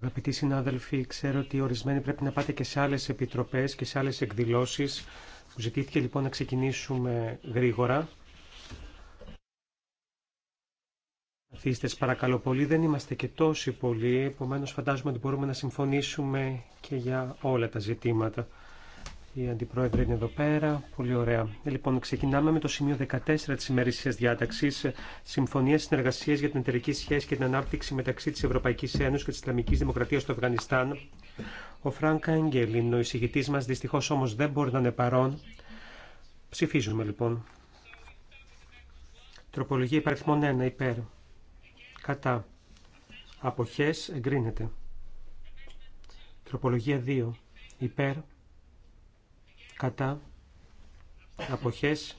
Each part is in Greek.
Αγαπητοί συνάδελφοι, ξέρω ότι ορισμένοι πρέπει να πάτε και σε άλλες επιτροπές και σε άλλες εκδηλώσεις. Μου ζητήθηκε λοιπόν να ξεκινήσουμε γρήγορα. Αφήστε, παρακαλώ πολύ, δεν είμαστε και τόσοι πολλοί, επομένω φαντάζομαι ότι μπορούμε να συμφωνήσουμε και για όλα τα ζητήματα. Η Αντιπρόεδρε είναι εδώ πέρα. Πολύ ωραία. Λοιπόν, ξεκινάμε με το σημείο 14 τη ημερησία διάταξη. Συμφωνία συνεργασία για την εταιρική σχέση και την ανάπτυξη μεταξύ τη Ευρωπαϊκή Ένωση και τη Ισλαμική Δημοκρατία του Αφγανιστάν. Ο Φρανκ Αγγέλ είναι ο εισηγητή μα. Δυστυχώ όμω δεν μπορεί να είναι παρόν. Ψηφίζουμε λοιπόν. Τροπολογία υπαριθμών 1 υπέρ. Κατά. Αποχές εγκρίνεται. Τροπολογία 2 υπέρ κατά, αποχές.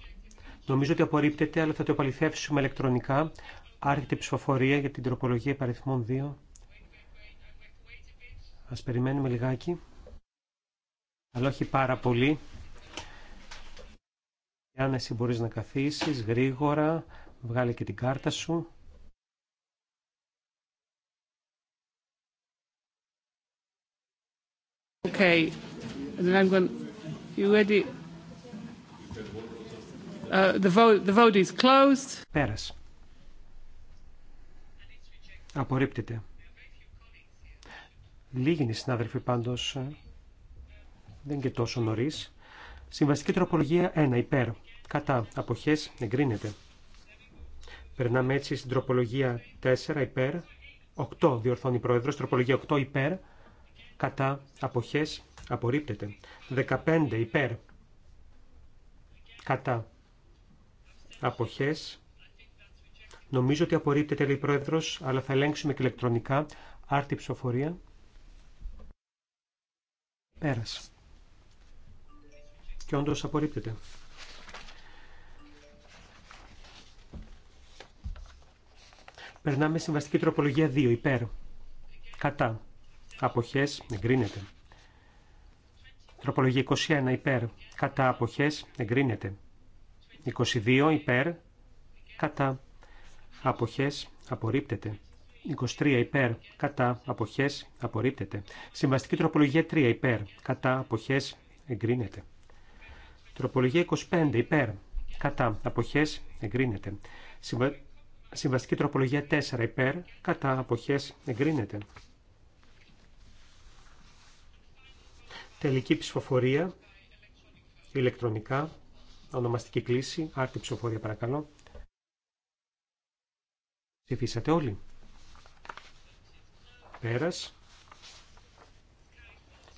Νομίζω ότι απορρίπτεται, αλλά θα το επαληθεύσουμε ηλεκτρονικά. Άρχεται η ψηφοφορία για την τροπολογία υπαριθμών 2. Ας περιμένουμε λιγάκι. Αλλά όχι πάρα πολύ. Αν εσύ μπορείς να καθίσεις γρήγορα, βγάλε και την κάρτα σου. Okay. And then I'm going... You ready? Uh, the, vote, the vote is closed. Απορρίπτεται. Λίγοι είναι οι συνάδελφοι πάντως. Ε, δεν είναι και τόσο νωρί. Συμβαστική τροπολογία 1. Υπέρ. Κατά. Αποχές. Εγκρίνεται. Περνάμε έτσι στην τροπολογία 4. Υπέρ. 8. Διορθώνει η Πρόεδρος. Τροπολογία 8. Υπέρ. Κατά. Αποχές. Απορρίπτεται. 15 υπέρ. Κατά. Αποχές. Νομίζω ότι απορρίπτεται, λέει η Πρόεδρος, αλλά θα ελέγξουμε και ηλεκτρονικά. Άρτη ψηφοφορία. Πέρασε. Και όντως απορρίπτεται. Περνάμε συμβαστική τροπολογία 2, υπέρ. Κατά. Αποχές, εγκρίνεται. Τροπολογία 21 υπέρ κατά αποχές εγκρίνεται. 22 υπέρ κατά αποχές απορρίπτεται. 23 υπέρ κατά αποχές απορρίπτεται. Συμβαστική τροπολογία 3 υπέρ κατά αποχές εγκρίνεται. Τροπολογία 25 υπέρ κατά αποχές εγκρίνεται. Συμβαστική τροπολογία 4 υπέρ κατά αποχές εγκρίνεται. Τελική ψηφοφορία, ηλεκτρονικά, ονομαστική κλίση, άρτη ψηφοφορία παρακαλώ. Ψηφίσατε όλοι. Πέρας.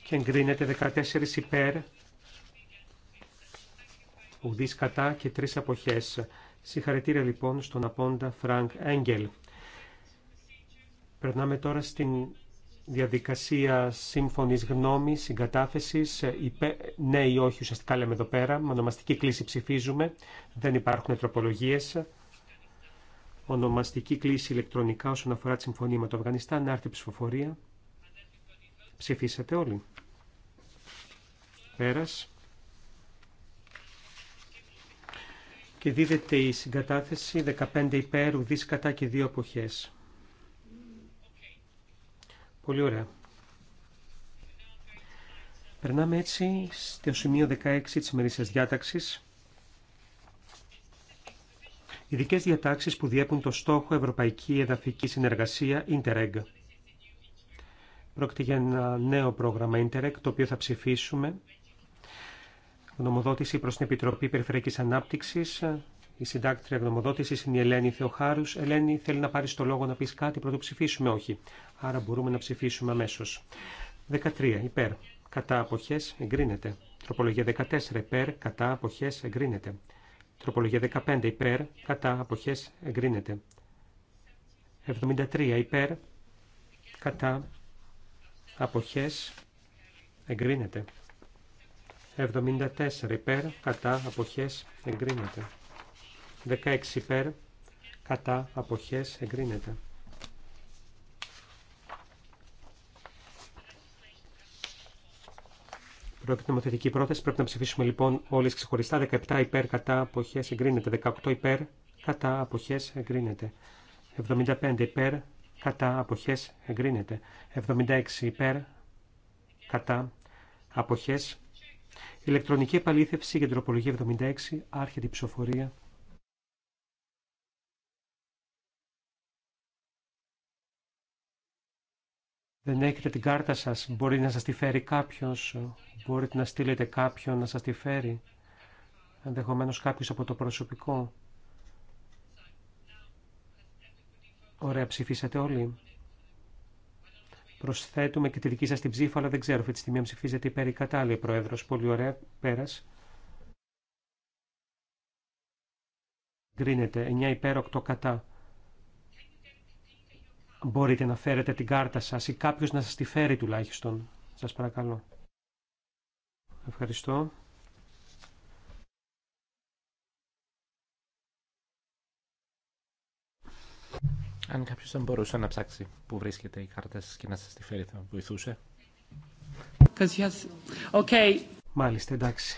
Και εγκρίνεται 14 υπέρ, ουδής κατά και τρεις αποχές. Συγχαρητήρια λοιπόν στον Απόντα Φρανκ Έγγελ. Περνάμε τώρα στην διαδικασία σύμφωνη γνώμης, συγκατάθεσης, ε, ναι ή όχι ουσιαστικά λέμε εδώ πέρα, με ονομαστική κλίση ψηφίζουμε, δεν υπάρχουν τροπολογίε. Ονομαστική κλίση ηλεκτρονικά όσον αφορά τη συμφωνία με το Αφγανιστάν, να ψηφοφορία. Ψηφίσατε όλοι. Πέρα. Και δίδεται η συγκατάθεση 15 υπέρ, ουδής κατά και δύο αποχές. Πολύ ωραία. Περνάμε έτσι στο σημείο 16 της ημερήσιας διάταξης. Ειδικέ διατάξεις που διέπουν το στόχο Ευρωπαϊκή Εδαφική Συνεργασία Interreg. Πρόκειται για ένα νέο πρόγραμμα Interreg, το οποίο θα ψηφίσουμε. Γνωμοδότηση προς την Επιτροπή Περιφερειακής Ανάπτυξης η συντάκτρια γνωμοδότηση είναι η Ελένη Θεοχάρου. Ελένη, θέλει να πάρει το λόγο να πει κάτι το ψηφίσουμε, όχι. Άρα μπορούμε να ψηφίσουμε αμέσω. 13. Υπέρ. Κατά αποχέ εγκρίνεται. Τροπολογία 14. Υπέρ. Κατά αποχέ εγκρίνεται. Τροπολογία 15. Υπέρ. Κατά αποχέ εγκρίνεται. 73. Υπέρ. Κατά αποχέ εγκρίνεται. 74 υπέρ, κατά, αποχές, εγκρίνεται. 16 υπέρ, κατά αποχές εγκρίνεται. Πρόκειται νομοθετική πρόθεση. Πρέπει να ψηφίσουμε λοιπόν όλες ξεχωριστά. 17 υπέρ κατά αποχές, εγκρίνεται. 18 υπέρ κατά αποχές, εγκρίνεται. 75 υπέρ κατά αποχές, εγκρίνεται. 76 υπέρ κατά αποχές. Ηλεκτρονική επαλήθευση για την τροπολογία 76. Άρχεται η ψηφοφορία. δεν έχετε την κάρτα σας, μπορεί να σας τη φέρει κάποιος, μπορείτε να στείλετε κάποιον να σας τη φέρει, ενδεχομένως κάποιος από το προσωπικό. Ωραία, ψηφίσατε όλοι. Προσθέτουμε και τη δική σας την ψήφα, αλλά δεν ξέρω αυτή τη στιγμή ψηφίζετε υπέρ ή κατά, Πρόεδρος. Πολύ ωραία, πέρας. Γκρίνεται, 9 υπέρ, 8 κατά. Μπορείτε να φέρετε την κάρτα σας ή κάποιος να σας τη φέρει τουλάχιστον. Σας παρακαλώ. Ευχαριστώ. Αν κάποιο δεν μπορούσε να ψάξει που βρίσκεται η κάρτα σα και να σα τη φέρει, θα βοηθούσε. Okay. Μάλιστα, εντάξει.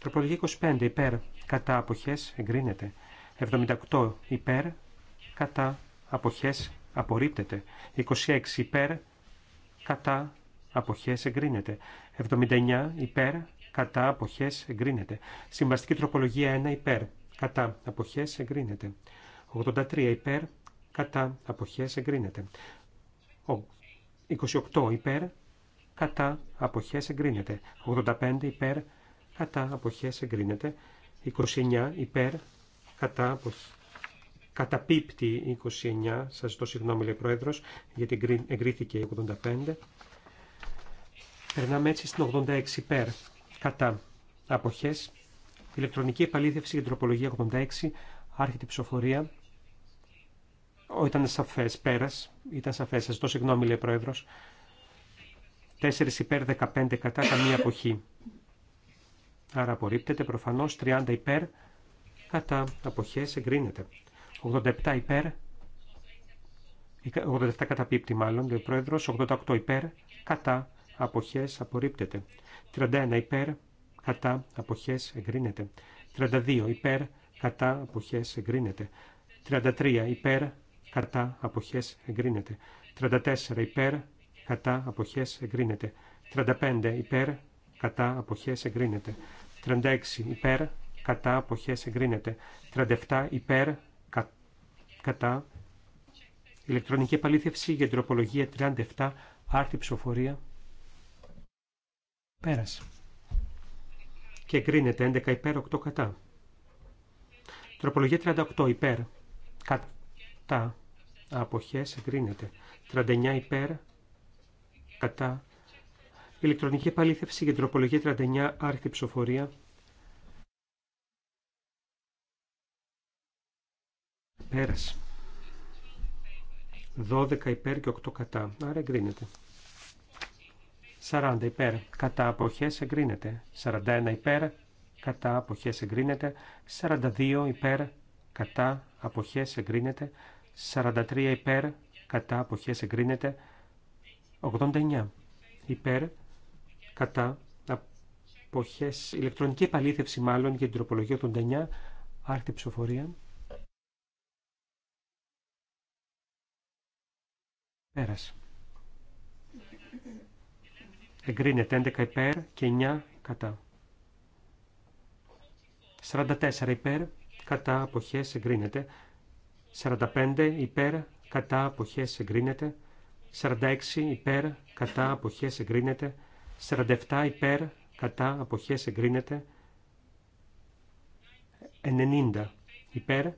Τροπολογία 25 υπέρ κατά αποχές εγκρίνεται. 78 υπέρ κατά αποχές απορρίπτεται. 26 υπέρ κατά αποχές εγκρίνεται. 79 υπέρ κατά αποχές εγκρίνεται. Συμβαστική τροπολογία 1 υπέρ κατά αποχές εγκρίνεται. 83 υπέρ κατά αποχές εγκρίνεται. 28 υπέρ κατά αποχές εγκρίνεται. 85 υπέρ κατά αποχές εγκρίνεται. 29 υπέρ κατά αποχές. Καταπίπτει 29, σας ζητώ συγγνώμη λέει Πρόεδρος, γιατί εγκρίθηκε 85. Περνάμε έτσι στην 86 υπέρ κατά αποχές. Ηλεκτρονική επαλήθευση για τροπολογία 86, άρχεται η ψηφοφορία. Ήταν σαφές, πέρας, ήταν σαφές, σας ζητώ συγγνώμη λέει Πρόεδρος. 4 υπέρ 15 κατά καμία αποχή. Άρα απορρίπτεται προφανώς 30 υπέρ κατά αποχές εγκρίνεται. 87 υπέρ 87 καταπίπτει μάλλον, λέει ο πρόεδρος, 88 υπέρ, κατά, αποχές, απορρίπτεται. 31 υπέρ, κατά, αποχές, εγκρίνεται. 32 υπέρ, κατά, αποχές, εγκρίνεται. 33 υπέρ, κατά, αποχές, εγκρίνεται. 34 υπέρ, κατά, αποχές, εγκρίνεται. 35 υπέρ, κατά αποχές εγκρίνεται. 36 υπέρ κατά αποχές εγκρίνεται. 37 υπέρ κατά ηλεκτρονική επαλήθευση για τροπολογία 37 άρτη ψηφοφορία. Πέρασε. Και εγκρίνεται 11 υπέρ 8 κατά. Τροπολογία 38 υπέρ κατά αποχές εγκρίνεται. 39 υπέρ κατά Ηλεκτρονική επαλήθευση για τροπολογία 39 άρχιτη ψηφοφορία. Πέρασε. 12 υπέρ και 8 κατά. Άρα εγκρίνεται. 40 υπέρ. Κατά αποχέ εγκρίνεται. 41 υπέρ. Κατά αποχέ εγκρίνεται. 42 υπέρ. Κατά αποχέ εγκρίνεται. 43 υπέρ. Κατά αποχέ εγκρίνεται. 89 υπέρ κατά αποχές, ηλεκτρονική επαλήθευση μάλλον για την τροπολογία 89, άρχεται ψηφοφορία. Πέρασε. Εγκρίνεται 11 υπέρ και 9 κατά. 44 υπέρ κατά αποχές εγκρίνεται. 45 υπέρ κατά αποχές εγκρίνεται. 46 υπέρ κατά αποχές εγκρίνεται. 47 υπέρ κατά αποχές εγκρίνεται 90 υπέρ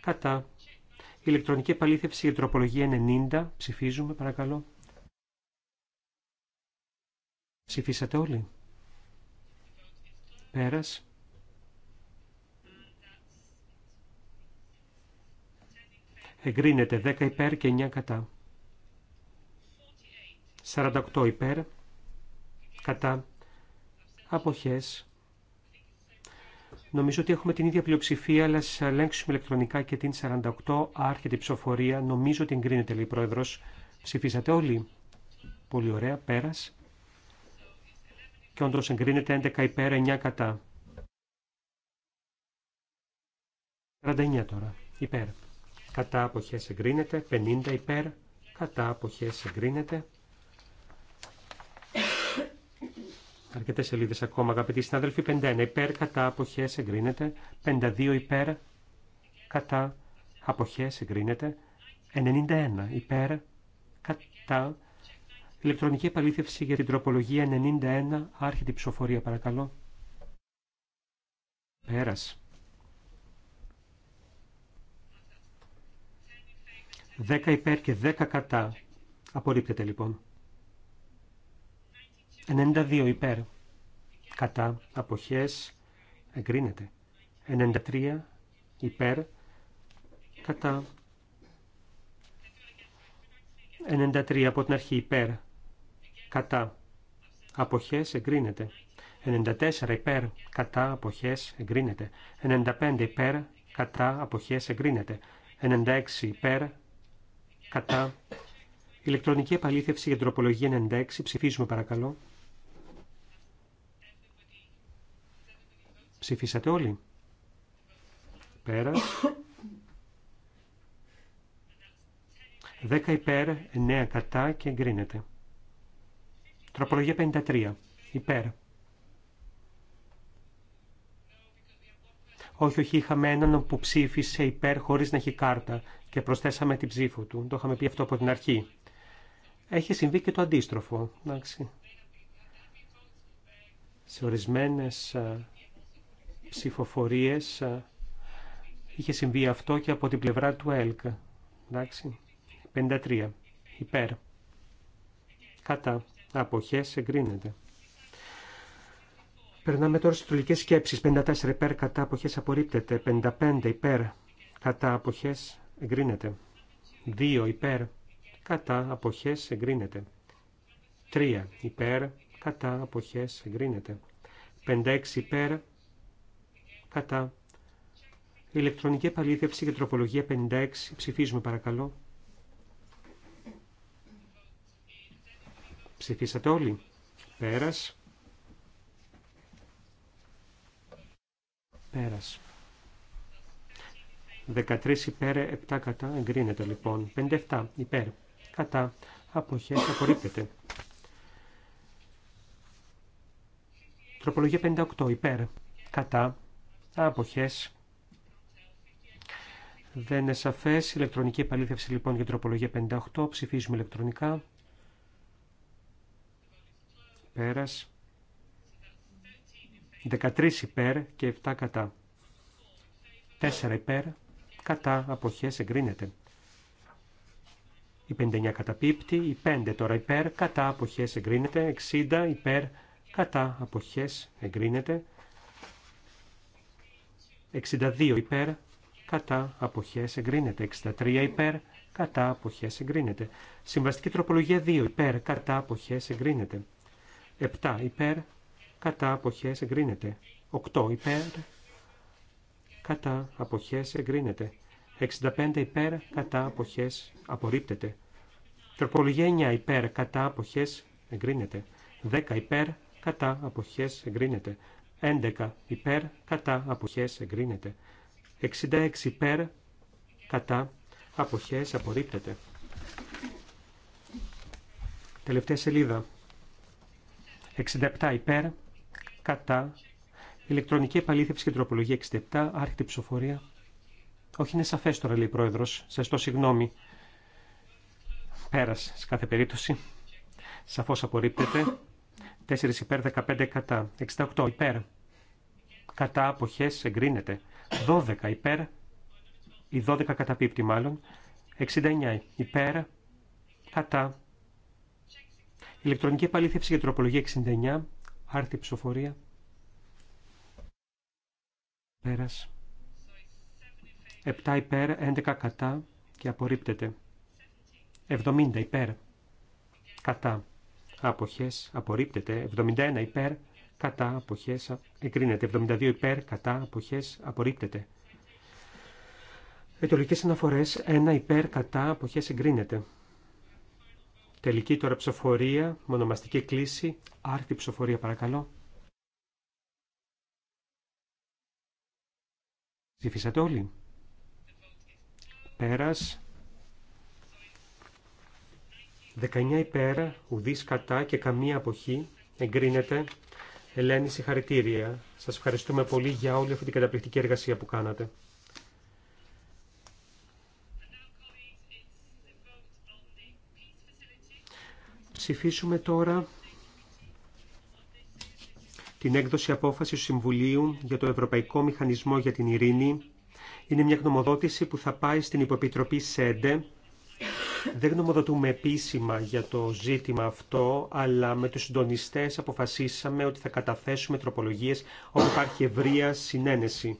κατά ηλεκτρονική επαλήθευση για τροπολογία 90 ψηφίζουμε παρακαλώ ψηφίσατε όλοι πέρας εγκρίνεται 10 υπέρ και 9 κατά 48 υπέρ κατά αποχές. Νομίζω ότι έχουμε την ίδια πλειοψηφία, αλλά σας ελέγξουμε ηλεκτρονικά και την 48 άρχεται η ψηφοφορία. Νομίζω ότι εγκρίνεται, λέει πρόεδρος. Ψηφίσατε όλοι. Πολύ ωραία, πέρας. Και όντως εγκρίνεται 11 υπέρ, 9 κατά. 49 τώρα, υπέρ. Κατά αποχές εγκρίνεται, 50 υπέρ, κατά αποχές εγκρίνεται. Αρκετέ σελίδε ακόμα, αγαπητοί συνάδελφοι. 51 υπέρ, κατά, αποχέ, εγκρίνεται. 52 υπέρ, κατά, αποχέ, εγκρίνεται. 91 υπέρ, κατά. Ηλεκτρονική επαλήθευση για την τροπολογία 91, άρχιτη ψηφοφορία, παρακαλώ. Πέρα. 10 υπέρ και 10 κατά. Απορρίπτεται λοιπόν. 92 υπέρ. Κατά αποχές εγκρίνεται. 93 υπέρ. Κατά 93 από την αρχή υπέρ. Κατά αποχές εγκρίνεται. 94 υπέρ. Κατά αποχές εγκρίνεται. 95 υπέρ. Κατά αποχές εγκρίνεται. 96 υπέρ. Κατά ηλεκτρονική επαλήθευση για τροπολογία 96. Ψηφίζουμε παρακαλώ. Ψηφίσατε όλοι. Πέρας. 10 υπέρ, 9 κατά και εγκρίνεται. Τροπολογία 53. Υπέρ. Όχι, όχι, είχαμε έναν που ψήφισε υπέρ χωρίς να έχει κάρτα και προσθέσαμε την ψήφο του. Το είχαμε πει αυτό από την αρχή. Έχει συμβεί και το αντίστροφο. Εντάξει. Σε ορισμένες ψηφοφορίες είχε συμβεί αυτό και από την πλευρά του ΕΛΚ. Εντάξει. 53. Υπέρ. Κατά. Αποχές εγκρίνεται. Περνάμε τώρα στις τολικές σκέψεις. 54 υπέρ κατά αποχές απορρίπτεται. 55 υπέρ κατά αποχές εγκρίνεται. 2 υπέρ κατά αποχές εγκρίνεται. 3 υπέρ κατά αποχές εγκρίνεται. 56 υπέρ κατά. Ηλεκτρονική επαλήθευση και τροπολογία 56. Ψηφίζουμε παρακαλώ. Ψηφίσατε όλοι. Πέρας. Πέρας. 13 υπέρ, 7 κατά. Εγκρίνεται λοιπόν. 57 υπέρ. Κατά. αποχε απορρίπτεται. Τροπολογία 58 υπέρ. Κατά. Αποχές. Δεν είναι σαφές. Ηλεκτρονική επαλήθευση λοιπόν για τροπολογία 58. Ψηφίζουμε ηλεκτρονικά. Πέρας. 13 υπέρ και 7 κατά. 4 υπέρ, κατά, αποχές, εγκρίνεται. Η 59 καταπίπτει, η 5 τώρα υπέρ, κατά, αποχές, εγκρίνεται. 60 υπέρ, κατά, αποχές, εγκρίνεται. 62 υπέρ, κατά αποχές εγκρίνεται. 63 υπέρ, κατά αποχές εγκρίνεται. Συμβαστική τροπολογία 2 υπέρ, κατά αποχές εγκρίνεται. 7 υπέρ, κατά αποχές εγκρίνεται. 8 υπέρ, κατά αποχές εγκρίνεται. 65 υπέρ, κατά αποχές απορρίπτεται. Τροπολογία 9 υπέρ, κατά αποχές εγκρίνεται. 10 υπέρ, κατά αποχές εγκρίνεται. 11 υπέρ κατά αποχές εγκρίνεται. 66 υπέρ κατά αποχές απορρίπτεται. Τελευταία σελίδα. 67 υπέρ κατά ηλεκτρονική επαλήθευση και τροπολογία 67 άρχιτη ψηφοφορία. Όχι είναι σαφές τώρα λέει η πρόεδρος. Σε το συγγνώμη. πέρασε σε κάθε περίπτωση. Σαφώς απορρίπτεται. 4 υπέρ 15 κατά. 68 υπέρ. Κατά αποχές εγκρίνεται. 12 υπέρ. Η 12 καταπίπτει μάλλον. 69 υπέρ. Κατά. Ηλεκτρονική επαλήθευση για τροπολογία 69. Άρτη ψηφοφορία. 7 υπέρ, 11 κατά και απορρίπτεται. 70 υπέρ. Κατά αποχές απορρίπτεται 71 υπέρ κατά αποχές εγκρίνεται 72 υπέρ κατά αποχές απορρίπτεται Ετολικές αναφορές 1 υπέρ κατά αποχές εγκρίνεται Τελική τώρα ψηφοφορία, μονομαστική κλίση, άρτη ψηφοφορία παρακαλώ. Ψήφισατε όλοι. Πέρας. 19 υπέρ, ουδής κατά και καμία αποχή εγκρίνεται. Ελένη, συγχαρητήρια. Σας ευχαριστούμε πολύ για όλη αυτή την καταπληκτική εργασία που κάνατε. Ψηφίσουμε τώρα την έκδοση απόφασης του Συμβουλίου για το Ευρωπαϊκό Μηχανισμό για την Ειρήνη. Είναι μια γνωμοδότηση που θα πάει στην Υποπιτροπή ΣΕΝΤΕ δεν γνωμοδοτούμε επίσημα για το ζήτημα αυτό, αλλά με τους συντονιστές αποφασίσαμε ότι θα καταθέσουμε τροπολογίες όπου υπάρχει ευρεία συνένεση.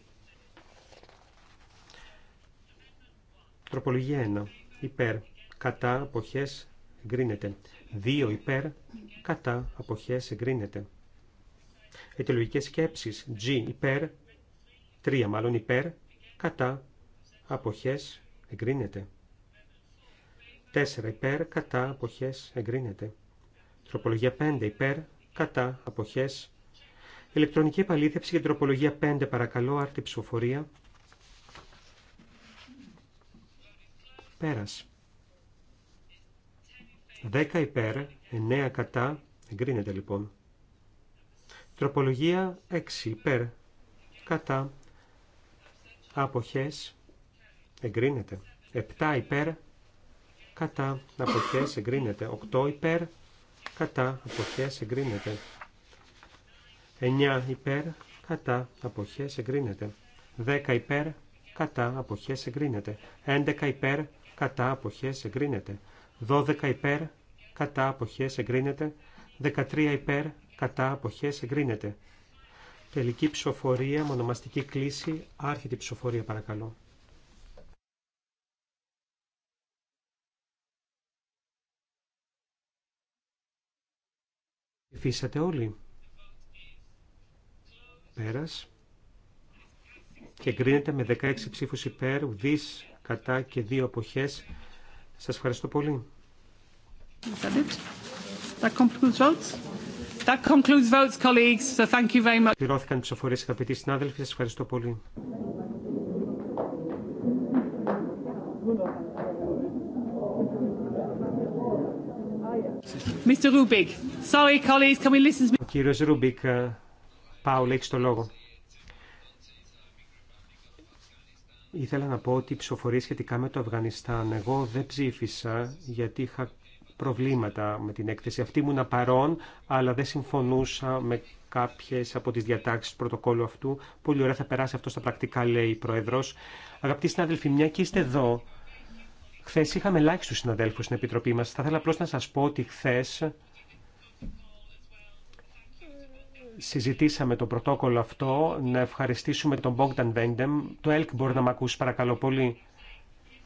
Τροπολογία 1. Υπέρ. Κατά. Αποχές. Εγκρίνεται. 2. Υπέρ. Κατά. Αποχές. Εγκρίνεται. Αιτιολογικές σκέψεις. G. Υπέρ. 3. Μάλλον υπέρ. Κατά. Αποχές. Εγκρίνεται. 4 υπέρ κατά αποχές εγκρίνεται. Τροπολογία 5 υπέρ κατά αποχές. Ηλεκτρονική επαλήθευση για τροπολογία 5 παρακαλώ άρτη ψηφοφορία. Πέρας. 10 υπέρ, 9 κατά, εγκρίνεται λοιπόν. Τροπολογία 6 υπέρ, κατά, αποχές, εγκρίνεται. 7 υπέρ, κατά αποχές εγκρίνεται. 8 υπέρ κατά αποχές εγκρίνεται. 9 υπέρ κατά αποχές εγκρίνεται. 10 υπέρ κατά αποχές εγκρίνεται. 11 υπέρ κατά αποχές εγκρίνεται. 12 υπέρ κατά αποχές εγκρίνεται. 13 υπέρ κατά αποχές εγκρίνεται. Τελική ψηφοφορία, μονομαστική κλίση, άρχιτη ψηφοφορία παρακαλώ. Ψηφίσατε όλοι. Πέρας. Και εγκρίνεται με 16 ψήφους υπέρ, ουδής κατά και δύο αποχές. Σας ευχαριστώ πολύ. That concludes votes, colleagues. So thank you very much. Πληρώθηκαν ψηφοφορίες, αγαπητοί συνάδελφοι. Σας ευχαριστώ πολύ. Mr. κύριος Ρούμπικ, ε, Πάουλ, έχεις το λόγο. Ήθελα να πω ότι η ψηφοφορία σχετικά με το Αφγανιστάν, εγώ δεν ψήφισα γιατί είχα προβλήματα με την έκθεση. Αυτή ήμουν παρόν, αλλά δεν συμφωνούσα με κάποιε από τι διατάξει του πρωτοκόλλου αυτού. Πολύ ωραία θα περάσει αυτό στα πρακτικά, λέει η Πρόεδρο. Αγαπητοί συνάδελφοι, μια και είστε εδώ, Χθε είχαμε ελάχιστου συναδέλφου στην Επιτροπή μα. Θα ήθελα απλώ να σα πω ότι χθε συζητήσαμε το πρωτόκολλο αυτό. Να ευχαριστήσουμε τον Bogdan Βέντεμ. Το ΕΛΚ μπορεί να με ακούσει, παρακαλώ πολύ.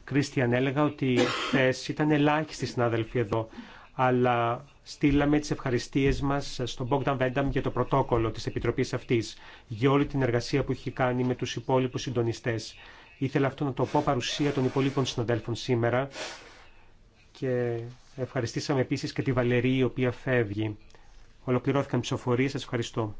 Κρίστιαν, έλεγα ότι χθε ήταν ελάχιστοι συνάδελφοι εδώ. Αλλά στείλαμε τι ευχαριστίε μα στον Bogdan Βένταμ για το πρωτόκολλο τη Επιτροπή αυτή. Για όλη την εργασία που έχει κάνει με του υπόλοιπου συντονιστέ. Ήθελα αυτό να το πω παρουσία των υπολείπων συναδέλφων σήμερα και ευχαριστήσαμε επίσης και τη Βαλερή η οποία φεύγει. Ολοκληρώθηκαν ψηφοφορίες. Σας ευχαριστώ.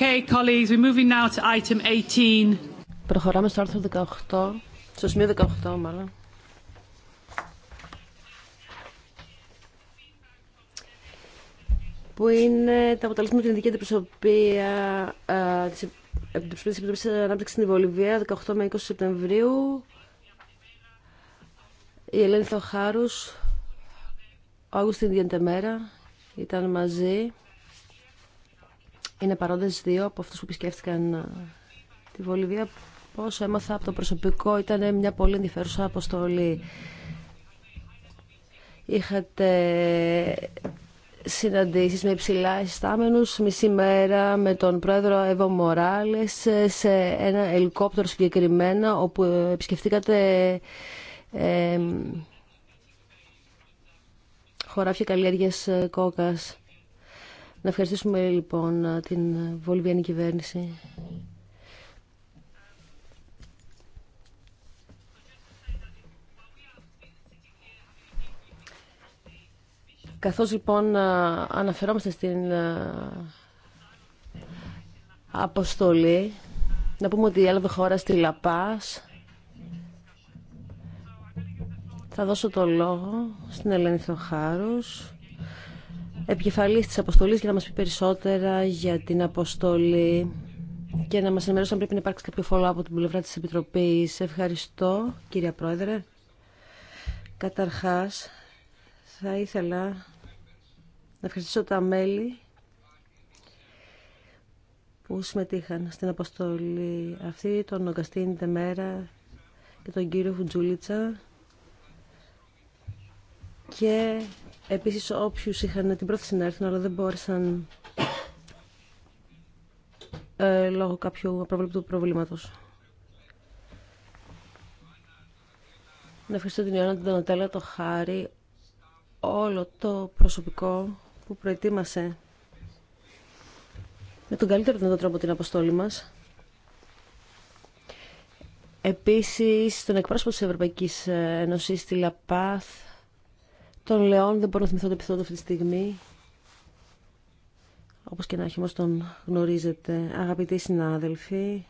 Okay, colleagues, we're moving now to item 18. Προχωράμε στο άρθρο 18, στο σημείο 18 μάλλον. Που είναι τα αποτελέσματα την ειδική ε, αντιπροσωπεία της Επιτροπής Ανάπτυξης στην Βολιβία, 18 με 20 Σεπτεμβρίου. Η Ελένη Θοχάρους, ο Άγουστιν Διεντεμέρα ήταν μαζί είναι παρόντες δύο από αυτούς που επισκέφτηκαν ε, τη Βολιβία. Πώς έμαθα από το προσωπικό ήταν μια πολύ ενδιαφέρουσα αποστολή. Είχατε συναντήσεις με υψηλά ειστάμενους μισή μέρα με τον πρόεδρο Εύω Μοράλες σε ένα ελικόπτερο συγκεκριμένα όπου ε, επισκεφτήκατε ε, χωράφια καλλιέργειας κόκας. Να ευχαριστήσουμε λοιπόν την Βολιβιανή κυβέρνηση. Καθώς λοιπόν αναφερόμαστε στην ε, αποστολή, να πούμε ότι έλαβε χώρα στη Λαπάς. Θα δώσω το λόγο στην Ελένη Θεοχάρους επικεφαλής της αποστολής για να μας πει περισσότερα για την αποστολή και να μας ενημερώσει αν πρέπει να υπάρξει κάποιο φόλο από την πλευρά της Επιτροπής. Ευχαριστώ, κύριε Πρόεδρε. Καταρχάς, θα ήθελα να ευχαριστήσω τα μέλη που συμμετείχαν στην αποστολή αυτή, τον Ογκαστίν Τεμέρα και τον κύριο Φουτζουλίτσα και επίσης όποιους είχαν την πρόθεση να έρθουν αλλά δεν μπόρεσαν ε, λόγω κάποιου απρόβλεπτου προβλήματος. Να ευχαριστώ την Ιωάννα, την το Χάρη, όλο το προσωπικό που προετοίμασε με τον καλύτερο δυνατό τρόπο την αποστόλη μας. Επίσης, τον εκπρόσωπο της Ευρωπαϊκής Ένωσης τη Λαπάθ, τον Λεών δεν μπορώ να θυμηθώ το επεισόδιο αυτή τη στιγμή. Όπως και να έχει όμως τον γνωρίζετε. Αγαπητοί συνάδελφοι,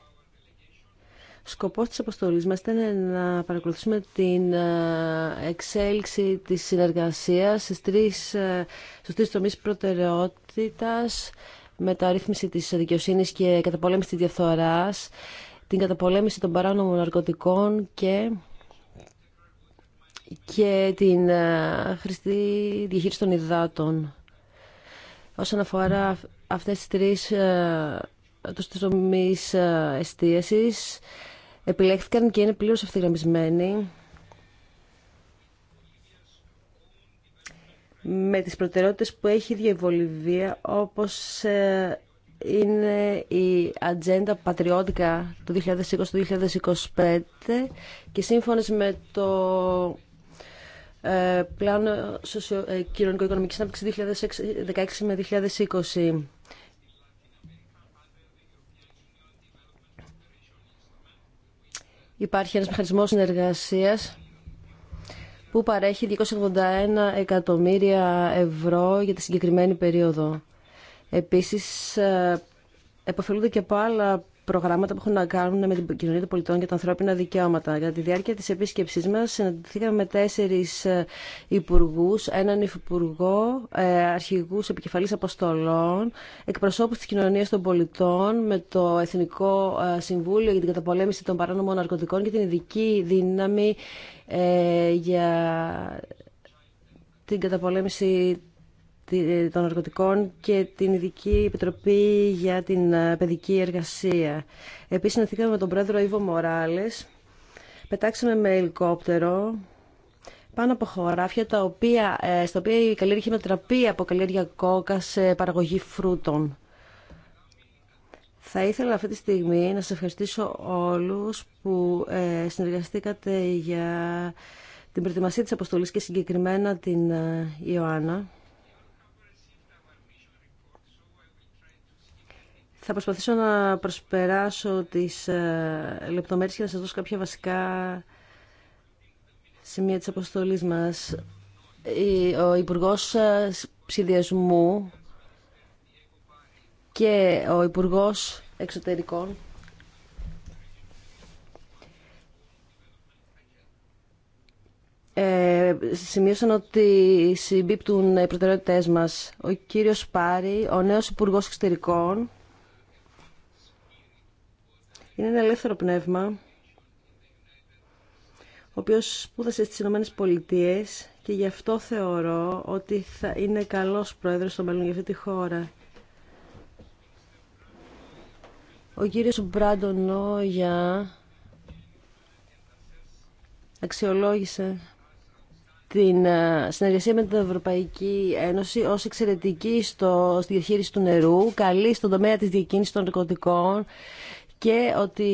σκοπός της αποστολής μας ήταν να παρακολουθήσουμε την ε, εξέλιξη της συνεργασίας στις τρεις, ε, τομεί τρεις τομείς προτεραιότητας, μεταρρύθμιση της δικαιοσύνη και καταπολέμηση της διαφθοράς, την καταπολέμηση των παράνομων ναρκωτικών και και την ε, χρηστή διαχείριση των υδάτων. Όσον αφορά αυτές τις τρεις ε, τους τομείς ε, εστίασης, επιλέχθηκαν και είναι πλήρως αυθυγραμμισμένοι με τις προτεραιότητες που έχει η Βολιβία, όπως είναι η ατζέντα πατριώτικα του 2020-2025 και σύμφωνα με το ε, πλανο ε, κοινωνικο ε, κοινωνικο-οικονομική ανάπτυξη 2016 με 2020. Υπάρχει ένας μηχανισμός συνεργασίας που παρέχει 281 εκατομμύρια ευρώ για τη συγκεκριμένη περίοδο. Επίσης, επαφελούνται και από άλλα προγράμματα που έχουν να κάνουν με την κοινωνία των πολιτών και τα ανθρώπινα δικαιώματα. Για τη διάρκεια της επίσκεψής μας συναντηθήκαμε με τέσσερις ε, υπουργού, έναν υφυπουργό, ε, αρχηγού επικεφαλή αποστολών, εκπροσώπους της κοινωνίας των πολιτών, με το Εθνικό ε, Συμβούλιο για την Καταπολέμηση των Παράνομων Ναρκωτικών και την Ειδική Δύναμη για την καταπολέμηση ε, των Ναρκωτικών και την Ειδική Επιτροπή για την ε, Παιδική Εργασία. Επίσης, συναντήκαμε με τον πρόεδρο Ιβο Μοράλες. Πετάξαμε με ελικόπτερο πάνω από χωράφια τα οποία, ε, στα οποία η καλλιέργεια είχε μετατραπεί από καλλιέργεια κόκα σε παραγωγή φρούτων. Θα ήθελα αυτή τη στιγμή να σας ευχαριστήσω όλους που συνεργαστήκατε για την προετοιμασία της αποστολής και συγκεκριμένα την Ιωάννα. Θα προσπαθήσω να προσπεράσω τις ε, λεπτομέρειες και να σας δώσω κάποια βασικά σημεία της αποστολής μας. Ο Υπουργός ε, Ψηδιασμού και ο Υπουργός Εξωτερικών ε, σημείωσαν ότι συμπίπτουν οι προτεραιότητές μας. Ο κύριος Πάρη, ο νέος Υπουργός Εξωτερικών, είναι ένα ελεύθερο πνεύμα, ο οποίος σπούδασε στις Ηνωμένες Πολιτείες και γι' αυτό θεωρώ ότι θα είναι καλός πρόεδρος στο μέλλον για αυτή τη χώρα. Ο κύριος Μπράντον Νόγια αξιολόγησε την ε, συνεργασία με την Ευρωπαϊκή Ένωση ως εξαιρετική στο, στη διαχείριση του νερού, καλή στον τομέα της διακίνησης των νοικοτικών και ότι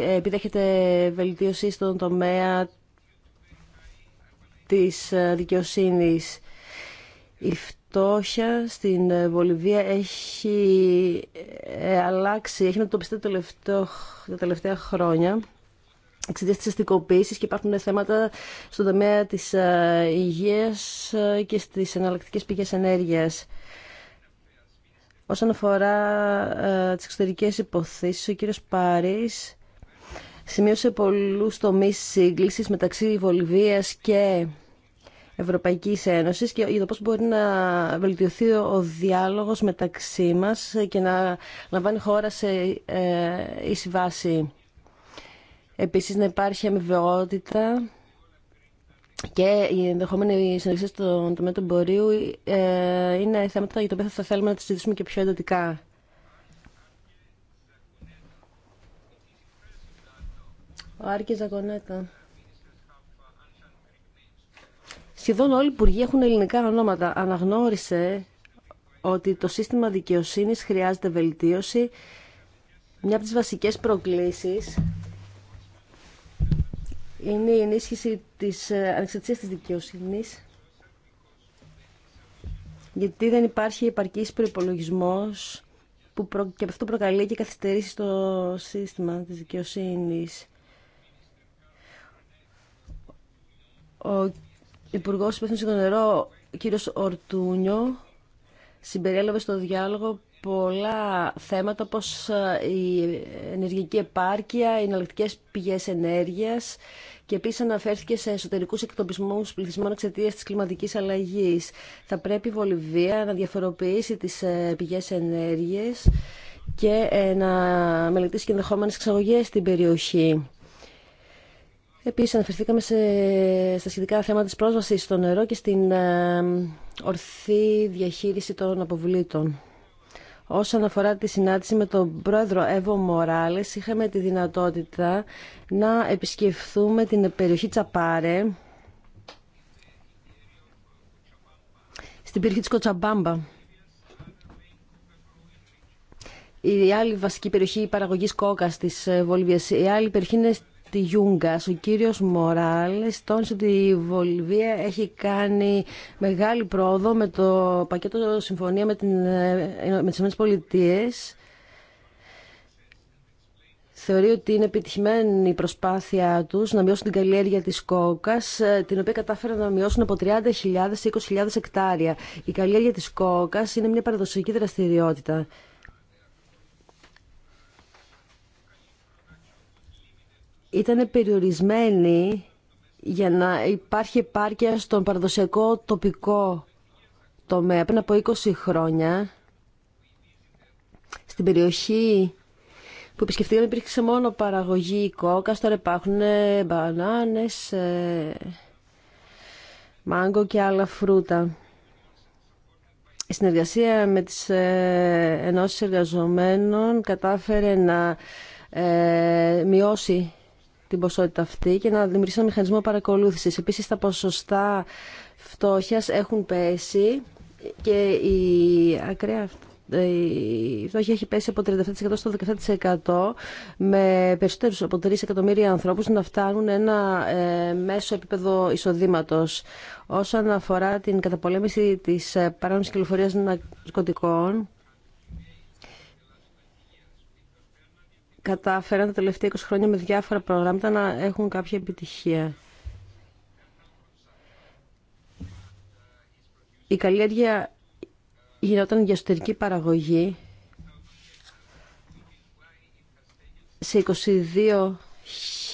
ε, επιδέχεται βελτίωση στον τομέα της ε, δικαιοσύνης. Η φτώχεια στην ε, Βολιβία έχει αλλάξει, έχει μετωπιστεί τα τελευταία χρόνια εξαιτία τη αστικοποίηση και υπάρχουν θέματα στον τομέα τη υγεία και στι εναλλακτικέ πηγέ ενέργεια. Όσον αφορά ε, τις εξωτερικές υποθέσεις, ο κύριος Πάρης σημείωσε πολλούς τομείς σύγκλησης μεταξύ Βολιβίας και Ευρωπαϊκής Ένωσης και για το πώς μπορεί να βελτιωθεί ο διάλογος μεταξύ μας και να λαμβάνει χώρα σε ε, ίση βάση. Επίσης να υπάρχει αμοιβαιότητα και η ενδεχόμενη συνεργασία στον τομέα του εμπορίου ε, είναι θέματα για τα οποία θα θέλουμε να συζητήσουμε και πιο εντατικά. Ο Άρκη Ζακονέτα. Σχεδόν όλοι οι υπουργοί έχουν ελληνικά ονόματα. Αναγνώρισε ότι το σύστημα δικαιοσύνης χρειάζεται βελτίωση. Μια από τις βασικές προκλήσεις είναι η ενίσχυση της ε, ανεξαρτησίας της δικαιοσύνης γιατί δεν υπάρχει επαρκής προϋπολογισμός που προ... και αυτό προκαλεί και καθυστερήσει στο σύστημα της δικαιοσύνης. Ο Υπουργός Υπεύθυνος για το Νερό, κύριος Ορτούνιο, συμπεριέλαβε στο διάλογο πολλά θέματα όπως ε, η ενεργειακή επάρκεια, οι εναλλακτικές πηγές ενέργειας και επίσης αναφέρθηκε σε εσωτερικούς εκτοπισμούς πληθυσμών εξαιτία της κλιματικής αλλαγής. Θα πρέπει η Βολιβία να διαφοροποιήσει τις ε, πηγές ενέργειας και ε, να μελετήσει και ενδεχόμενες εξαγωγές στην περιοχή. Επίσης αναφερθήκαμε σε, στα σχετικά θέματα της πρόσβασης στο νερό και στην ορθή διαχείριση των αποβλήτων. Όσον αφορά τη συνάντηση με τον πρόεδρο Εύω Μοράλες, είχαμε τη δυνατότητα να επισκεφθούμε την περιοχή Τσαπάρε, στην περιοχή της Κοτσαμπάμπα. Η άλλη βασική περιοχή παραγωγής κόκα της Βολιβίας. Η άλλη περιοχή είναι τη Γιούγκα. Ο κύριος Μοράλ, τόνισε ότι η Βολιβία έχει κάνει μεγάλη πρόοδο με το πακέτο συμφωνία με, την, ε, με τις ΗΠΑ. Θεωρεί ότι είναι επιτυχημένη η προσπάθειά τους να μειώσουν την καλλιέργεια της Κόκα, ε, την οποία κατάφεραν να μειώσουν από 30.000 σε 20.000 εκτάρια. Η καλλιέργεια της Κόκα είναι μια παραδοσιακή δραστηριότητα ήταν περιορισμένη για να υπάρχει επάρκεια στον παραδοσιακό τοπικό τομέα. Πριν από 20 χρόνια, στην περιοχή που επισκεφτήκαμε υπήρχε μόνο παραγωγή κόκα, τώρα υπάρχουν ε, μπανάνες, ε, μάγκο και άλλα φρούτα. Η συνεργασία με τις ε, ενώσεις εργαζομένων κατάφερε να μειώσει την ποσότητα αυτή και να δημιουργήσει ένα μηχανισμό παρακολούθησης. Επίσης τα ποσοστά φτώχειας έχουν πέσει και η ακραία η φτώχεια έχει πέσει από 37% στο 17% με περισσότερους από 3 εκατομμύρια ανθρώπους να φτάνουν ένα ε, μέσο επίπεδο εισοδήματος. Όσον αφορά την καταπολέμηση της ε, παράνομης κυκλοφορίας ναρκωτικών, κατάφεραν τα τελευταία 20 χρόνια με διάφορα προγράμματα να έχουν κάποια επιτυχία. Η καλλιέργεια γινόταν για εσωτερική παραγωγή σε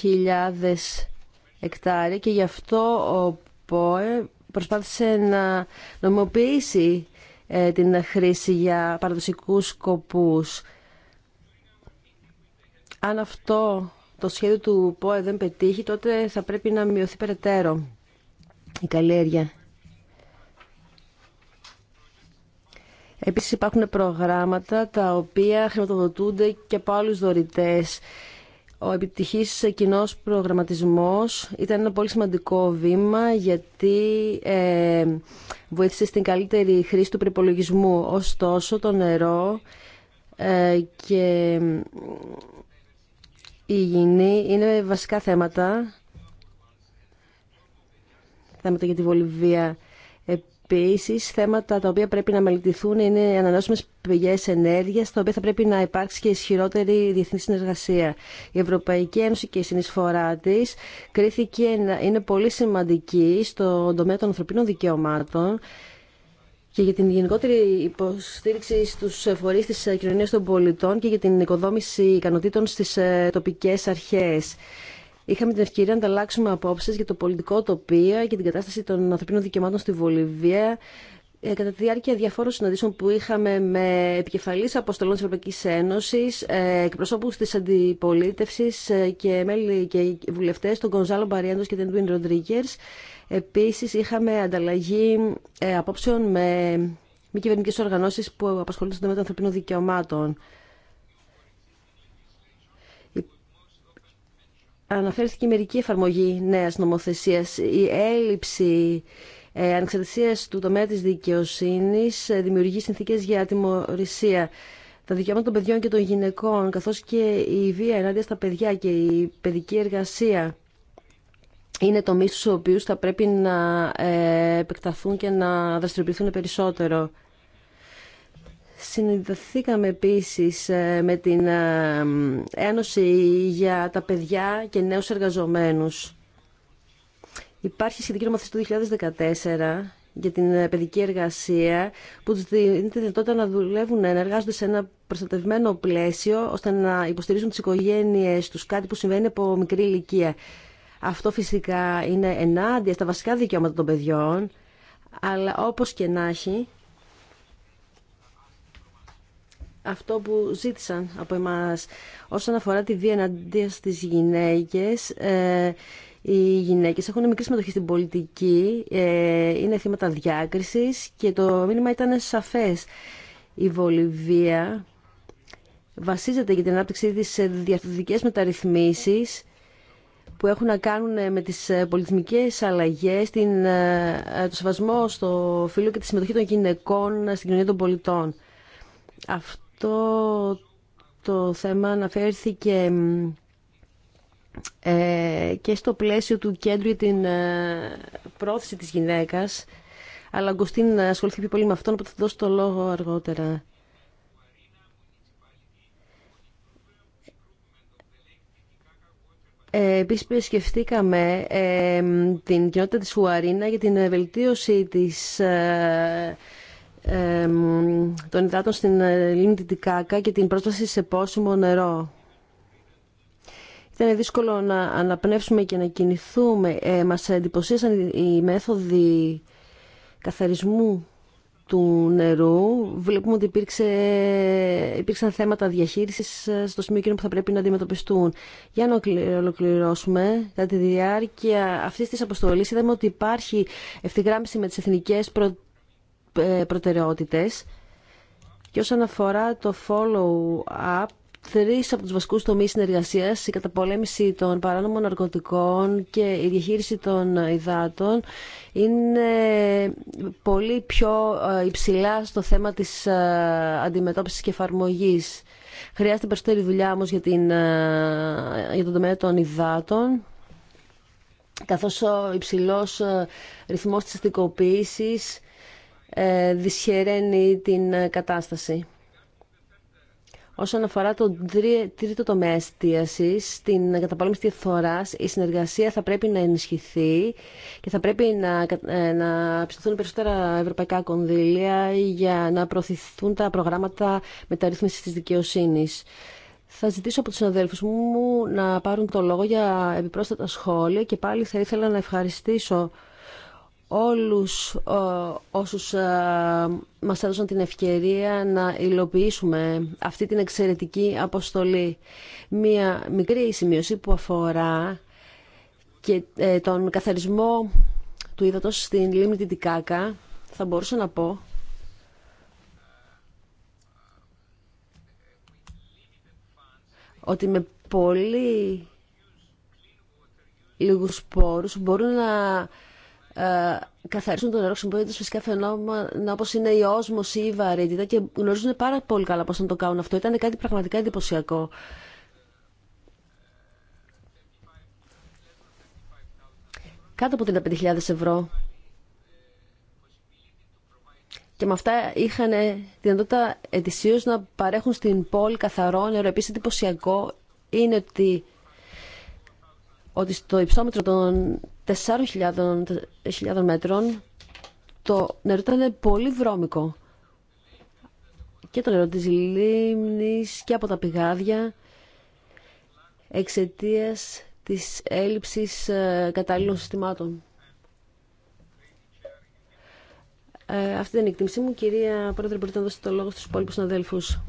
22.000 εκτάρια και γι' αυτό ο ΠΟΕ προσπάθησε να νομιμοποιήσει ε, την χρήση για παραδοσικούς σκοπούς αν αυτό το σχέδιο του ΠΟΕ δεν πετύχει, τότε θα πρέπει να μειωθεί περαιτέρω η καλλιέργεια. Επίσης υπάρχουν προγράμματα τα οποία χρηματοδοτούνται και από άλλους δωρητές. Ο επιτυχής κοινό προγραμματισμός ήταν ένα πολύ σημαντικό βήμα γιατί ε, βοήθησε στην καλύτερη χρήση του προπολογισμού. Ωστόσο το νερό ε, υγιεινή είναι βασικά θέματα. Θέματα για τη Βολιβία. Επίση, θέματα τα οποία πρέπει να μελετηθούν είναι οι ανανεώσιμε πηγέ ενέργεια, τα οποία θα πρέπει να υπάρξει και ισχυρότερη διεθνή συνεργασία. Η Ευρωπαϊκή Ένωση και η συνεισφορά τη κρίθηκε είναι πολύ σημαντική στον τομέα των ανθρωπίνων δικαιωμάτων και για την γενικότερη υποστήριξη στους φορείς της ε, κοινωνίας των πολιτών και για την οικοδόμηση ικανοτήτων στις ε, τοπικές αρχές. Είχαμε την ευκαιρία να ανταλλάξουμε απόψει για το πολιτικό τοπίο και την κατάσταση των ανθρωπίνων δικαιωμάτων στη Βολιβία ε, κατά τη διάρκεια διαφόρων συναντήσεων που είχαμε με επικεφαλής αποστολών της Ευρωπαϊκής Ένωσης, εκπροσώπους της αντιπολίτευσης και μέλη και βουλευτές, τον Κονζάλο Μπαριάντος και τον Ντουίν Ροντρίγκερς, Επίσης είχαμε ανταλλαγή ε, απόψεων με μη κυβερνητικέ οργανώσεις που απασχολούνται με των ανθρωπίνων δικαιωμάτων. Αναφέρθηκε η μερική εφαρμογή νέας νομοθεσίας. Η έλλειψη ε, ανεξαρτησίας του τομέα της δικαιοσύνης ε, δημιουργεί συνθήκες για ατιμορρησία. Τα δικαιώματα των παιδιών και των γυναικών, καθώς και η βία ενάντια στα παιδιά και η παιδική εργασία είναι τομείς στους οποίους θα πρέπει να ε, επεκταθούν και να δραστηριοποιηθούν περισσότερο. Συνειδηθήκαμε επίσης ε, με την ε, Ένωση για τα παιδιά και νέους εργαζομένους. Υπάρχει σχετική νομοθεσία του 2014 για την παιδική εργασία που τους δίνει τη δυνατότητα να δουλεύουν, να εργάζονται σε ένα προστατευμένο πλαίσιο ώστε να υποστηρίζουν τις οικογένειες τους, κάτι που συμβαίνει από μικρή ηλικία. Αυτό φυσικά είναι ενάντια στα βασικά δικαιώματα των παιδιών, αλλά όπως και να έχει, αυτό που ζήτησαν από εμάς όσον αφορά τη βία εναντία στις γυναίκες, ε, οι γυναίκες έχουν μικρή συμμετοχή στην πολιτική, ε, είναι θύματα διάκρισης και το μήνυμα ήταν σαφές. Η Βολιβία βασίζεται για την ανάπτυξή της σε διαφορετικές μεταρρυθμίσεις που έχουν να κάνουν ε, με τις ε, πολιτισμικές αλλαγές, την, ε, το σεβασμό στο φίλο και τη συμμετοχή των γυναικών στην κοινωνία των πολιτών. Αυτό το θέμα αναφέρθηκε και στο πλαίσιο του κέντρου για την πρόθεση της γυναίκας, αλλά Αγκοστίν ασχοληθεί πιο πολύ με αυτόν, οπότε θα δώσω το λόγο αργότερα. Ε, επίσης επισκεφτήκαμε ε, την κοινότητα της Φουαρίνα για την βελτίωση της, ε, των υδάτων στην Λίμνη Τιτικάκα και την πρόσβαση σε πόσιμο νερό. Ήταν δύσκολο να αναπνεύσουμε και να κινηθούμε. μας εντυπωσίασαν οι μέθοδοι καθαρισμού του νερού βλέπουμε ότι υπήρξε, υπήρξαν θέματα διαχείρισης ε, στο σημείο εκείνο που θα πρέπει να αντιμετωπιστούν. Για να ολοκληρώσουμε, κατά τη διάρκεια αυτής της αποστολής είδαμε ότι υπάρχει ευθυγράμμιση με τις εθνικές προ, ε, προτεραιότητες και όσον αφορά το follow-up Τρει από τους βασικού τομεί συνεργασία, η καταπολέμηση των παράνομων ναρκωτικών και η διαχείριση των υδάτων είναι πολύ πιο ε, υψηλά στο θέμα της ε, αντιμετώπισης και εφαρμογή. Χρειάζεται περισσότερη δουλειά όμω για, την, ε, για τον τομέα των υδάτων καθώς ο υψηλός ρυθμός της αστικοποίησης δυσχεραίνει την κατάσταση. Όσον αφορά το τρίτο τομέα εστίαση, στην καταπολέμηση τη φθορά, η συνεργασία θα πρέπει να ενισχυθεί και θα πρέπει να, ε, να ψηθούν περισσότερα ευρωπαϊκά κονδύλια για να προωθηθούν τα προγράμματα μεταρρύθμισης τη δικαιοσύνης. Θα ζητήσω από τους συναδέλφους μου να πάρουν το λόγο για επιπρόσθετα σχόλια και πάλι θα ήθελα να ευχαριστήσω όλους όσους ε, μας έδωσαν την ευκαιρία να υλοποιήσουμε αυτή την εξαιρετική αποστολή. Μία μικρή σημείωση που αφορά και ε, τον καθαρισμό του ύδατος στην λίμνη Τιτικάκα θα μπορούσα να πω ότι με πολύ λίγους πόρους μπορούν να ε, καθαρίζουν τον νερό χρησιμοποιώντα φυσικά φαινόμενα όπω είναι η όσμωση ή η βαρύτητα και γνωρίζουν πάρα πολύ καλά πώ να το κάνουν αυτό. Ήταν κάτι πραγματικά εντυπωσιακό. Κάτω από 35.000 ευρώ. Και με αυτά είχαν δυνατότητα ετησίω να παρέχουν στην πόλη καθαρό νερό. Επίση εντυπωσιακό είναι ότι, ότι στο υψόμετρο των 4.000 μέτρων το νερό ήταν πολύ βρώμικο. Και το νερό της λίμνης και από τα πηγάδια εξαιτίας της έλλειψης ε, κατάλληλων συστημάτων. Ε, αυτή είναι η εκτίμησή μου. Κυρία Πρόεδρε, μπορείτε να δώσετε το λόγο στους υπόλοιπους συναδέλφους.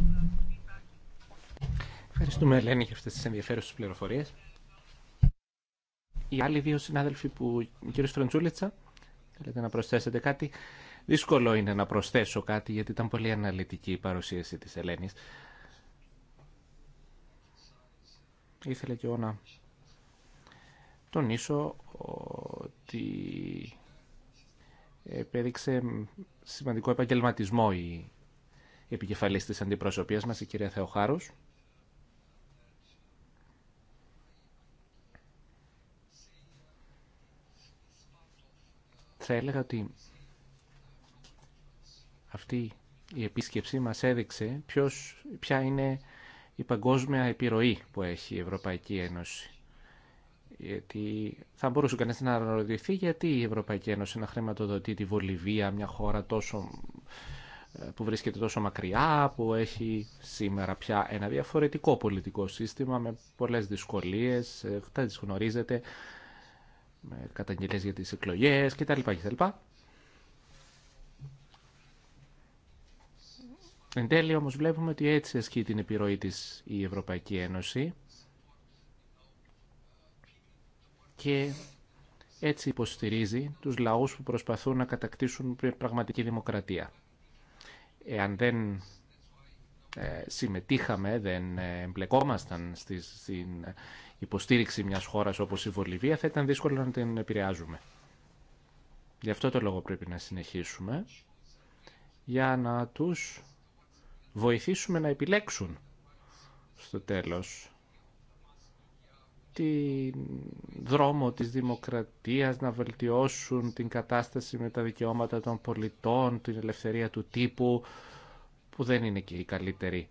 Ευχαριστούμε, Ελένη, για αυτές τις ενδιαφέρουσες πληροφορίες οι άλλοι δύο συνάδελφοι που... Ο κύριος θέλετε να προσθέσετε κάτι. Δύσκολο είναι να προσθέσω κάτι γιατί ήταν πολύ αναλυτική η παρουσίαση της Ελένης. Ήθελε και εγώ να τονίσω ότι επέδειξε σημαντικό επαγγελματισμό η επικεφαλής της αντιπροσωπείας μας, η κυρία Θεοχάρους. θα έλεγα ότι αυτή η επίσκεψη μας έδειξε ποιος, ποια είναι η παγκόσμια επιρροή που έχει η Ευρωπαϊκή Ένωση. Γιατί θα μπορούσε κανείς να αναρωτηθεί γιατί η Ευρωπαϊκή Ένωση να χρηματοδοτεί τη Βολιβία, μια χώρα τόσο, που βρίσκεται τόσο μακριά, που έχει σήμερα πια ένα διαφορετικό πολιτικό σύστημα με πολλές δυσκολίες, ε, τα γνωρίζετε, με καταγγελίες για τις εκλογές κτλ. λοιπά. Εν τέλει όμως βλέπουμε ότι έτσι ασκεί την επιρροή της η Ευρωπαϊκή Ένωση και έτσι υποστηρίζει τους λαούς που προσπαθούν να κατακτήσουν πραγματική δημοκρατία. Εάν δεν ε, συμμετείχαμε, δεν ε, εμπλεκόμασταν στην υποστήριξη μια χώρα όπως η Βολιβία θα ήταν δύσκολο να την επηρεάζουμε. Γι' αυτό το λόγο πρέπει να συνεχίσουμε για να τους βοηθήσουμε να επιλέξουν στο τέλος τη δρόμο της δημοκρατίας, να βελτιώσουν την κατάσταση με τα δικαιώματα των πολιτών, την ελευθερία του τύπου, που δεν είναι και η καλύτερη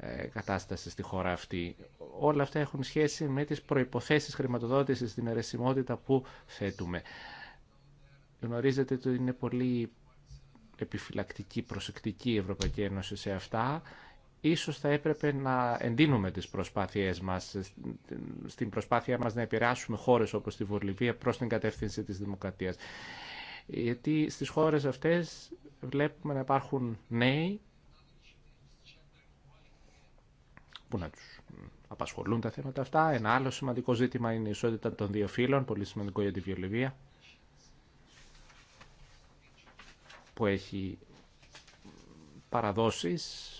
ε, κατάσταση στη χώρα αυτή. Όλα αυτά έχουν σχέση με τις προϋποθέσεις χρηματοδότησης, την αιρεσιμότητα που θέτουμε. Γνωρίζετε ότι είναι πολύ επιφυλακτική, προσεκτική η Ευρωπαϊκή Ένωση σε αυτά. Ίσως θα έπρεπε να εντείνουμε τις προσπάθειές μας, στην προσπάθειά μας να επηρεάσουμε χώρες όπως τη Βολιβία προς την κατεύθυνση της δημοκρατίας. Γιατί στις χώρες αυτές βλέπουμε να υπάρχουν νέοι που να του απασχολούν τα θέματα αυτά. Ένα άλλο σημαντικό ζήτημα είναι η ισότητα των δύο φύλων, πολύ σημαντικό για τη βιολεβία, που έχει παραδόσεις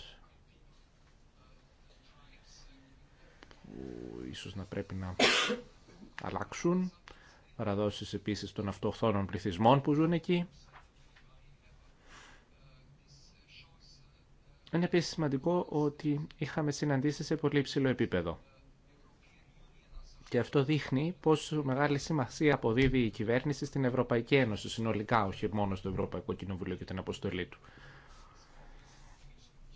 που ίσως να πρέπει να αλλάξουν, παραδόσεις επίσης των αυτοχθόνων πληθυσμών που ζουν εκεί, Είναι επίσης σημαντικό ότι είχαμε συναντήσει σε πολύ υψηλό επίπεδο. Και αυτό δείχνει πόσο μεγάλη σημασία αποδίδει η κυβέρνηση στην Ευρωπαϊκή Ένωση συνολικά, όχι μόνο στο Ευρωπαϊκό Κοινοβούλιο και την αποστολή του.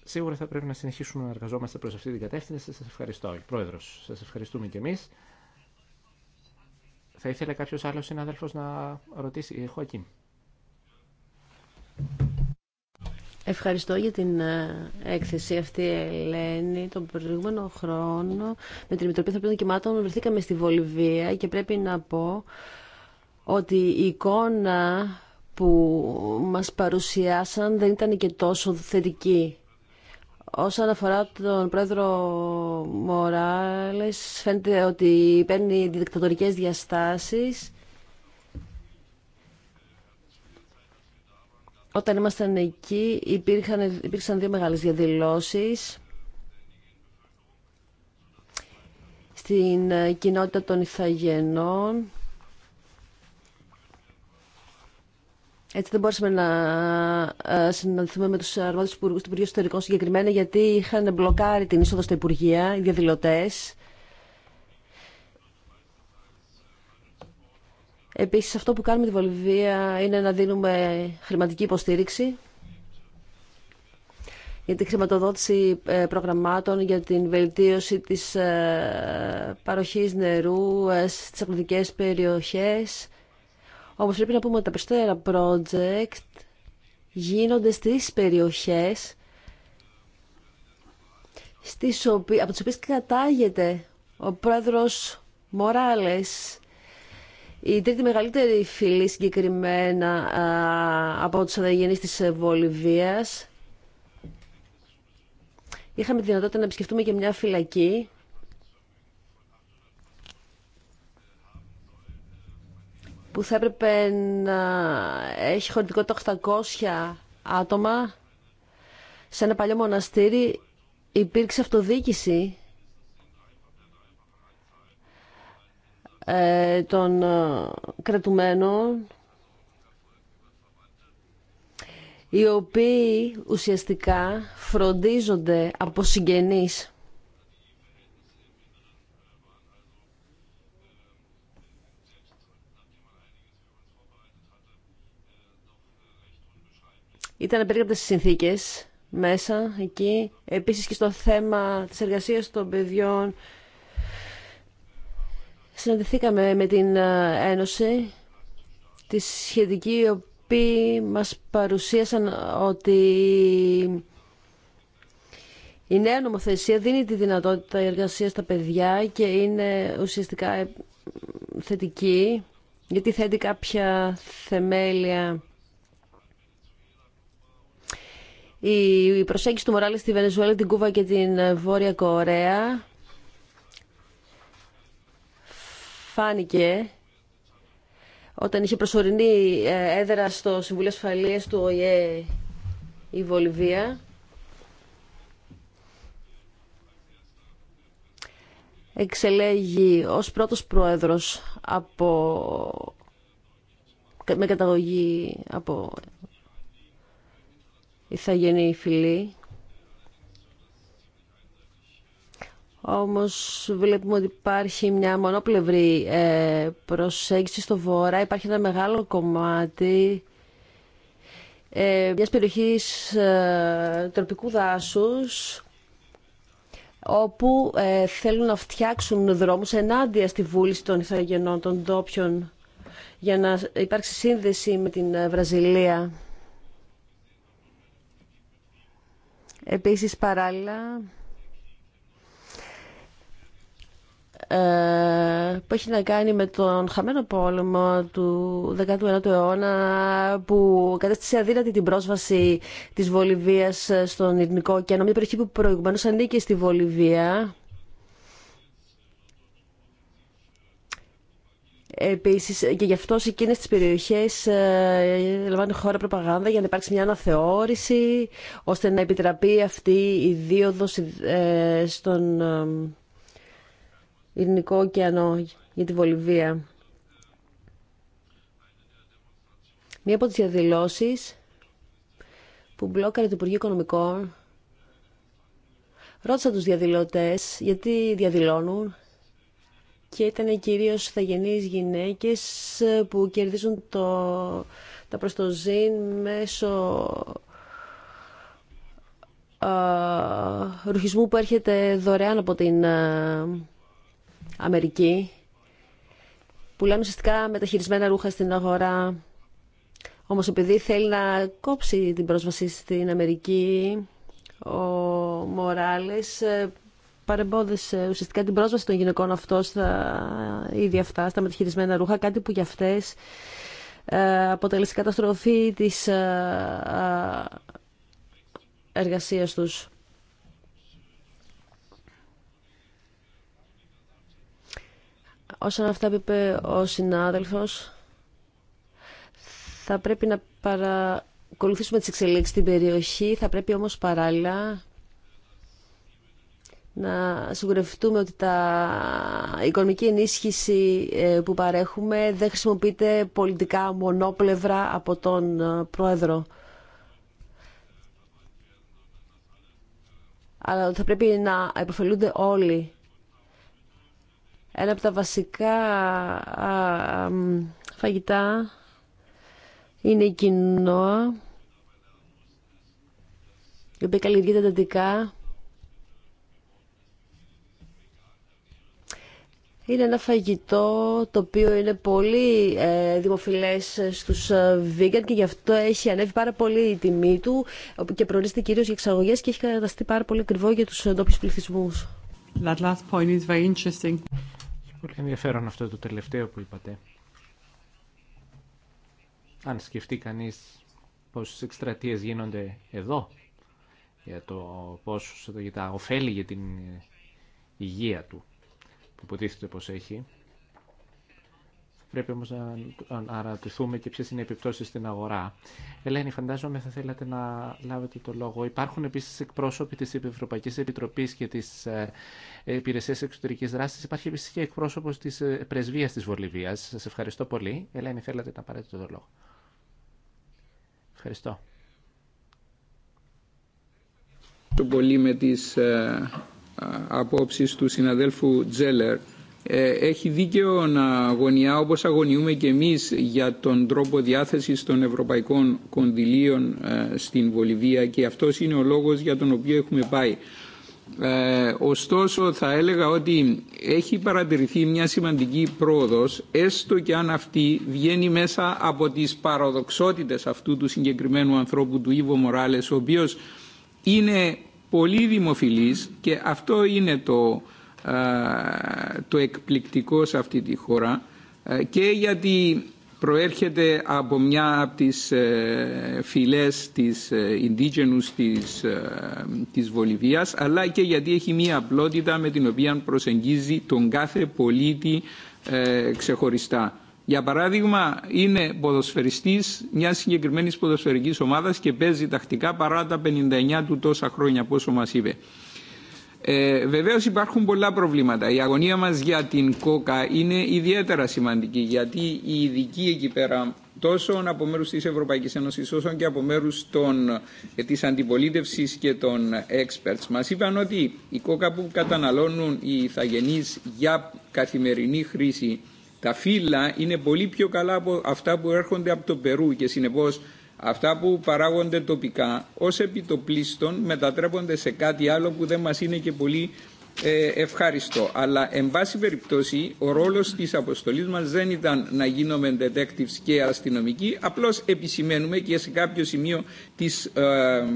Σίγουρα θα πρέπει να συνεχίσουμε να εργαζόμαστε προς αυτή την κατεύθυνση. Σας ευχαριστώ, Πρόεδρος. Σας ευχαριστούμε και εμείς. Θα ήθελε κάποιος άλλος συνάδελφος να ρωτήσει. εκεί. Ευχαριστώ για την ε, έκθεση αυτή, Ελένη. Τον προηγούμενο χρόνο με την Επιτροπή Ανθρωπίνων Κυμάτων βρεθήκαμε στη Βολιβία και πρέπει να πω ότι η εικόνα που μας παρουσιάσαν δεν ήταν και τόσο θετική. Όσον αφορά τον πρόεδρο Μοράλες, φαίνεται ότι παίρνει δικτατορικές διαστάσεις Όταν ήμασταν εκεί υπήρχαν, υπήρξαν δύο μεγάλες διαδηλώσεις στην ε, κοινότητα των Ιθαγενών. Έτσι δεν μπορούσαμε να ε, συναντηθούμε με τους αρμόδιους υπουργούς του Υπουργείου Συντερικών συγκεκριμένα γιατί είχαν μπλοκάρει την είσοδο στα Υπουργεία οι διαδηλωτές Επίση, αυτό που κάνουμε τη Βολιβία είναι να δίνουμε χρηματική υποστήριξη για τη χρηματοδότηση ε, προγραμμάτων για την βελτίωση της ε, παροχής νερού ε, στις αγροτικές περιοχές. Όμως πρέπει να πούμε ότι τα περισσότερα project γίνονται στις περιοχές στις από τις οποίες κατάγεται ο πρόεδρος Μοράλες η τρίτη μεγαλύτερη φυλή συγκεκριμένα από τους αδεγενείς της Βολιβίας. Είχαμε τη δυνατότητα να επισκεφτούμε και μια φυλακή. που θα έπρεπε να έχει χωρητικότητα 800 άτομα. Σε ένα παλιό μοναστήρι υπήρξε αυτοδίκηση. Ε, των ε, κρατουμένων οι οποίοι ουσιαστικά φροντίζονται από συγγενείς. Ήταν απερίγραπτες στις συνθήκες μέσα εκεί. Επίσης και στο θέμα της εργασίας των παιδιών συναντηθήκαμε με την ε, Ένωση, τη σχετική οι οποίοι μας παρουσίασαν ότι η νέα νομοθεσία δίνει τη δυνατότητα εργασία στα παιδιά και είναι ουσιαστικά ε, θετική, γιατί θέτει κάποια θεμέλια. Η προσέγγιση του Μοράλη στη Βενεζουέλα, την Κούβα και την Βόρεια Κορέα φάνηκε όταν είχε προσωρινή ε, έδρα στο Συμβουλίο Ασφαλείας του ΟΗΕ η Βολιβία. Εξελέγει ως πρώτος πρόεδρος από... με καταγωγή από ηθαγενή φιλή. Όμως βλέπουμε ότι υπάρχει μια μονοπλευρή ε, προσέγγιση στο βορρά. Υπάρχει ένα μεγάλο κομμάτι ε, μιας περιοχής ε, τροπικού δάσους όπου θέλουν να φτιάξουν δρόμους ενάντια στη βούληση των Ιθαγενών, των ντόπιων για να υπάρξει σύνδεση με την Βραζιλία. Επίσης παράλληλα Ε, που έχει να κάνει με τον χαμένο πόλεμο του 19ου αιώνα που κατέστησε αδύνατη την πρόσβαση της Βολιβίας στον Ειρηνικό ωκεανό, μια περιοχή που προηγουμένως ανήκει στη Βολιβία. Επίσης, και γι' αυτό σε εκείνες τις περιοχές ε, λαμβάνει χώρα προπαγάνδα για να υπάρξει μια αναθεώρηση ώστε να επιτραπεί αυτή η δίωδος ε, στον Ειρηνικό ωκεανό για τη Βολιβία. Μία από τις διαδηλώσει που μπλόκαρε το Υπουργείο Οικονομικών ρώτησα τους διαδηλωτές γιατί διαδηλώνουν και ήταν κυρίως θαγενείς γυναίκες που κερδίζουν το, τα προστοζήν μέσω α, ρουχισμού που έρχεται δωρεάν από την Αμερική πουλάνε ουσιαστικά μεταχειρισμένα ρούχα στην αγορά. Όμως επειδή θέλει να κόψει την πρόσβαση στην Αμερική, ο Μοράλες ε, παρεμπόδισε ουσιαστικά την πρόσβαση των γυναικών αυτό στα ίδια αυτά, στα μεταχειρισμένα ρούχα, κάτι που για αυτές ε, αποτελεί καταστροφή της ε, εργασίας τους. Όσον αυτά που είπε ο συνάδελφος, θα πρέπει να παρακολουθήσουμε τις εξελίξεις στην περιοχή, θα πρέπει όμως παράλληλα να σιγουρευτούμε ότι τα οικονομική ενίσχυση ε, που παρέχουμε δεν χρησιμοποιείται πολιτικά μονόπλευρα από τον ε, Πρόεδρο. Αλλά θα πρέπει να επωφελούνται όλοι ένα από τα βασικά φαγητά είναι η κοινόα, η οποία καλλιεργείται εντατικά. Είναι ένα φαγητό το οποίο είναι πολύ ε, δημοφιλές στους ε, vegan και γι' αυτό έχει ανέβει πάρα πολύ η τιμή του και προορίζεται κυρίως για εξαγωγές και έχει καταστεί πάρα πολύ ακριβό για τους ε, ντόπιους πληθυσμούς. Πολύ ενδιαφέρον αυτό το τελευταίο που είπατε. Αν σκεφτεί κανείς πόσες εκστρατείε γίνονται εδώ για το πόσο για τα ωφέλη για την υγεία του που υποτίθεται πως έχει Πρέπει όμως να αναρωτηθούμε και ποιες είναι οι επιπτώσεις στην αγορά. Ελένη, φαντάζομαι θα θέλατε να λάβετε το λόγο. Υπάρχουν επίσης εκπρόσωποι της Ευρωπαϊκής Επιτροπής και της ε, Υπηρεσίας Εξωτερικής Δράσης. Υπάρχει επίσης και εκπρόσωπος της ε, Πρεσβείας της Βολιβίας. Σας ευχαριστώ πολύ. Ελένη, θέλατε να πάρετε το λόγο. Ευχαριστώ. Πολύ με τις ε, απόψεις του συναδέλφου Τζέλερ ε, έχει δίκαιο να αγωνιά όπως αγωνιούμε και εμείς για τον τρόπο διάθεσης των ευρωπαϊκών κονδυλίων ε, στην Βολιβία και αυτός είναι ο λόγος για τον οποίο έχουμε πάει. Ε, ωστόσο θα έλεγα ότι έχει παρατηρηθεί μια σημαντική πρόοδος έστω και αν αυτή βγαίνει μέσα από τις παραδοξότητες αυτού του συγκεκριμένου ανθρώπου του Ιβο Μοράλες ο οποίος είναι πολύ δημοφιλής και αυτό είναι το ε, το εκπληκτικό σε αυτή τη χώρα ε, και γιατί προέρχεται από μια από τις ε, φυλές της indigenous της, της Βολιβίας αλλά και γιατί έχει μια απλότητα με την οποία προσεγγίζει τον κάθε πολίτη ξεχωριστά. Για παράδειγμα είναι ποδοσφαιριστής μια συγκεκριμένη ποδοσφαιρικής ομάδας και παίζει τακτικά παρά τα 59 του τόσα χρόνια πόσο μας είπε. Ε, Βεβαίω υπάρχουν πολλά προβλήματα. Η αγωνία μα για την κόκα είναι ιδιαίτερα σημαντική γιατί οι ειδικοί εκεί πέρα τόσο από μέρου τη Ευρωπαϊκή Ένωση όσο και από μέρου ε, τη αντιπολίτευση και των experts μα είπαν ότι η κόκα που καταναλώνουν οι ηθαγενεί για καθημερινή χρήση, τα φύλλα είναι πολύ πιο καλά από αυτά που έρχονται από το Περού και συνεπώ Αυτά που παράγονται τοπικά ως επιτοπλίστων μετατρέπονται σε κάτι άλλο που δεν μας είναι και πολύ ε, ευχάριστο. Αλλά εν πάση περιπτώσει ο ρόλος της αποστολής μας δεν ήταν να γίνουμε detectives και αστυνομικοί. Απλώς επισημαίνουμε και σε κάποιο σημείο της ε,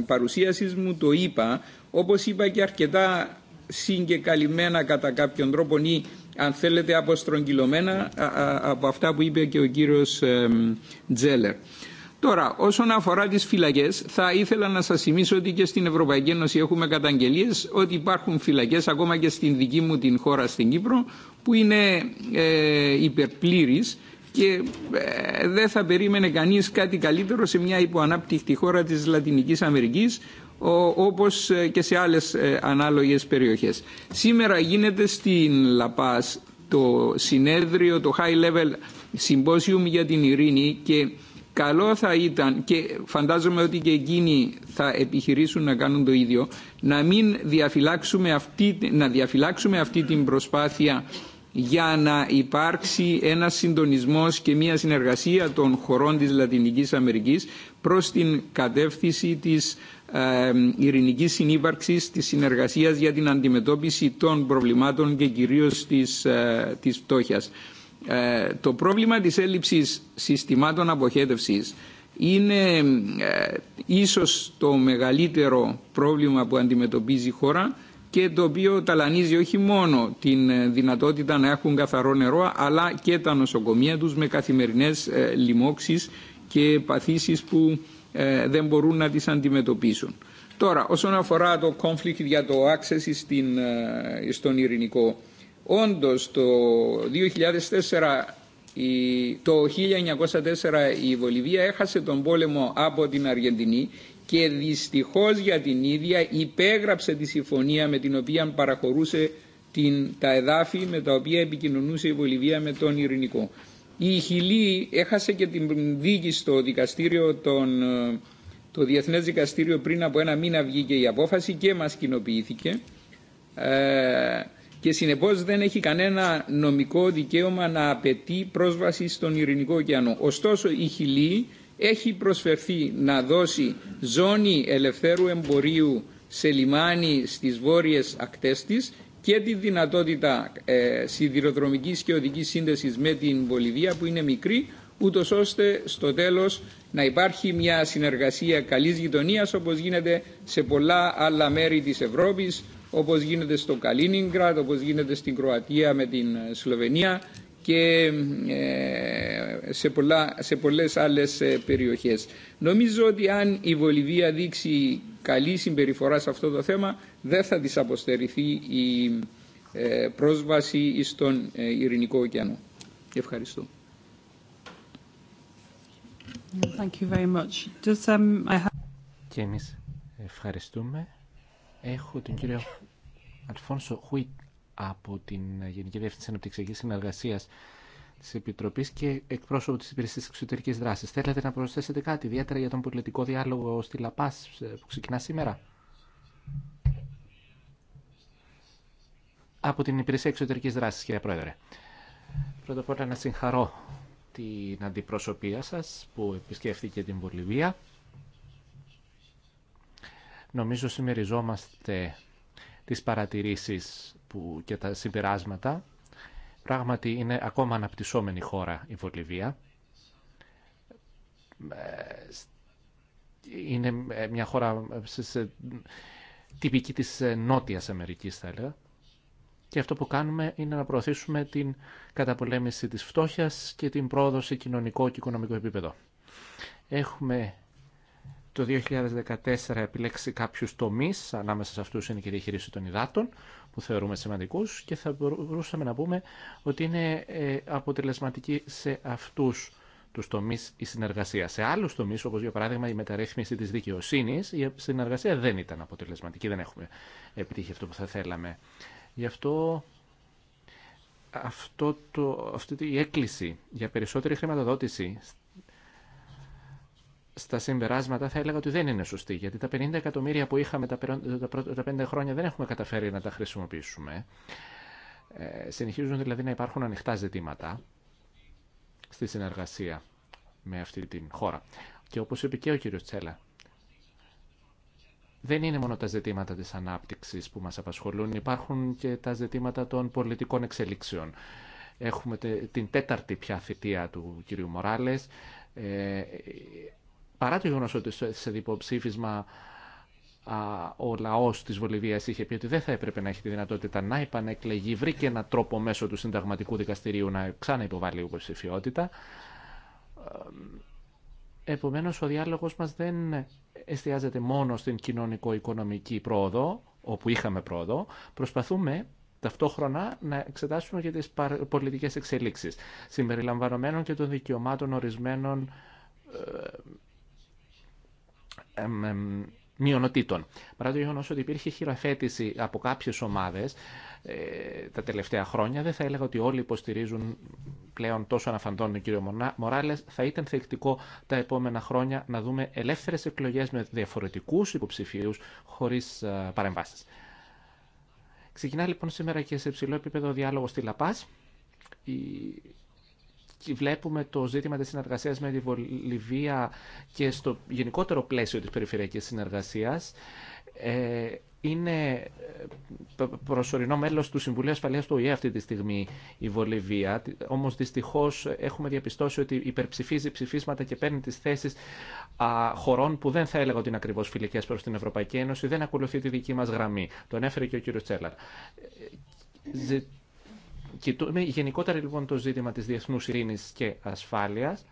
παρουσίασης μου το είπα. Όπως είπα και αρκετά συγκεκαλυμμένα κατά κάποιον τρόπο ή αν θέλετε αποστρογγυλωμένα από αυτά που είπε και ο κύριος ε, Τζέλερ. Τώρα, όσον αφορά τις φυλακές, θα ήθελα να σας θυμίσω ότι και στην Ευρωπαϊκή Ένωση έχουμε καταγγελίες ότι υπάρχουν φυλακές ακόμα και στην δική μου την χώρα στην Κύπρο που είναι ε, υπερπλήρης και ε, δεν θα περίμενε κανείς κάτι καλύτερο σε μια υποανάπτυχτη χώρα της Λατινικής Αμερικής όπως ε, και σε άλλες ε, ανάλογες περιοχές. Σήμερα γίνεται στην Λαπάς το συνέδριο, το High Level Symposium για την Ειρήνη και καλό θα ήταν και φαντάζομαι ότι και εκείνοι θα επιχειρήσουν να κάνουν το ίδιο να μην διαφυλάξουμε αυτή, να αυτή την προσπάθεια για να υπάρξει ένας συντονισμός και μια συνεργασία των χωρών της Λατινικής Αμερικής προς την κατεύθυνση της ε, ειρηνικής συνύπαρξης, της συνεργασίας για την αντιμετώπιση των προβλημάτων και κυρίως της, ε, της φτώχειας. Ε, το πρόβλημα της έλλειψης συστημάτων αποχέτευσης είναι ε, ίσως το μεγαλύτερο πρόβλημα που αντιμετωπίζει η χώρα και το οποίο ταλανίζει όχι μόνο την ε, δυνατότητα να έχουν καθαρό νερό αλλά και τα νοσοκομεία τους με καθημερινές λοιμώξεις και παθήσεις που δεν μπορούν να τις αντιμετωπίσουν. Τώρα, όσον αφορά το conflict για το access στον ειρηνικό Όντως το 2004 το 1904 η Βολιβία έχασε τον πόλεμο από την Αργεντινή και δυστυχώς για την ίδια υπέγραψε τη συμφωνία με την οποία παραχωρούσε την, τα εδάφη με τα οποία επικοινωνούσε η Βολιβία με τον Ειρηνικό. Η Χιλή έχασε και την δίκη στο δικαστήριο των, το Διεθνές Δικαστήριο πριν από ένα μήνα βγήκε η απόφαση και μας κοινοποιήθηκε. Ε, και συνεπώς δεν έχει κανένα νομικό δικαίωμα να απαιτεί πρόσβαση στον Ειρηνικό ωκεανό. Ωστόσο η Χιλή έχει προσφερθεί να δώσει ζώνη ελευθέρου εμπορίου σε λιμάνι στις βόρειες ακτές της και τη δυνατότητα ε, σιδηροδρομικής και οδικής σύνδεσης με την Βολιβία που είναι μικρή ούτω ώστε στο τέλος να υπάρχει μια συνεργασία καλής γειτονίας όπως γίνεται σε πολλά άλλα μέρη της Ευρώπης όπως γίνεται στο Καλίνιγκρατ, όπως γίνεται στην Κροατία με την ε, Σλοβενία και ε, σε, πολλά, σε πολλές άλλες ε, περιοχές. Νομίζω ότι αν η Βολιβία δείξει καλή συμπεριφορά σε αυτό το θέμα δεν θα της αποστερηθεί η πρόσβαση στον Ειρηνικό ωκεανό. Ευχαριστώ. Thank you very much. Um, και εμείς ευχαριστούμε. Έχω τον κύριο Αλφόνσο Χουίτ από την Γενική Διεύθυνση Αναπτυξιακή Συνεργασία τη Επιτροπή και εκπρόσωπο τη Υπηρεσία Εξωτερική Δράση. Θέλετε να προσθέσετε κάτι ιδιαίτερα για τον πολιτικό διάλογο στη Λαπά που ξεκινά σήμερα. Από την Υπηρεσία Εξωτερική Δράση, κύριε Πρόεδρε. Πρώτα απ' όλα να συγχαρώ την αντιπροσωπεία σας που επισκέφθηκε την Βολιβία Νομίζω συμμεριζόμαστε τις παρατηρήσεις που και τα συμπεράσματα. Πράγματι είναι ακόμα αναπτυσσόμενη χώρα η Βολιβία. Ε, είναι ε, μια χώρα τυπική της ε, Νότιας Αμερικής θα έλεγα. Και αυτό που κάνουμε είναι να προωθήσουμε την καταπολέμηση της φτώχειας και την πρόοδο σε κοινωνικό και οικονομικό επίπεδο. Έχουμε το 2014 επιλέξει κάποιους τομείς, ανάμεσα σε αυτούς είναι και η διαχείριση των υδάτων, που θεωρούμε σημαντικούς και θα μπορούσαμε να πούμε ότι είναι ε, αποτελεσματική σε αυτούς τους τομείς η συνεργασία. Σε άλλους τομείς, όπως για παράδειγμα η μεταρρύθμιση της δικαιοσύνης, η συνεργασία δεν ήταν αποτελεσματική, δεν έχουμε επιτύχει αυτό που θα θέλαμε. Γι' αυτό αυτό το, αυτή η έκκληση για περισσότερη χρηματοδότηση στα συμπεράσματα θα έλεγα ότι δεν είναι σωστή, γιατί τα 50 εκατομμύρια που είχαμε τα πρώτα 5 χρόνια δεν έχουμε καταφέρει να τα χρησιμοποιήσουμε. Ε, συνεχίζουν δηλαδή να υπάρχουν ανοιχτά ζητήματα στη συνεργασία με αυτή την χώρα. Και όπως είπε και ο κύριος Τσέλα, δεν είναι μόνο τα ζητήματα της ανάπτυξης που μας απασχολούν, υπάρχουν και τα ζητήματα των πολιτικών εξελίξεων. Έχουμε την τέταρτη πια θητεία του κυρίου Μοράλες, ε, παρά το γεγονό ότι σε διποψήφισμα ο λαό τη Βολιβίας είχε πει ότι δεν θα έπρεπε να έχει τη δυνατότητα να επανεκλεγεί, βρήκε ένα τρόπο μέσω του συνταγματικού δικαστηρίου να ξανά υποψηφιότητα. Επομένω, ο διάλογο μα δεν εστιάζεται μόνο στην κοινωνικο-οικονομική πρόοδο, όπου είχαμε πρόοδο. Προσπαθούμε ταυτόχρονα να εξετάσουμε και τι πολιτικέ εξελίξει συμπεριλαμβανομένων και των δικαιωμάτων ορισμένων ε, μειονοτήτων. Παρά το γεγονό ότι υπήρχε χειροθέτηση από κάποιε ομάδε ε, τα τελευταία χρόνια, δεν θα έλεγα ότι όλοι υποστηρίζουν πλέον τόσο αναφαντών τον κύριο Μοράλε. Θα ήταν θεκτικό τα επόμενα χρόνια να δούμε ελεύθερε εκλογέ με διαφορετικού υποψηφίου χωρί ε, παρεμβάσει. Ξεκινά λοιπόν σήμερα και σε υψηλό επίπεδο διάλογο στη Λαπά. Η βλέπουμε το ζήτημα της συνεργασίας με τη Βολιβία και στο γενικότερο πλαίσιο της περιφερειακής συνεργασίας ε, είναι ε, προσωρινό μέλος του Συμβουλίου Ασφαλείας του ΟΗΕ αυτή τη στιγμή η Βολιβία. Όμως δυστυχώς έχουμε διαπιστώσει ότι υπερψηφίζει ψηφίσματα και παίρνει τις θέσεις α, χωρών που δεν θα έλεγα ότι είναι ακριβώς φιλικές προς την Ευρωπαϊκή Ένωση, δεν ακολουθεί τη δική μας γραμμή. Το ανέφερε και ο κύριος Τσέλαρ ε, Κοιτούμε γενικότερα λοιπόν το ζήτημα της διεθνούς ειρήνης και ασφάλειας,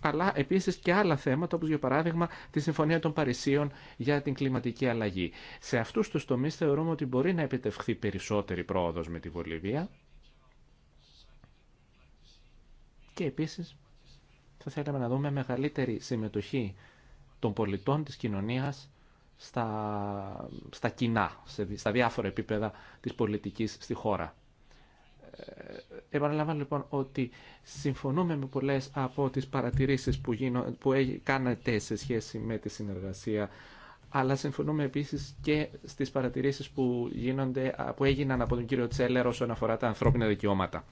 αλλά επίσης και άλλα θέματα, όπως για παράδειγμα τη Συμφωνία των Παρισίων για την κλιματική αλλαγή. Σε αυτούς τους τομείς θεωρούμε ότι μπορεί να επιτευχθεί περισσότερη πρόοδος με τη Βολιβία. Και επίσης θα θέλαμε να δούμε μεγαλύτερη συμμετοχή των πολιτών της κοινωνίας στα, στα κοινά, στα διάφορα επίπεδα της πολιτικής στη χώρα. Ε, επαναλαμβάνω λοιπόν ότι συμφωνούμε με πολλές από τις παρατηρήσεις που, γίνω, που σε σχέση με τη συνεργασία αλλά συμφωνούμε επίσης και στις παρατηρήσεις που, γίνονται, που έγιναν από τον κύριο Τσέλερ όσον αφορά τα ανθρώπινα δικαιώματα.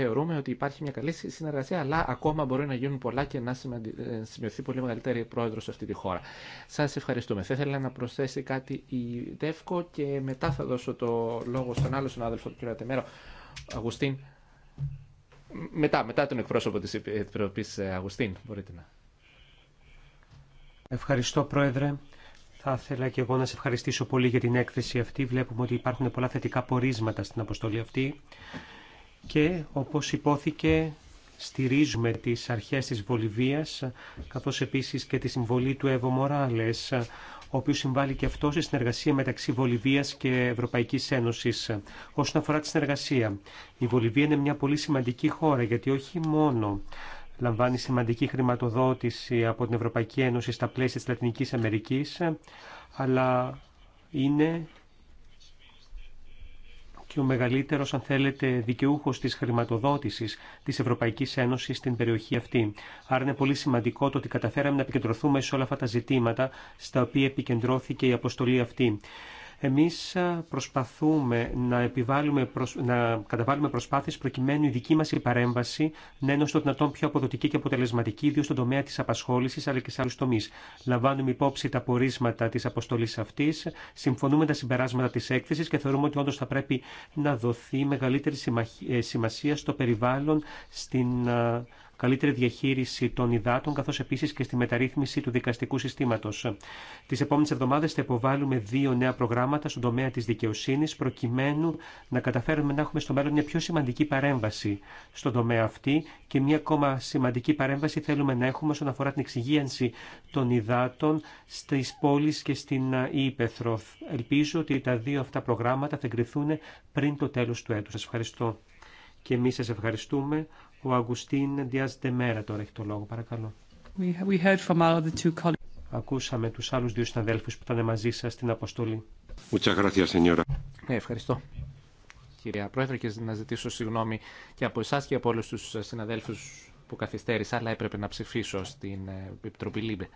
θεωρούμε ότι υπάρχει μια καλή συνεργασία, αλλά ακόμα μπορεί να γίνουν πολλά και να ε, σημειωθεί πολύ μεγαλύτερη πρόεδρο σε αυτή τη χώρα. Σα ευχαριστούμε. Θα ήθελα να προσθέσει κάτι η Δεύκο και μετά θα δώσω το λόγο στον άλλο συνάδελφο, του κ. Τεμέρο, Αγουστίν. Μετά, μετά τον εκπρόσωπο της Επιτροπής ε, Αγουστίν, μπορείτε να. Ευχαριστώ, Πρόεδρε. Θα ήθελα και εγώ να σε ευχαριστήσω πολύ για την έκθεση αυτή. Βλέπουμε ότι υπάρχουν πολλά θετικά πορίσματα στην αποστολή αυτή και όπως υπόθηκε στηρίζουμε τις αρχές της Βολιβίας καθώς επίσης και τη συμβολή του Εύω Μοράλες ο οποίο συμβάλλει και αυτό σε συνεργασία μεταξύ Βολιβία και Ευρωπαϊκή Ένωση. Όσον αφορά τη συνεργασία, η Βολιβία είναι μια πολύ σημαντική χώρα γιατί όχι μόνο λαμβάνει σημαντική χρηματοδότηση από την Ευρωπαϊκή Ένωση στα πλαίσια της Λατινικής Αμερικής, αλλά είναι και ο μεγαλύτερος, αν θέλετε, δικαιούχος της χρηματοδότησης της Ευρωπαϊκής Ένωσης στην περιοχή αυτή. Άρα είναι πολύ σημαντικό το ότι καταφέραμε να επικεντρωθούμε σε όλα αυτά τα ζητήματα στα οποία επικεντρώθηκε η αποστολή αυτή. Εμείς ε, προσπαθούμε να, επιβάλλουμε να καταβάλουμε προσπάθειες προκειμένου η δική μας η παρέμβαση να είναι στο δυνατόν πιο αποδοτική και αποτελεσματική, ιδίως στον τομέα της απασχόλησης αλλά και σε άλλους τομείς. Λαμβάνουμε υπόψη τα πορίσματα της αποστολής αυτής, συμφωνούμε τα συμπεράσματα της έκθεσης και θεωρούμε ότι όντως θα πρέπει να δοθεί μεγαλύτερη ε, σημασία στο περιβάλλον, στην ε, καλύτερη διαχείριση των υδάτων, καθώ επίση και στη μεταρρύθμιση του δικαστικού συστήματο. Τι επόμενε εβδομάδε θα υποβάλουμε δύο νέα προγράμματα στον τομέα τη δικαιοσύνη, προκειμένου να καταφέρουμε να έχουμε στο μέλλον μια πιο σημαντική παρέμβαση στον τομέα αυτή και μια ακόμα σημαντική παρέμβαση θέλουμε να έχουμε όσον αφορά την εξυγίανση των υδάτων στι πόλει και στην Ήπεθρο. Ελπίζω ότι τα δύο αυτά προγράμματα θα εγκριθούν πριν το τέλο του έτου. Σα ευχαριστώ. Και εμείς σας ευχαριστούμε. Ο Αγουστίν Διάς Δεμέρα τώρα έχει το λόγο, παρακαλώ. We heard Ακούσαμε τους άλλους δύο συναδέλφους που ήταν μαζί σας στην αποστολή. Ναι, ευχαριστώ. Κυρία Πρόεδρε, και να ζητήσω συγγνώμη και από εσά και από όλου του συναδέλφου που καθυστέρησα, αλλά έπρεπε να ψηφίσω στην ε, Επιτροπή Λίμπε.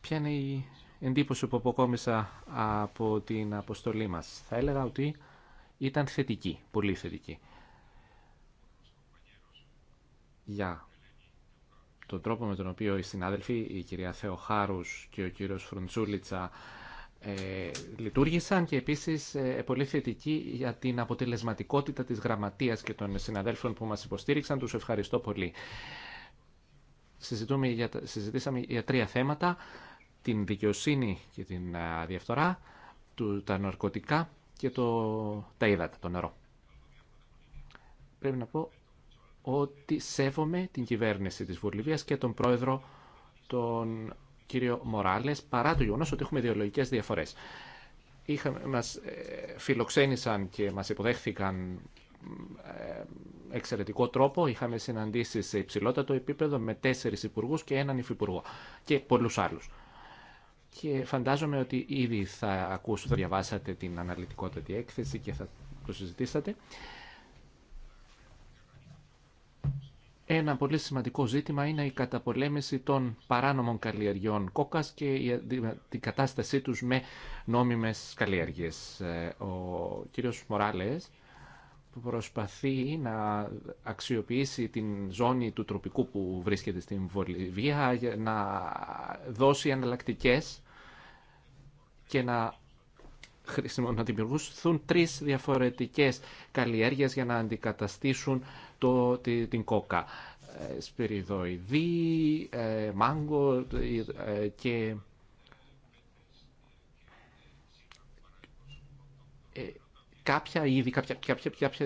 Ποια είναι η εντύπωση που αποκόμισα από την αποστολή μας. Θα έλεγα ότι ήταν θετική, πολύ θετική για τον τρόπο με τον οποίο οι συνάδελφοι, η κυρία Θεοχάρους και ο κύριος Φρουντζούλητσα ε, λειτουργήσαν και επίσης ε, πολύ θετική για την αποτελεσματικότητα της γραμματείας και των συναδέλφων που μας υποστήριξαν. Τους ευχαριστώ πολύ. Συζητούμε για, συζητήσαμε για τρία θέματα, την δικαιοσύνη και την ε, διαφθορά, του, τα ναρκωτικά και το, τα ύδατα, το νερό. Πρέπει να πω ότι σέβομαι την κυβέρνηση της Βουλιβίας και τον πρόεδρο τον κύριο Μοράλες παρά το γεγονός ότι έχουμε ιδεολογικές διαφορές. Είχα, μας ε, φιλοξένησαν και μας υποδέχθηκαν ε, εξαιρετικό τρόπο. Είχαμε συναντήσει σε υψηλότατο επίπεδο με τέσσερις υπουργούς και έναν υφυπουργό και πολλούς άλλους. Και φαντάζομαι ότι ήδη θα θα διαβάσατε την αναλυτικότατη έκθεση και θα το συζητήσατε. Ένα πολύ σημαντικό ζήτημα είναι η καταπολέμηση των παράνομων καλλιεργειών κόκας και η κατάστασή τους με νόμιμες καλλιέργειες. Ε, ο κύριος Μοράλες που προσπαθεί να αξιοποιήσει την ζώνη του τροπικού που βρίσκεται στην Βολιβία για να δώσει εναλλακτικέ και να να δημιουργηθούν τρεις διαφορετικές καλλιέργειε για να αντικαταστήσουν το, την κόκα. Ε, σπυριδοειδή, ε, μάγκο ε, και... κάποια είδη, κάποια,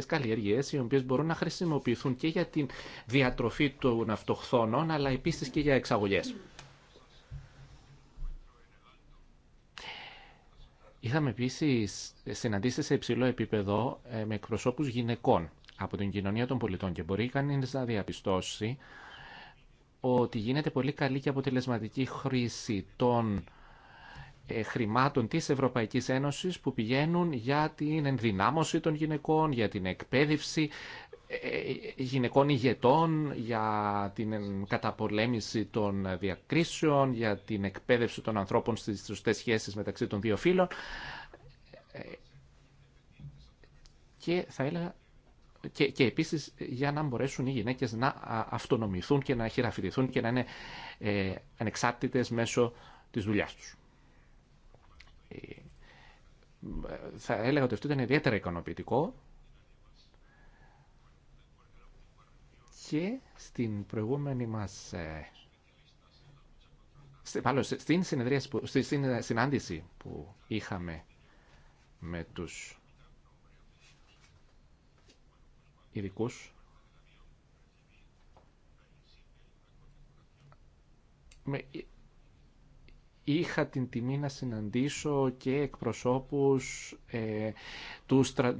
κάποια, οι οποίες μπορούν να χρησιμοποιηθούν και για την διατροφή των αυτοχθόνων αλλά επίσης και για εξαγωγές. Είχαμε επίση συναντήσει σε υψηλό επίπεδο ε, με εκπροσώπου γυναικών από την κοινωνία των πολιτών και μπορεί κανεί να διαπιστώσει ότι γίνεται πολύ καλή και αποτελεσματική χρήση των ε, χρημάτων της Ευρωπαϊκής Ένωσης που πηγαίνουν για την ενδυνάμωση των γυναικών, για την εκπαίδευση ε, ε, γυναικών ηγετών, για την καταπολέμηση των διακρίσεων, για την εκπαίδευση των ανθρώπων στις σωστές σχέσεις μεταξύ των δύο φύλων. Ε, και θα έλεγα και, επίσης για να μπορέσουν οι γυναίκες να αυτονομηθούν και να χειραφητηθούν και να είναι ε, ανεξάρτητες μέσω της δουλειάς τους. Θα έλεγα ότι αυτό ήταν ιδιαίτερα ικανοποιητικό και στην προηγούμενη μας... πάλι, ε, στην, στην ε, συνάντηση που είχαμε με τους ειδικού. Με είχα την τιμή να συναντήσω και εκπροσώπους ε, του, στρα,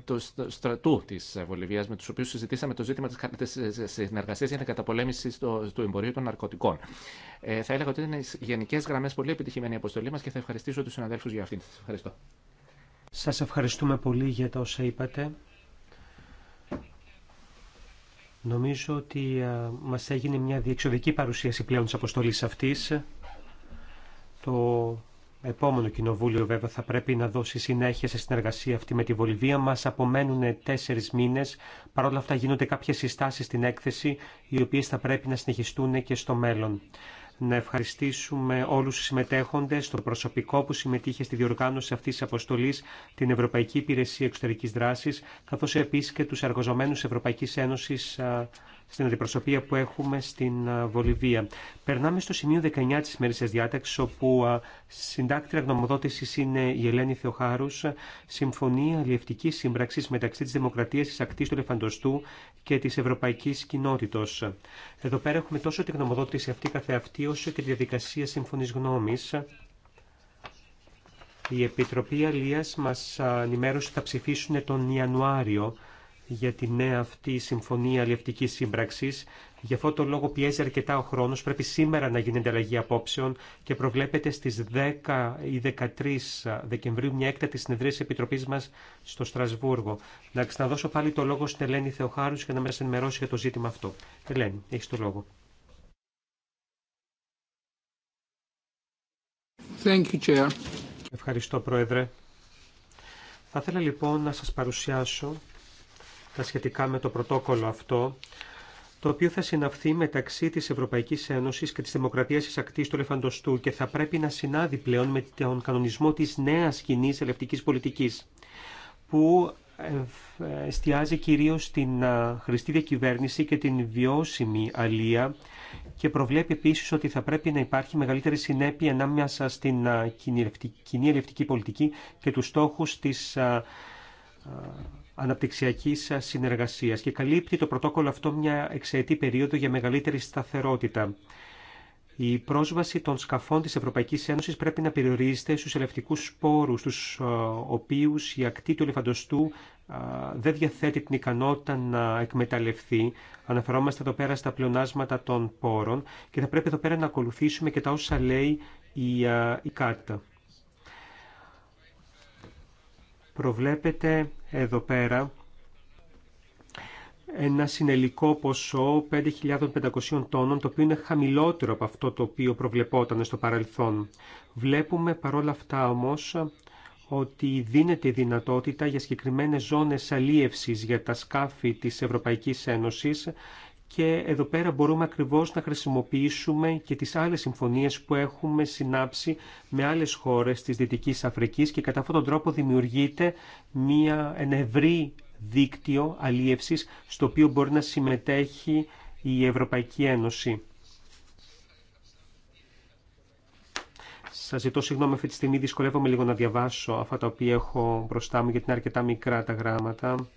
στρατού της Βολιβίας με τους οποίους συζητήσαμε το ζήτημα της, της ε, συνεργασίας για την καταπολέμηση του εμπορίου των ναρκωτικών. Ε, θα έλεγα ότι είναι γενικές γραμμές πολύ επιτυχημένη η αποστολή μας και θα ευχαριστήσω τους συναδέλφους για αυτήν. Σας ευχαριστώ. Σας ευχαριστούμε πολύ για τα όσα είπατε. Νομίζω ότι μα ε, μας έγινε μια διεξοδική παρουσίαση πλέον της αποστολής αυτής. Το επόμενο κοινοβούλιο βέβαια θα πρέπει να δώσει συνέχεια σε συνεργασία αυτή με τη Βολιβία. Μας απομένουν τέσσερις μήνες. Παρ' όλα αυτά γίνονται κάποιες συστάσεις στην έκθεση οι οποίες θα πρέπει να συνεχιστούν και στο μέλλον. Να ευχαριστήσουμε όλους τους συμμετέχοντες, το προσωπικό που συμμετείχε στη διοργάνωση αυτής της αποστολής, την Ευρωπαϊκή Υπηρεσία Εξωτερικής Δράσης, καθώς επίσης και τους εργοζομένους Ευρωπαϊκής Ένωσης στην αντιπροσωπεία που έχουμε στην ε, Βολιβία. Περνάμε στο σημείο 19 της της διάταξης, όπου ε, συντάκτρια γνωμοδότησης είναι η Ελένη Θεοχάρους, Συμφωνία Αλλιευτικής Σύμπραξης μεταξύ της Δημοκρατίας της Ακτής του Λεφαντοστού και της Ευρωπαϊκής Κοινότητος. Εδώ πέρα έχουμε τόσο τη γνωμοδότηση αυτή καθεαυτή, όσο και τη διαδικασία σύμφωνης γνώμης. Η Επιτροπή Αλίας μας ε, ενημέρωσε ότι θα ψηφίσουν τον Ιανουάριο για τη νέα αυτή συμφωνία αλληλευτική σύμπραξη. Γι' αυτό το λόγο πιέζει αρκετά ο χρόνο. Πρέπει σήμερα να γίνεται αλλαγή απόψεων και προβλέπεται στι 10 ή 13 Δεκεμβρίου μια έκτατη συνεδρία τη Επιτροπή μα στο Στρασβούργο. Να ξαναδώσω πάλι το λόγο στην Ελένη Θεοχάρου για να μα ενημερώσει για το ζήτημα αυτό. Ελένη, έχει το λόγο. Thank you, Chair. Ευχαριστώ, Πρόεδρε. Θα ήθελα λοιπόν να σας παρουσιάσω τα σχετικά με το πρωτόκολλο αυτό, το οποίο θα συναυθεί μεταξύ της Ευρωπαϊκής Ένωσης και της Δημοκρατίας της Ακτής του Ελεφαντοστού και θα πρέπει να συνάδει πλέον με τον κανονισμό της νέας κοινή ελευτικής πολιτικής, που ε, εστιάζει κυρίως στην χρηστή διακυβέρνηση και την βιώσιμη αλία και προβλέπει επίσης ότι θα πρέπει να υπάρχει μεγαλύτερη συνέπεια ανάμεσα στην κοινή ελευτική πολιτική και τους στόχους της αναπτυξιακής συνεργασία και καλύπτει το πρωτόκολλο αυτό μια εξαιτή περίοδο για μεγαλύτερη σταθερότητα. Η πρόσβαση των σκαφών της Ευρωπαϊκής Ένωσης πρέπει να περιορίζεται στους ελευτικούς σπόρους, τους οποίους η ακτή του ελεφαντοστού δεν διαθέτει την ικανότητα να εκμεταλλευτεί. Αναφερόμαστε εδώ πέρα στα πλεονάσματα των πόρων και θα πρέπει εδώ πέρα να ακολουθήσουμε και τα όσα λέει η, η κάρτα προβλέπεται εδώ πέρα ένα συνελικό ποσό 5.500 τόνων, το οποίο είναι χαμηλότερο από αυτό το οποίο προβλεπόταν στο παρελθόν. Βλέπουμε παρόλα αυτά όμως ότι δίνεται δυνατότητα για συγκεκριμένες ζώνες αλίευσης για τα σκάφη της Ευρωπαϊκής Ένωσης και εδώ πέρα μπορούμε ακριβώς να χρησιμοποιήσουμε και τις άλλες συμφωνίες που έχουμε συνάψει με άλλες χώρες της Δυτικής Αφρικής και κατά αυτόν τον τρόπο δημιουργείται μια, ένα ευρύ δίκτυο αλίευσης στο οποίο μπορεί να συμμετέχει η Ευρωπαϊκή Ένωση. Σα ζητώ συγγνώμη αυτή τη στιγμή, δυσκολεύομαι λίγο να διαβάσω αυτά τα οποία έχω μπροστά μου γιατί είναι αρκετά μικρά τα γράμματα.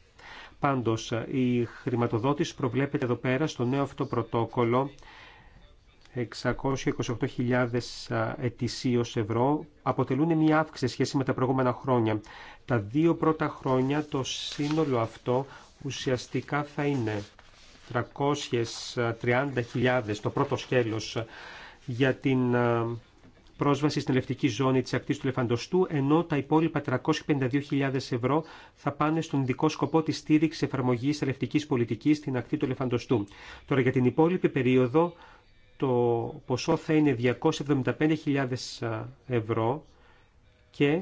Πάντως, η χρηματοδότηση προβλέπεται εδώ πέρα στο νέο αυτό πρωτόκολλο 628.000 ετησίως ευρώ αποτελούν μια αύξηση σχέση με τα προηγούμενα χρόνια. Τα δύο πρώτα χρόνια το σύνολο αυτό ουσιαστικά θα είναι 330.000 το πρώτο σκέλος για την πρόσβαση στην ελευτική ζώνη της ακτής του Λεφαντοστού, ενώ τα υπόλοιπα 352.000 ευρώ θα πάνε στον ειδικό σκοπό της στήριξης εφαρμογής ελευτικής πολιτικής στην ακτή του Λεφαντοστού. Τώρα για την υπόλοιπη περίοδο το ποσό θα είναι 275.000 ευρώ και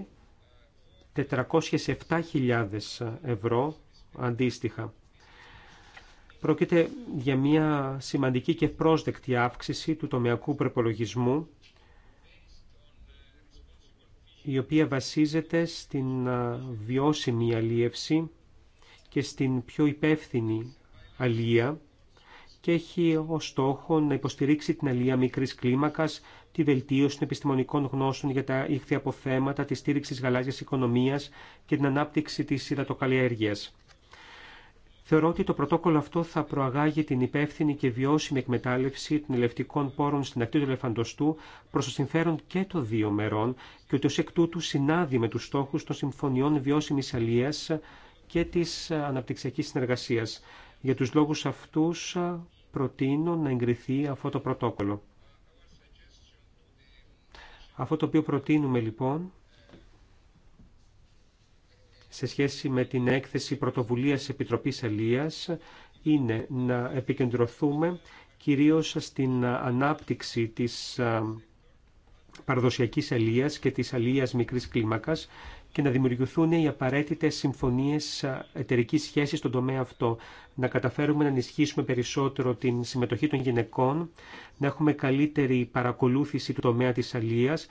407.000 ευρώ αντίστοιχα. Πρόκειται για μια σημαντική και πρόσδεκτη αύξηση του τομεακού προπολογισμού η οποία βασίζεται στην βιώσιμη αλίευση και στην πιο υπεύθυνη αλία και έχει ως στόχο να υποστηρίξει την αλία μικρής κλίμακας, τη βελτίωση των επιστημονικών γνώσεων για τα ίχθη αποθέματα, τη στήριξη της γαλάζιας οικονομίας και την ανάπτυξη της υδατοκαλλιέργειας. Θεωρώ ότι το πρωτόκολλο αυτό θα προαγάγει την υπεύθυνη και βιώσιμη εκμετάλλευση των ελευτικών πόρων στην ακτή του ελεφαντοστού προ το συμφέρον και των δύο μερών και ότι ω εκ τούτου συνάδει με του στόχου των συμφωνιών βιώσιμη Αλληλεία και τη αναπτυξιακή συνεργασία. Για του λόγου αυτού, προτείνω να εγκριθεί αυτό το πρωτόκολλο. Αυτό το οποίο προτείνουμε λοιπόν σε σχέση με την έκθεση πρωτοβουλίας Επιτροπής Αλίας είναι να επικεντρωθούμε κυρίως στην ανάπτυξη της παραδοσιακής αλίας και της αλίας μικρής κλίμακας και να δημιουργηθούν οι απαραίτητε συμφωνίε εταιρική σχέση στον τομέα αυτό. Να καταφέρουμε να ενισχύσουμε περισσότερο την συμμετοχή των γυναικών, να έχουμε καλύτερη παρακολούθηση του τομέα τη αλίας,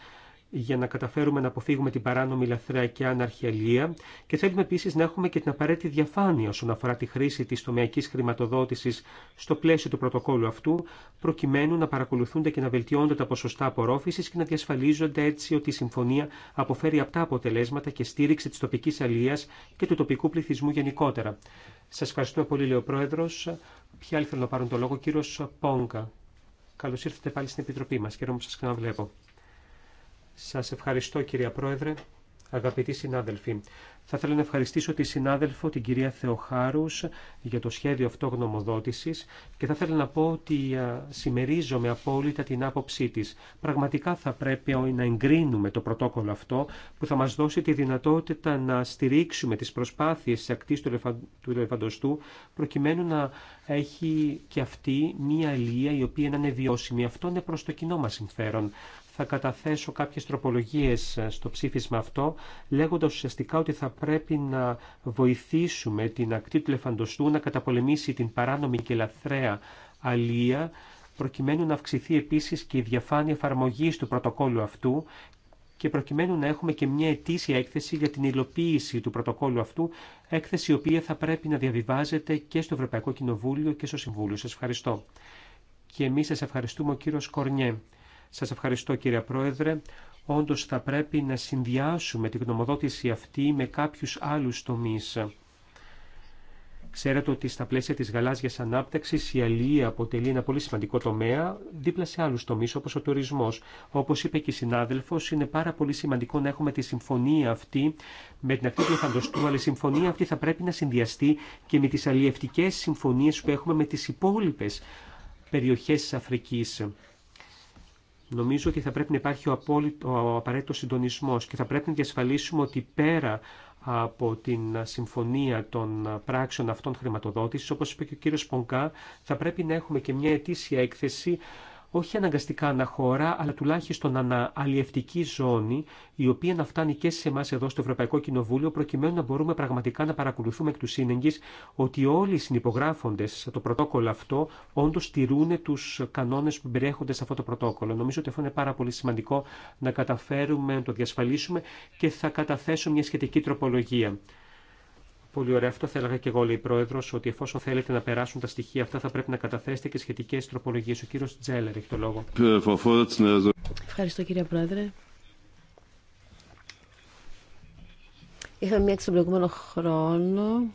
για να καταφέρουμε να αποφύγουμε την παράνομη λαθρέα και αναρχιαλία και θέλουμε επίση να έχουμε και την απαραίτητη διαφάνεια όσον αφορά τη χρήση τη τομεακή χρηματοδότηση στο πλαίσιο του πρωτοκόλου αυτού, προκειμένου να παρακολουθούνται και να βελτιώνται τα ποσοστά απορρόφηση και να διασφαλίζονται έτσι ότι η συμφωνία αποφέρει απτά αποτελέσματα και στήριξη τη τοπική αλληλεία και του τοπικού πληθυσμού γενικότερα. Σα ευχαριστούμε πολύ, λέει ο Πρόεδρο. Ποιοι άλλοι θέλουν να πάρουν το λόγο, κύριο Πόγκα. Καλώ ήρθατε πάλι στην Επιτροπή μα. Χαίρομαι που σα ξαναβλέπω. Σας ευχαριστώ κυρία Πρόεδρε, αγαπητοί συνάδελφοι. Θα ήθελα να ευχαριστήσω τη συνάδελφο, την κυρία Θεοχάρους, για το σχέδιο αυτό γνωμοδότησης και θα ήθελα να πω ότι συμμερίζομαι απόλυτα την άποψή της. Πραγματικά θα πρέπει να εγκρίνουμε το πρωτόκολλο αυτό που θα μας δώσει τη δυνατότητα να στηρίξουμε τις προσπάθειες της ακτής του ελεφαντοστού προκειμένου να έχει και αυτή μία αλληλεία η οποία να είναι βιώσιμη. Αυτό είναι προς το κοινό μας συμφέρον θα καταθέσω κάποιες τροπολογίες ε, στο ψήφισμα αυτό, λέγοντας ουσιαστικά ότι θα πρέπει να βοηθήσουμε την ακτή του Λεφαντοστού να καταπολεμήσει την παράνομη και λαθρέα αλία, προκειμένου να αυξηθεί επίσης και η διαφάνεια εφαρμογή του πρωτοκόλου αυτού και προκειμένου να έχουμε και μια ετήσια έκθεση για την υλοποίηση του πρωτοκόλου αυτού, έκθεση η οποία θα πρέπει να διαβιβάζεται και στο Ευρωπαϊκό Κοινοβούλιο και στο Συμβούλιο. Σα ευχαριστώ. Και εμείς σας ευχαριστούμε ο κύριος Κορνιέ. Σας ευχαριστώ κύριε Πρόεδρε. Όντως θα πρέπει να συνδυάσουμε την γνωμοδότηση αυτή με κάποιους άλλους τομείς. Ξέρετε ότι στα πλαίσια της γαλάζιας ανάπτυξης η αλληλεία αποτελεί ένα πολύ σημαντικό τομέα δίπλα σε άλλους τομείς όπως ο τουρισμός. Όπως είπε και η συνάδελφος, είναι πάρα πολύ σημαντικό να έχουμε τη συμφωνία αυτή με την ακτή του Εθαντοστού, αλλά η συμφωνία αυτή θα πρέπει να συνδυαστεί και με τις αλλιευτικές συμφωνίες που έχουμε με τις υπόλοιπε περιοχές της Αφρικής. Νομίζω ότι θα πρέπει να υπάρχει ο, απόλυτο, ο απαραίτητος συντονισμός και θα πρέπει να διασφαλίσουμε ότι πέρα από την συμφωνία των πράξεων αυτών χρηματοδότησης, όπως είπε και ο κύριος Πονκά, θα πρέπει να έχουμε και μια ετήσια έκθεση όχι αναγκαστικά αναχώρα, αλλά τουλάχιστον ανααλλιευτική ζώνη, η οποία να φτάνει και σε εμά εδώ στο Ευρωπαϊκό Κοινοβούλιο, προκειμένου να μπορούμε πραγματικά να παρακολουθούμε εκ του σύνεγγυ ότι όλοι οι συνυπογράφοντε το πρωτόκολλο αυτό όντω τηρούν του κανόνε που περιέχονται σε αυτό το πρωτόκολλο. Νομίζω ότι αυτό είναι πάρα πολύ σημαντικό να καταφέρουμε να το διασφαλίσουμε και θα καταθέσω μια σχετική τροπολογία. Πολύ ωραία. Αυτό θα έλεγα και εγώ, λέει η Πρόεδρο, ότι εφόσον θέλετε να περάσουν τα στοιχεία αυτά, θα πρέπει να καταθέσετε και σχετικέ τροπολογίε. Ο κύριο Τζέλερ έχει το λόγο. Ευχαριστώ, κύριε Πρόεδρε. Είχαμε μια στον χρόνο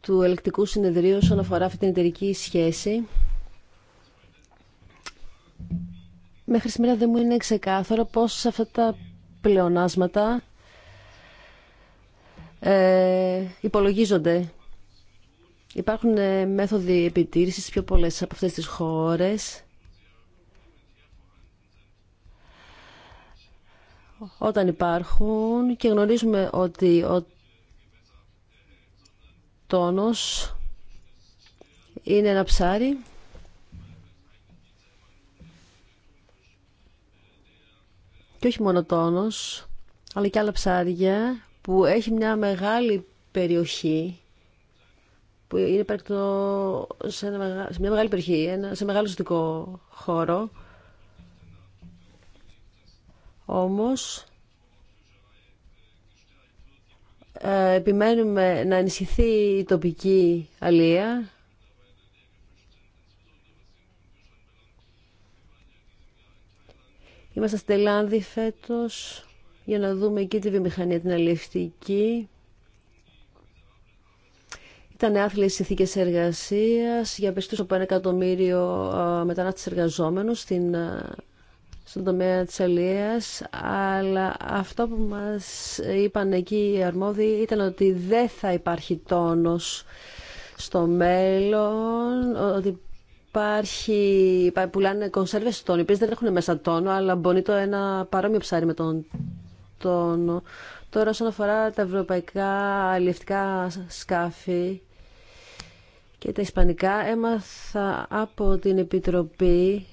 του ελεκτικού συνεδρίου όσον αφορά αυτή την εταιρική σχέση. Μέχρι σήμερα δεν μου είναι ξεκάθαρο πώς αυτά τα πλεονάσματα ε, υπολογίζονται. Υπάρχουν ε, μέθοδοι επιτήρησης πιο πολλές από αυτές τις χώρες. Όταν υπάρχουν και γνωρίζουμε ότι ο τόνος είναι ένα ψάρι και όχι μόνο τόνος, αλλά και άλλα ψάρια που έχει μια μεγάλη περιοχή που είναι πρακτικό σε, μια μεγάλη περιοχή, ένα, σε μεγάλο ζωτικό χώρο. Όμως, ε, επιμένουμε να ενισχυθεί η τοπική αλία. Είμαστε στην Ελλάδα φέτος για να δούμε και τη βιομηχανία την αλληλευτική. Ήταν οι συνθήκε εργασία, για πιστού από ένα εκατομμύριο μετανάστες εργαζόμενου στην, στον τομέα της αλληλείας, αλλά αυτό που μας είπαν εκεί οι αρμόδιοι ήταν ότι δεν θα υπάρχει τόνος στο μέλλον, ότι υπάρχει, πουλάνε κονσέρβες τόνοι, οι δεν έχουν μέσα τόνο, αλλά μπορεί το ένα παρόμοιο ψάρι με τον τόνο. Τώρα όσον αφορά τα ευρωπαϊκά αλληλευτικά σκάφη και τα ισπανικά έμαθα από την Επιτροπή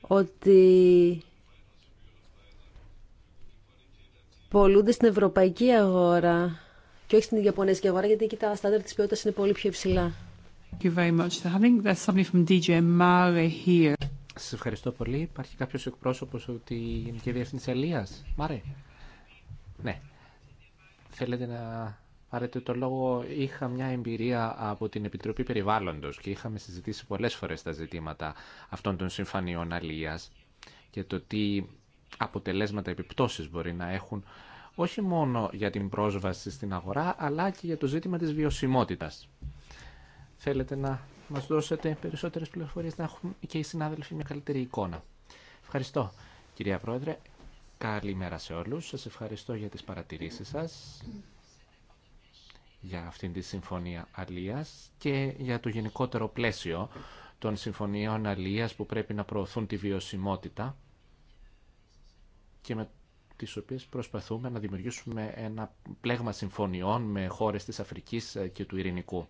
ότι πολλούνται στην ευρωπαϊκή αγορά και όχι στην Ιαπωνέζικη αγορά, γιατί εκεί τα στάνταρ της ποιότητας είναι πολύ πιο υψηλά. Thank you very much. I think there's somebody from DJ Mare here. Σα ευχαριστώ πολύ. Υπάρχει κάποιο εκπρόσωπος από τη Γενική Διεύθυνση Αλίας. Μάρε. Ναι. Θέλετε να πάρετε το λόγο. Είχα μια εμπειρία από την Επιτροπή Περιβάλλοντος και είχαμε συζητήσει πολλές φορές τα ζητήματα αυτών των συμφανιών αλίας και το τι αποτελέσματα επιπτώσεις μπορεί να έχουν όχι μόνο για την πρόσβαση στην αγορά αλλά και για το ζήτημα της βιωσιμότητας. Θέλετε να μας δώσετε περισσότερε πληροφορίε να έχουν και οι συνάδελφοι μια καλύτερη εικόνα. Ευχαριστώ κυρία Πρόεδρε. Καλημέρα σε όλου. Σα ευχαριστώ για τι παρατηρήσει σα για αυτήν τη συμφωνία αλίας και για το γενικότερο πλαίσιο των συμφωνιών αλίας που πρέπει να προωθούν τη βιωσιμότητα και με τις οποίες προσπαθούμε να δημιουργήσουμε ένα πλέγμα συμφωνιών με χώρες της Αφρικής και του Ειρηνικού.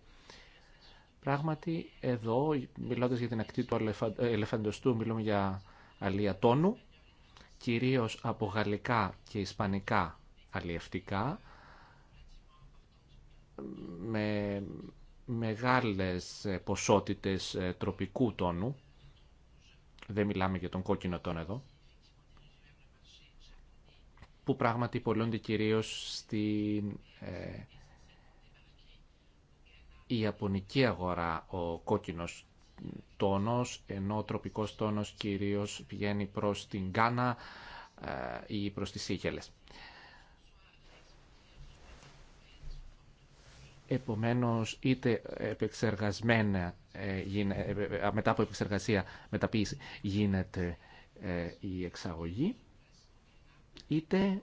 Πράγματι, εδώ, μιλώντας για την ακτή του ελεφαντοστού, μιλούμε για αλία τόνου, κυρίως από γαλλικά και ισπανικά αλλιευτικά, με μεγάλες ποσότητες ε, τροπικού τόνου. Δεν μιλάμε για τον κόκκινο τόνο εδώ. Που πράγματι πολλούνται κυρίως στην ε, η Ιαπωνική αγορά ο κόκκινος τόνος, ενώ ο τροπικός τόνος κυρίως πηγαίνει προς την Γκάνα ε, ή προς τις Σίγελες. Επομένως, είτε επεξεργασμένα, ε, ε, μετά από επεξεργασία, μεταποίηση, γίνεται η εξαγωγή, είτε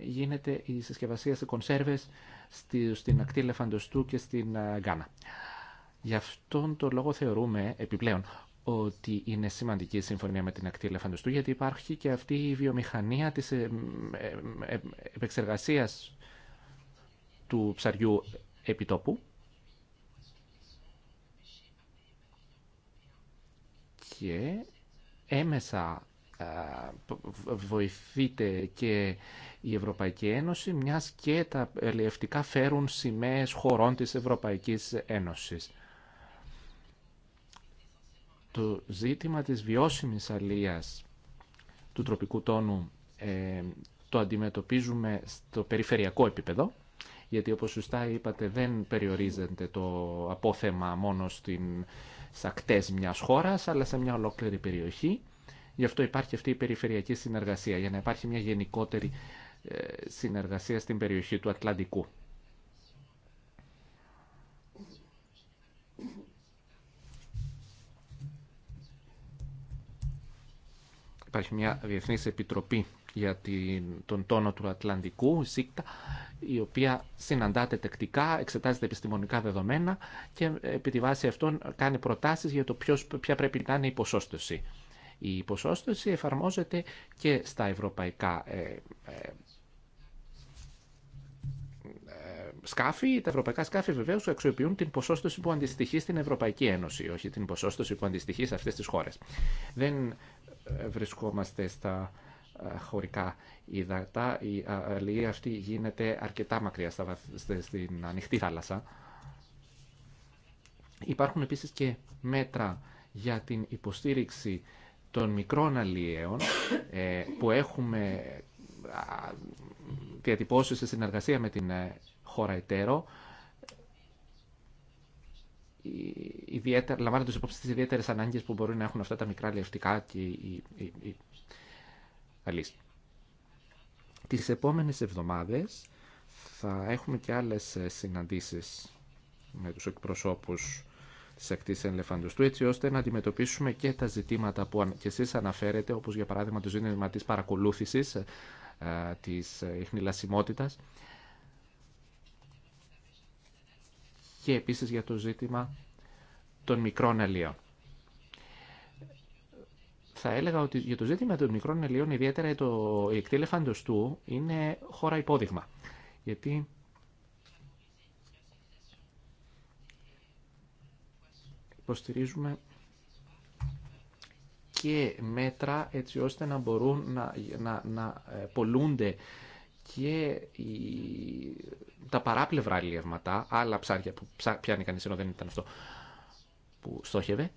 γίνεται η συσκευασία σε κονσέρβες στην ακτή Λεφαντοστού και στην ε, Γκάνα. Γι' αυτόν τον λόγο θεωρούμε επιπλέον ότι είναι σημαντική η συμφωνία με την ακτή Λεφαντοστού γιατί υπάρχει και αυτή η βιομηχανία της ε, ε, επεξεργασίας του ψαριού επιτόπου και έμεσα βοηθείται και η Ευρωπαϊκή Ένωση, μιας και τα ελευτικά φέρουν σημαίες χωρών της Ευρωπαϊκής Ένωσης. Το ζήτημα της βιώσιμης αλίας του τροπικού τόνου ε, το αντιμετωπίζουμε στο περιφερειακό επίπεδο, γιατί όπως σωστά είπατε δεν περιορίζεται το απόθεμα μόνο στην, σακτές μιας χώρας, αλλά σε μια ολόκληρη περιοχή Γι' αυτό υπάρχει αυτή η περιφερειακή συνεργασία, για να υπάρχει μια γενικότερη ε, συνεργασία στην περιοχή του Ατλαντικού. Υπάρχει μια διεθνή Επιτροπή για τον τόνο του Ατλαντικού, η ΣΥΚΤΑ, η οποία συναντάται τεκτικά, εξετάζεται επιστημονικά δεδομένα και επί τη βάση αυτών κάνει προτάσεις για το ποιος, ποια πρέπει να είναι η ποσόστοση. Η ποσόστοση εφαρμόζεται και στα ευρωπαϊκά ε, ε, ε, σκάφη, τα ευρωπαϊκά σκάφη βεβαίω αξιοποιούν την ποσόστοση που αντιστοιχεί στην Ευρωπαϊκή Ένωση, όχι την ποσόστοση που αντιστοιχεί σε αυτέ τι χώρε. Δεν βρισκόμαστε στα χωρικά υδατά. Η αλληλεία αυτή γίνεται αρκετά μακριά στα, στην ανοιχτή θάλασσα. Υπάρχουν επίσης και μέτρα για την υποστήριξη των μικρών αλλιέων ε, που έχουμε διατυπώσει σε συνεργασία με την ε, χώρα εταίρο ε, ιδιαίτερα, λαμβάνοντας υπόψη τις ιδιαίτερες ανάγκες που μπορεί να έχουν αυτά τα μικρά αλλιευτικά και οι, οι, Τις επόμενες εβδομάδες θα έχουμε και άλλες συναντήσεις με τους εκπροσώπους της ακτή ελεφαντοστού έτσι ώστε να αντιμετωπίσουμε και τα ζητήματα που και εσεί αναφέρετε, όπως για παράδειγμα το ζήτημα της παρακολούθησης, ε, της ηχνηλασιμότητα. Ε, και επίσης για το ζήτημα των μικρών αλλιών. Θα έλεγα ότι για το ζήτημα των μικρών αλλιών, ιδιαίτερα το εκτήλεφαντος του, είναι χώρα υπόδειγμα. Γιατί υποστηρίζουμε και μέτρα έτσι ώστε να μπορούν να, να, ε, πολλούνται και τα παράπλευρα αλλιεύματα, άλλα ψάρια που πιάνει κανείς ενώ δεν ήταν αυτό που στόχευε,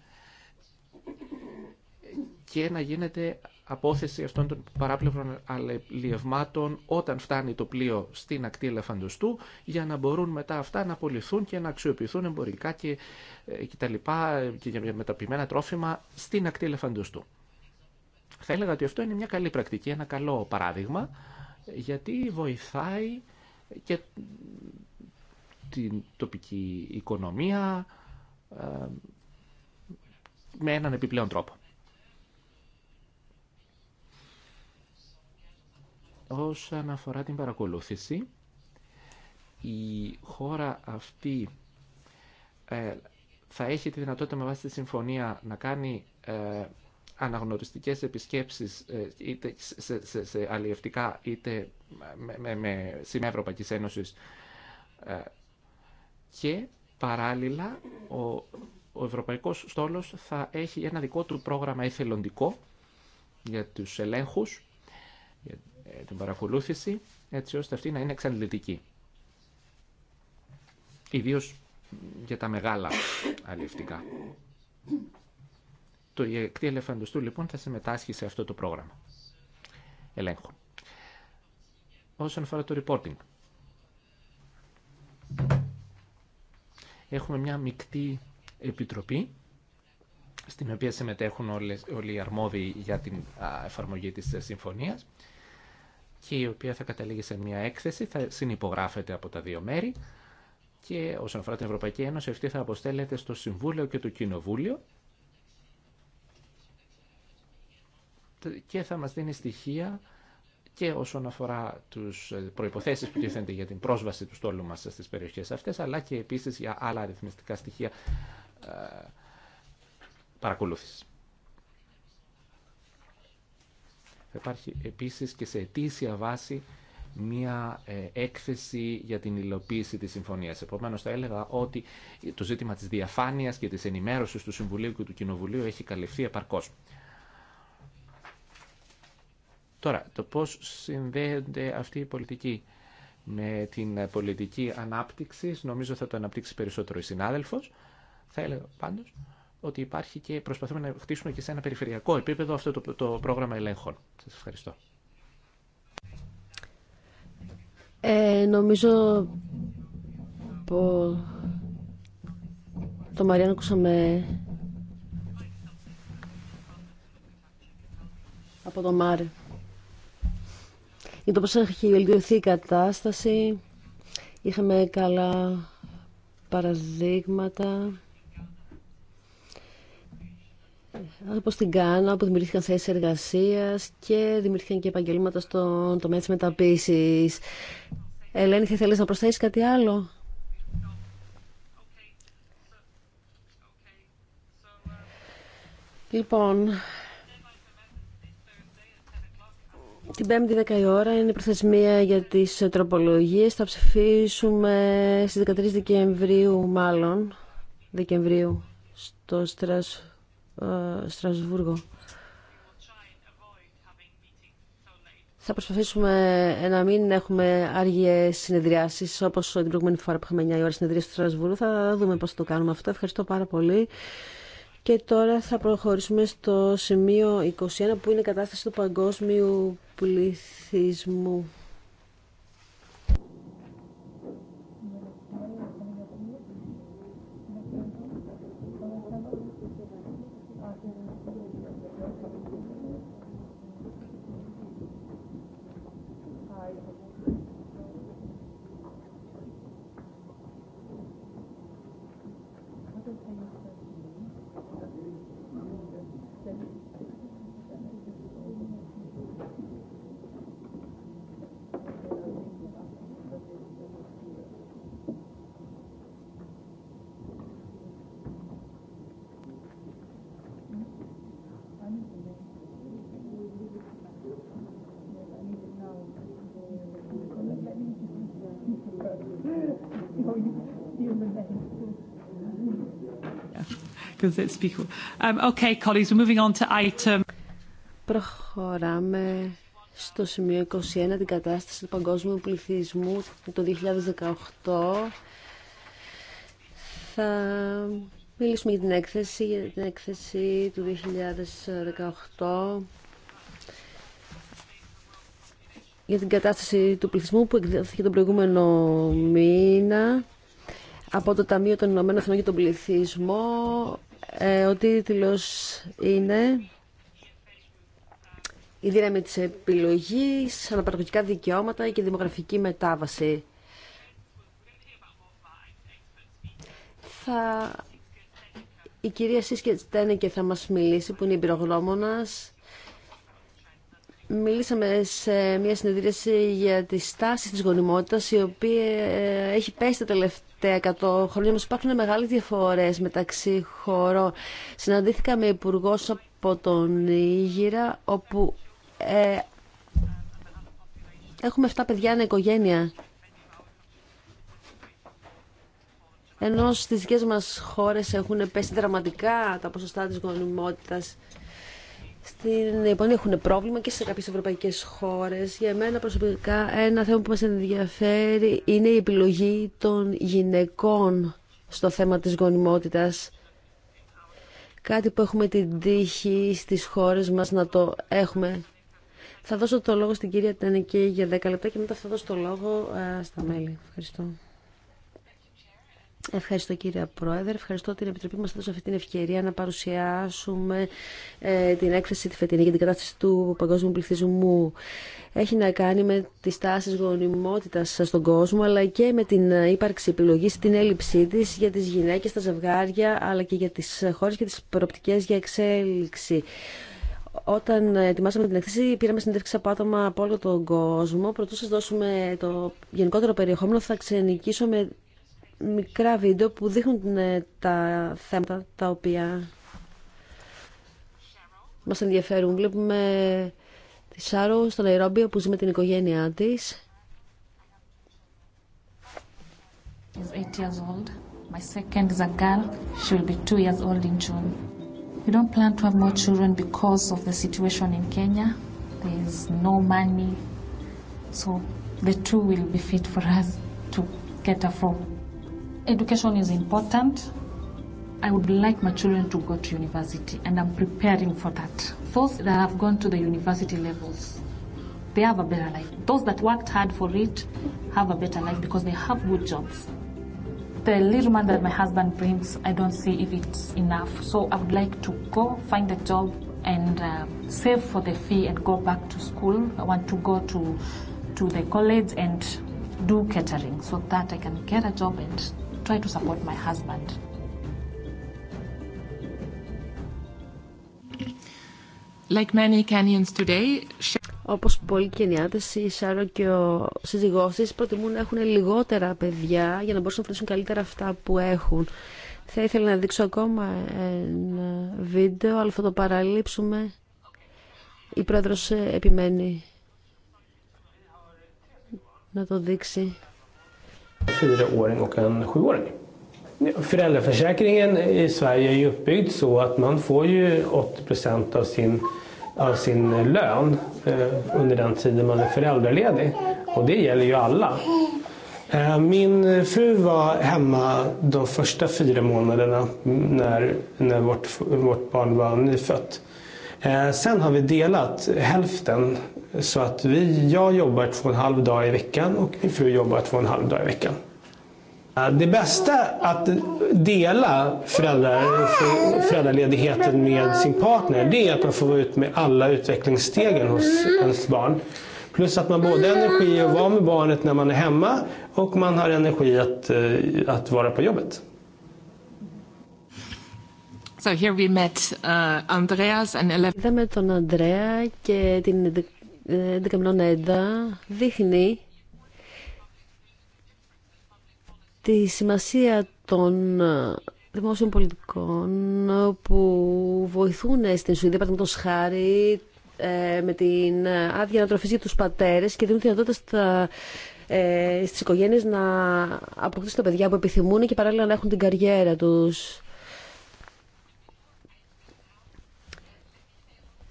και να γίνεται απόθεση αυτών των παράπλευρων αλληλευμάτων όταν φτάνει το πλοίο στην ακτή ελεφαντοστού για να μπορούν μετά αυτά να απολυθούν και να αξιοποιηθούν εμπορικά και, ε, και τα λοιπά και για μεταποιημένα τρόφιμα στην ακτή ελεφαντοστού. Θα έλεγα ότι αυτό είναι μια καλή πρακτική, ένα καλό παράδειγμα γιατί βοηθάει και την τοπική οικονομία ε, με έναν επιπλέον τρόπο. Όσον αφορά την παρακολούθηση, η χώρα αυτή ε, θα έχει τη δυνατότητα με βάση τη συμφωνία να κάνει ε, αναγνωριστικές επισκέψεις ε, είτε σε, σε, σε αλλιευτικά είτε με, με, με σημαία Ένωσης και παράλληλα ο, ο Ευρωπαϊκός Στόλος θα έχει ένα δικό του πρόγραμμα εθελοντικό για τους ελέγχους, ε, την παρακολούθηση έτσι ώστε αυτή να είναι εξαντλητική. Ιδίω για τα μεγάλα αλληλευτικά. Το Ιεκτή ελεφαντοστού λοιπόν θα συμμετάσχει σε αυτό το πρόγραμμα Ελέγχω. Όσον αφορά το reporting. Έχουμε μια μεικτή επιτροπή στην οποία συμμετέχουν όλες, όλοι οι αρμόδιοι για την εφαρμογή της συμφωνίας και η οποία θα καταλήγει σε μια έκθεση, θα συνυπογράφεται από τα δύο μέρη και όσον αφορά την Ευρωπαϊκή Ένωση αυτή θα αποστέλλεται στο Συμβούλιο και το Κοινοβούλιο και θα μας δίνει στοιχεία και όσον αφορά τους προϋποθέσεις που τίθενται για την πρόσβαση του στόλου μας στις περιοχές αυτές, αλλά και επίσης για άλλα αριθμιστικά στοιχεία ε, παρακολούθησης. Θα υπάρχει επίσης και σε αιτήσια βάση μια ε, έκθεση για την υλοποίηση της συμφωνίας. Επομένως θα έλεγα ότι το ζήτημα της διαφάνειας και της ενημέρωσης του Συμβουλίου και του Κοινοβουλίου έχει καλυφθεί επαρκώς. Τώρα, το πώς συνδέονται αυτή η πολιτική με την πολιτική ανάπτυξη, νομίζω θα το αναπτύξει περισσότερο η συνάδελφος, θα έλεγα πάντως ότι υπάρχει και προσπαθούμε να χτίσουμε και σε ένα περιφερειακό επίπεδο αυτό το, το πρόγραμμα ελέγχων. Σας ευχαριστώ. Ε, νομίζω πω το Μαριάν ακούσαμε από το Μάρι. Για το πώς έχει βελτιωθεί η κατάσταση, είχαμε καλά παραδείγματα από στην Κάνα, όπου δημιουργήθηκαν θέσει εργασία και δημιουργήθηκαν και επαγγελματα στον τομέα τη μεταποίηση. Ελένη, θα ήθελε να προσθέσει κάτι άλλο. Λοιπόν, την 5η 10 η ώρα είναι η προθεσμία για τις τροπολογίες. Θα ψηφίσουμε στις 13 Δεκεμβρίου, μάλλον, Δεκεμβρίου, στο Στρασβούργο ε, Στρασβούργο. Θα προσπαθήσουμε να μην έχουμε άργιε συνεδριάσει όπω την προηγούμενη φορά που είχαμε 9 ώρα συνεδρία στο Στρασβούργο. Θα δούμε πώ το κάνουμε αυτό. Ευχαριστώ πάρα πολύ. Και τώρα θα προχωρήσουμε στο σημείο 21 που είναι η κατάσταση του παγκόσμιου πληθυσμού. Προχωράμε στο σημείο 21 την κατάσταση του παγκόσμιου πληθυσμού το 2018. Θα μιλήσουμε για την έκθεση, για την έκθεση του 2018 για την κατάσταση του πληθυσμού που εκδόθηκε τον προηγούμενο μήνα από το Ταμείο των Ηνωμένων Εθνών για τον Πληθυσμό. Ε, ο τίτλος είναι «Η δύναμη της επιλογής, αναπαραγωγικά δικαιώματα και δημογραφική μετάβαση». Θα... Η κυρία Σίσκετ Στένεκε θα μας μιλήσει, που είναι η πυρογνώμονας Μίλησαμε σε μια συνεδρίαση για τη στάση της γονιμότητας η οποία ε, έχει πέσει τα τελευταία 100 χρόνια μας υπάρχουν μεγάλες διαφορές μεταξύ χωρών. Συναντήθηκα με υπουργό από τον Ήγηρα όπου ε, έχουμε 7 παιδιά ένα οικογένεια. Ενώ στις δικές μας χώρες έχουν πέσει δραματικά τα ποσοστά της γονιμότητας στην Ιαπωνία έχουν πρόβλημα και σε κάποιες ευρωπαϊκές χώρες. Για μένα προσωπικά ένα θέμα που μας ενδιαφέρει είναι η επιλογή των γυναικών στο θέμα της γονιμότητας. Κάτι που έχουμε την τύχη στις χώρες μας να το έχουμε. Θα δώσω το λόγο στην κυρία Τένικη για 10 λεπτά και μετά θα δώσω το λόγο ε, στα μέλη. Ευχαριστώ. Ευχαριστώ κύριε Πρόεδρε, ευχαριστώ την Επιτροπή μας έδωσε αυτή την ευκαιρία να παρουσιάσουμε ε, την έκθεση τη φετινή για την κατάσταση του παγκόσμιου πληθυσμού. Έχει να κάνει με τις τάσεις γονιμότητας στον κόσμο, αλλά και με την ε, ύπαρξη επιλογής, την έλλειψή τη για τις γυναίκες, τα ζευγάρια, αλλά και για τις χώρες και τις προοπτικές για εξέλιξη όταν ε, ετοιμάσαμε την εκθέση, πήραμε συνέντευξη από άτομα από όλο τον κόσμο. Πρωτού σα δώσουμε το γενικότερο περιεχόμενο, θα ξενικήσω με μικρά βίντεο που δείχνουν τα θέματα τα οποία μας ενδιαφέρουν. Βλέπουμε τη Σάρο στο Ναϊρόμπι που ζει με την οικογένειά της. Is eight years old. My second is a girl. She will be two years old in June. We don't plan to have more children because of the situation in Kenya. There is no money. So the two will be fit for us to get a from Education is important. I would like my children to go to university, and I'm preparing for that. Those that have gone to the university levels, they have a better life. Those that worked hard for it have a better life because they have good jobs. The little man that my husband brings, I don't see if it's enough. So I would like to go find a job and uh, save for the fee and go back to school. I want to go to to the college and do catering so that I can get a job and try to support my husband. Like many Kenyans today, όπως πολλοί Κενιάτες, η Σάρο και ο σύζυγός της προτιμούν να έχουν λιγότερα παιδιά για να μπορούν να φροντίσουν καλύτερα αυτά που έχουν. Θα ήθελα να δείξω ακόμα ένα βίντεο, αλλά θα το παραλείψουμε. Η πρόεδρος επιμένει να το δείξει fyraåring och en sjuåring. Föräldraförsäkringen i Sverige är ju uppbyggd så att man får ju 80 av sin, av sin lön eh, under den tiden man är föräldraledig. Och det gäller ju alla. Eh, min fru var hemma de första fyra månaderna när, när vårt, vårt barn var nyfött. Eh, sen har vi delat hälften Så att vi, jag jobbar två och en halv dag i veckan och min fru jobbar två och en halv dag i veckan. Det bästa att dela föräldrar, föräldraledigheten med sin partner det är att man får vara ut med alla utvecklingsstegen hos ens barn. Plus att man både har energi att vara med barnet när man är hemma och man har energi att, att vara på jobbet. So here we uh, Andreas and... Είδαμε τον Ανδρέα και την 11 δείχνει τη σημασία των δημόσιων πολιτικών που βοηθούν στην Σουηδία, παραδείγματος χάρη, ε, με την άδεια να για τους πατέρες και δίνουν τη δυνατότητα στα, ε, στις οικογένειες να αποκτήσουν τα παιδιά που επιθυμούν και παράλληλα να έχουν την καριέρα τους.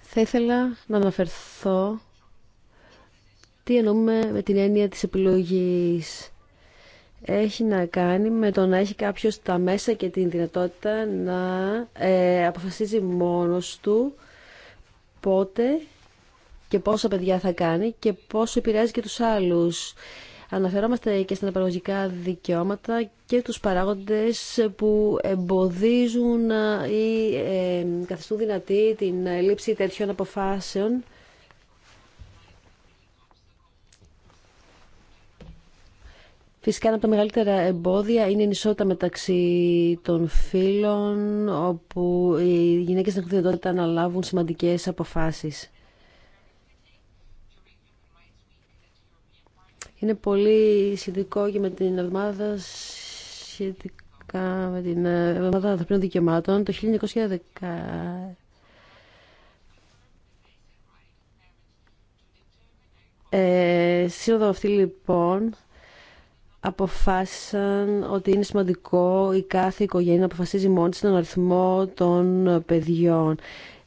Θα ήθελα να αναφερθώ τι εννοούμε με την έννοια της επιλογής. Έχει να κάνει με το να έχει κάποιος τα μέσα και την δυνατότητα να ε, αποφασίζει μόνος του πότε και πόσα παιδιά θα κάνει και πόσο επηρεάζει και τους άλλους. Αναφερόμαστε και στα παραγωγικά δικαιώματα και τους παράγοντες που εμποδίζουν ή ε, καθιστούν δυνατή την ε, λήψη τέτοιων αποφάσεων Φυσικά ένα από τα μεγαλύτερα εμπόδια είναι η ισότητα μεταξύ των φύλων, όπου οι γυναίκες έχουν δυνατότητα να λάβουν σημαντικές αποφάσεις. Είναι πολύ σχετικό και με την εβδομάδα σχετικά με την εβδομάδα ανθρωπίνων δικαιωμάτων το 1910. Ε, σύνοδο αυτή λοιπόν αποφάσισαν ότι είναι σημαντικό η κάθε οικογένεια να αποφασίζει μόνη της τον αριθμό των παιδιών.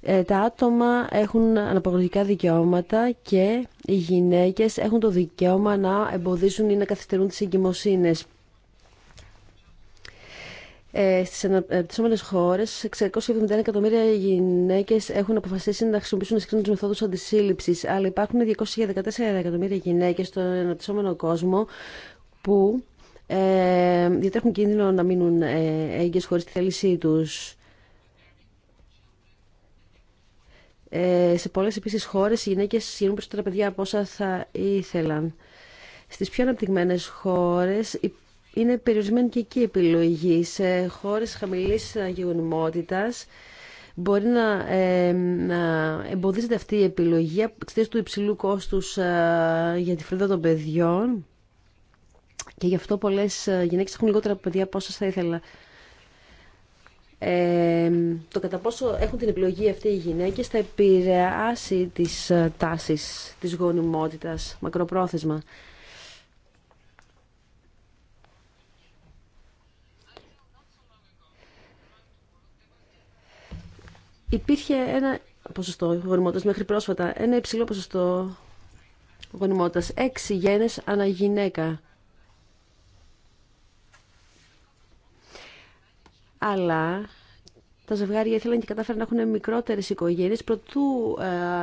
Ε, τα άτομα έχουν αναπαγωγικά δικαιώματα και οι γυναίκες έχουν το δικαίωμα να εμποδίσουν ή να καθυστερούν τις εγκυμοσύνες. Ε, στις αναπτυσσόμενες ε, χώρες, 671 εκατομμύρια γυναίκες έχουν αποφασίσει να χρησιμοποιήσουν σύγχρονες μεθόδους αντισύλληψης, αλλά υπάρχουν 214 εκατομμύρια γυναίκες στον αναπτυσσόμενο κόσμο που ε, διατρέχουν κίνδυνο να μείνουν ε, έγκυες χωρίς τη θέλησή τους. Ε, σε πολλές επίσης χώρες οι γυναίκες γίνουν περισσότερα παιδιά από όσα θα ήθελαν. Στις πιο αναπτυγμένες χώρες είναι περιορισμένη και εκεί η επιλογή. Σε χώρες χαμηλής γεγονιμότητας, μπορεί να, ε, να εμποδίζεται αυτή η επιλογή εξαιτία του υψηλού κόστους ε, για τη φροντίδα των παιδιών και γι' αυτό πολλέ ε, γυναίκε έχουν λιγότερα παιδιά από όσα θα ήθελα. Ε, το κατά πόσο έχουν την επιλογή αυτή οι γυναίκε θα επηρεάσει τι ε, τάσει τη γονιμότητας μακροπρόθεσμα. Υπήρχε ένα ποσοστό γονιμότητας μέχρι πρόσφατα, ένα υψηλό ποσοστό γονιμότητας, έξι γένες ανά γυναίκα. αλλά τα ζευγάρια ήθελαν και κατάφεραν να έχουν μικρότερες οικογένειες προτού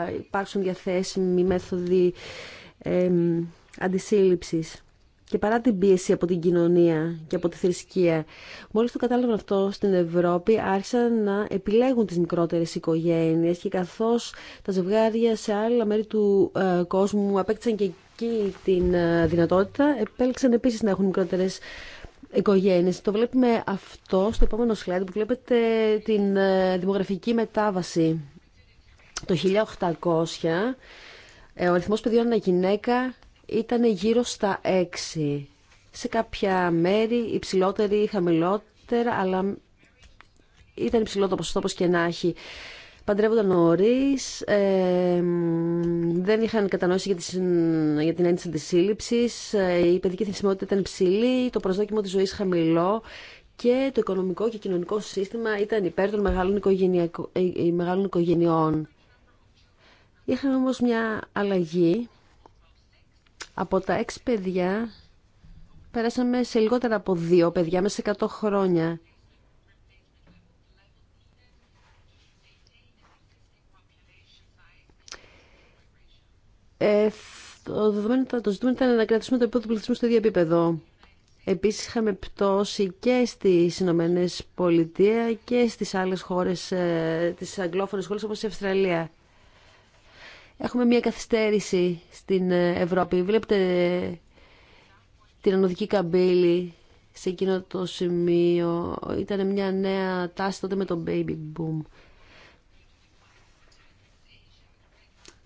ε, υπάρξουν διαθέσιμοι μέθοδοι αντισύλληψης και παρά την πίεση από την κοινωνία και από τη θρησκεία. Μόλις το κατάλαβαν αυτό στην Ευρώπη άρχισαν να επιλέγουν τις μικρότερες οικογένειες και καθώς τα ζευγάρια σε άλλα μέρη του ε, κόσμου απέκτησαν και εκεί την ε, δυνατότητα επέλεξαν επίσης να έχουν μικρότερες οικογένειες. Το βλέπουμε αυτό στο επόμενο σχέδιο που βλέπετε την ε, δημογραφική μετάβαση. Το 1800 ε, ο αριθμός παιδιών ένα γυναίκα ήταν γύρω στα 6. Σε κάποια μέρη υψηλότερη ή χαμηλότερα, αλλά ήταν υψηλό το ποσοστό όπως και να έχει παντρεύονταν νωρί, δεν είχαν κατανόηση για, για την έννοια τη σύλληψη, ε, η παιδική θνησιμότητα ήταν ψηλή, το προσδόκιμο τη ζωή χαμηλό και το οικονομικό και κοινωνικό σύστημα ήταν υπέρ των μεγάλων, ε, ε, μεγάλων οικογενειών. Είχαμε όμω μια αλλαγή. Από τα έξι παιδιά πέρασαμε σε λιγότερα από δύο παιδιά μέσα σε 100 χρόνια. Ε, το, δεδομένο, το ζητούμενο ήταν να κρατήσουμε το επίπεδο του πληθυσμού στο ίδιο επίπεδο. Επίσης είχαμε πτώση και στι Ηνωμένε Πολιτεία και στις άλλες χώρες, ε, τι αγγλόφωνε χώρε όπως η Αυστραλία. Έχουμε μια καθυστέρηση στην ε, Ευρώπη. Βλέπετε ε, την ανωδική καμπύλη σε εκείνο το σημείο. Ήταν μια νέα τάση τότε με τον baby boom.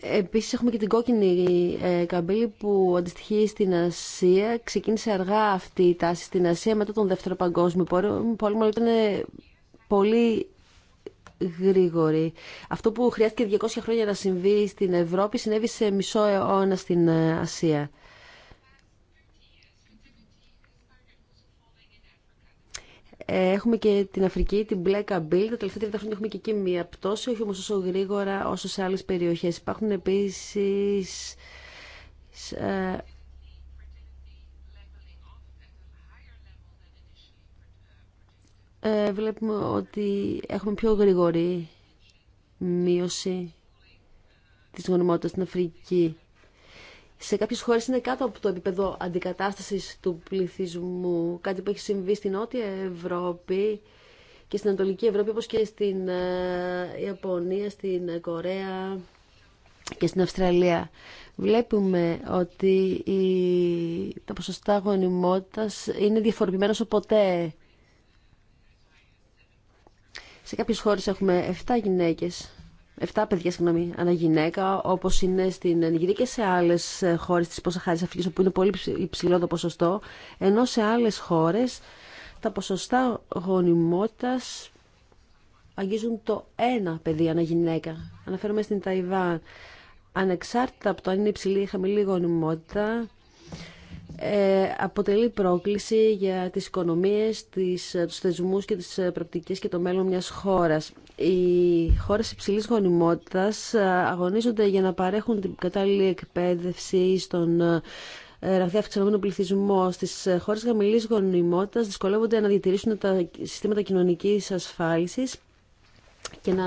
Επίσης έχουμε και την κόκκινη ε, καμπύλη που αντιστοιχεί στην Ασία. Ξεκίνησε αργά αυτή η τάση στην Ασία μετά τον Δεύτερο Παγκόσμιο Πόλεμο, ήταν πολύ γρήγορη. Αυτό που χρειάστηκε 200 χρόνια να συμβεί στην Ευρώπη συνέβη σε μισό αιώνα στην ε, Ασία. έχουμε και την Αφρική, την Black καμπύλη. Τα τελευταία 30 χρόνια έχουμε και εκεί μία πτώση, όχι όμω όσο γρήγορα όσο σε άλλες περιοχές. Υπάρχουν επίσης ε, ε, βλέπουμε ότι έχουμε πιο γρήγορη μείωση της γονιμότητας στην Αφρική σε κάποιες χώρες είναι κάτω από το επίπεδο αντικατάστασης του πληθυσμού, κάτι που έχει συμβεί στην Νότια Ευρώπη και στην Ανατολική Ευρώπη, όπως και στην ε, Ιαπωνία, στην Κορέα και στην Αυστραλία. Βλέπουμε ότι η... τα ποσοστά γονιμότητας είναι διαφορετημένα όσο ποτέ. Σε κάποιες χώρες έχουμε 7 γυναίκες 7 παιδιά, συγγνώμη, ανά γυναίκα, όπω είναι στην Νιγηρία και σε άλλε χώρε τη Ποσαχάρη Αφρική, όπου είναι πολύ υψηλό το ποσοστό, ενώ σε άλλε χώρε τα ποσοστά γονιμότητα αγγίζουν το ένα παιδί ανά γυναίκα. Αναφέρομαι στην Ταϊβάν. Ανεξάρτητα από το αν είναι υψηλή ή χαμηλή γονιμότητα, ε, αποτελεί πρόκληση για τις οικονομίες, τις, ε, τους θεσμούς και τις ε, πρακτικές και το μέλλον μιας χώρας οι χώρε υψηλή γονιμότητας ε, αγωνίζονται για να παρέχουν την κατάλληλη εκπαίδευση στον ε, ραγδαία αυξανόμενο πληθυσμό. Στις ε, χώρε χαμηλή γονιμότητας δυσκολεύονται να διατηρήσουν τα συστήματα κοινωνικής ασφάλισης και να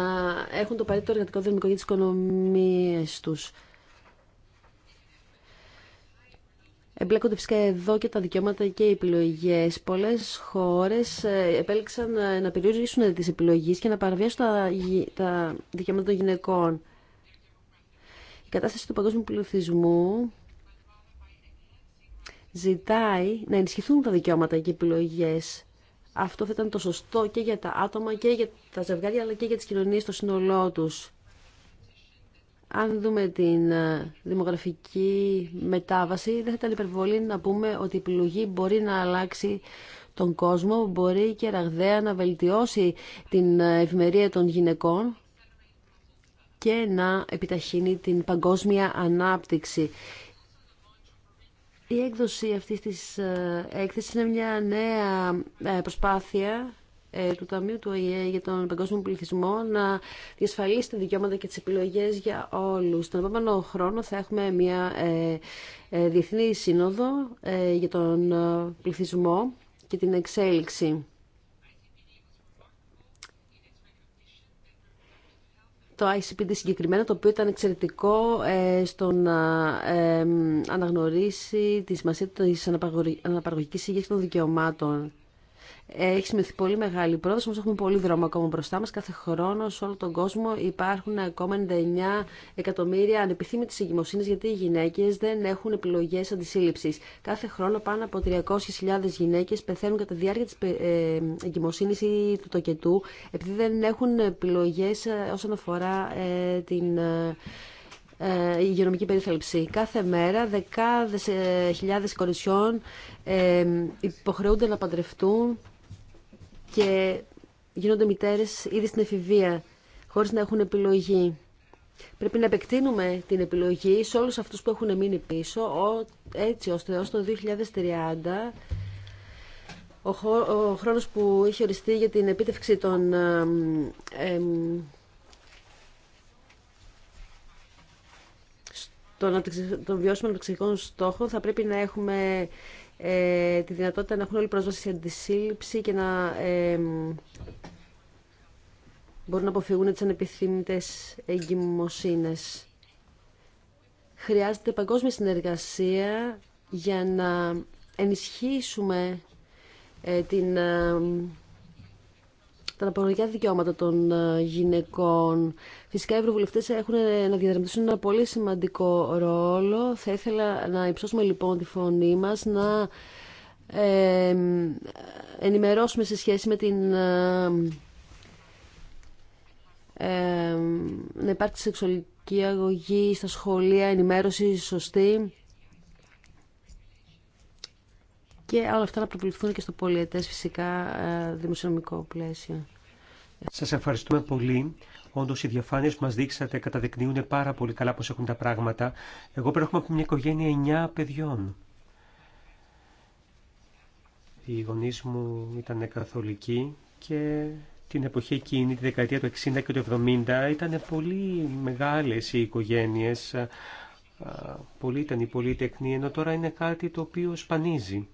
έχουν το παρέτητο εργατικό δυναμικό για τις οικονομίες τους. Εμπλέκονται φυσικά εδώ και τα δικαιώματα και οι επιλογέ. Πολλέ χώρες ε, επέλεξαν ε, να περιορίσουν τις επιλογέ και να παραβιάσουν τα δικαιώματα των γυναικών. Η κατάσταση του παγκόσμιου πληθυσμού ζητάει να ενισχυθούν τα δικαιώματα και οι επιλογέ. Αυτό θα ήταν το σωστό και για τα άτομα και για τα ζευγάρια αλλά και για τις κοινωνίες στο σύνολό τους αν δούμε την ε, δημογραφική μετάβαση, δεν θα ήταν υπερβολή να πούμε ότι η επιλογή μπορεί να αλλάξει τον κόσμο, μπορεί και ραγδαία να βελτιώσει την ε, ευημερία των γυναικών και να επιταχύνει την παγκόσμια ανάπτυξη. Η έκδοση αυτής της ε, έκθεσης είναι μια νέα προσπάθεια ε, του Ταμείου του ΟΗΕ για τον Παγκόσμιο Πληθυσμό να διασφαλίσει τα δικαιώματα και τις επιλογές για όλους. Στον επόμενο χρόνο θα έχουμε μια ε, ε, διεθνή σύνοδο για τον πληθυσμό και την εξέλιξη. το ICPD συγκεκριμένα, το οποίο ήταν εξαιρετικό στο να αναγνωρίσει τη σημασία της αναπαραγωγικής υγείας των δικαιωμάτων. Έχει σημειωθεί πολύ μεγάλη πρόοδο, όμω έχουμε πολύ δρόμο ακόμα μπροστά μα. Κάθε χρόνο σε όλο τον κόσμο υπάρχουν ακόμα 99 εκατομμύρια ανεπιθύμητε εγκυμοσύνε, γιατί οι γυναίκε δεν έχουν επιλογέ αντισύλληψη. Κάθε χρόνο πάνω από 300.000 γυναίκε πεθαίνουν κατά τη διάρκεια τη ε, εγκυμοσύνη ή του τοκετού, επειδή δεν έχουν επιλογέ ε, όσον αφορά ε, την η υγειονομική περίθαλψη. Κάθε μέρα δεκάδες ε, χιλιάδες υποχρεούνται να παντρευτούν και γίνονται μητέρες ήδη στην εφηβεία, χωρίς να έχουν επιλογή. Πρέπει να επεκτείνουμε την επιλογή σε όλους αυτούς που έχουν μείνει πίσω, έτσι ώστε ως το 2030 ο χρόνος που είχε οριστεί για την επίτευξη των των βιώσιμων αναπτυξιακών στόχων θα πρέπει να έχουμε ε, τη δυνατότητα να έχουν όλοι πρόσβαση σε αντισύλληψη και να μπορούν να αποφυγούν τις ανεπιθύμητες εγκυμοσύνες. Χρειάζεται παγκόσμια συνεργασία για να ενισχύσουμε ε, την, ε, τα αναπαραγωγικά δικαιώματα των γυναικών Φυσικά οι ευρωβουλευτές έχουν ε, να διαδραματίσουν ένα πολύ σημαντικό ρόλο. Θα ήθελα να υψώσουμε λοιπόν τη φωνή μας, να ενημερώσουμε σε σχέση με την... Ε, να σεξουαλική αγωγή στα σχολεία, ενημέρωση σωστή και όλα αυτά να προβληθούν και στο πολιετές φυσικά ε, δημοσιονομικό πλαίσιο. Σας ευχαριστούμε πολύ. Όντω, οι διαφάνειε που μα δείξατε καταδεικνύουν πάρα πολύ καλά πώ έχουν τα πράγματα. Εγώ προέρχομαι από μια οικογένεια εννιά παιδιών. Οι γονεί μου ήταν καθολικοί και την εποχή εκείνη, τη δεκαετία του 60 και του 70, ήταν πολύ μεγάλες οι οικογένειε, πολύ ήταν οι πολίτεκνοι, ενώ τώρα είναι κάτι το οποίο σπανίζει.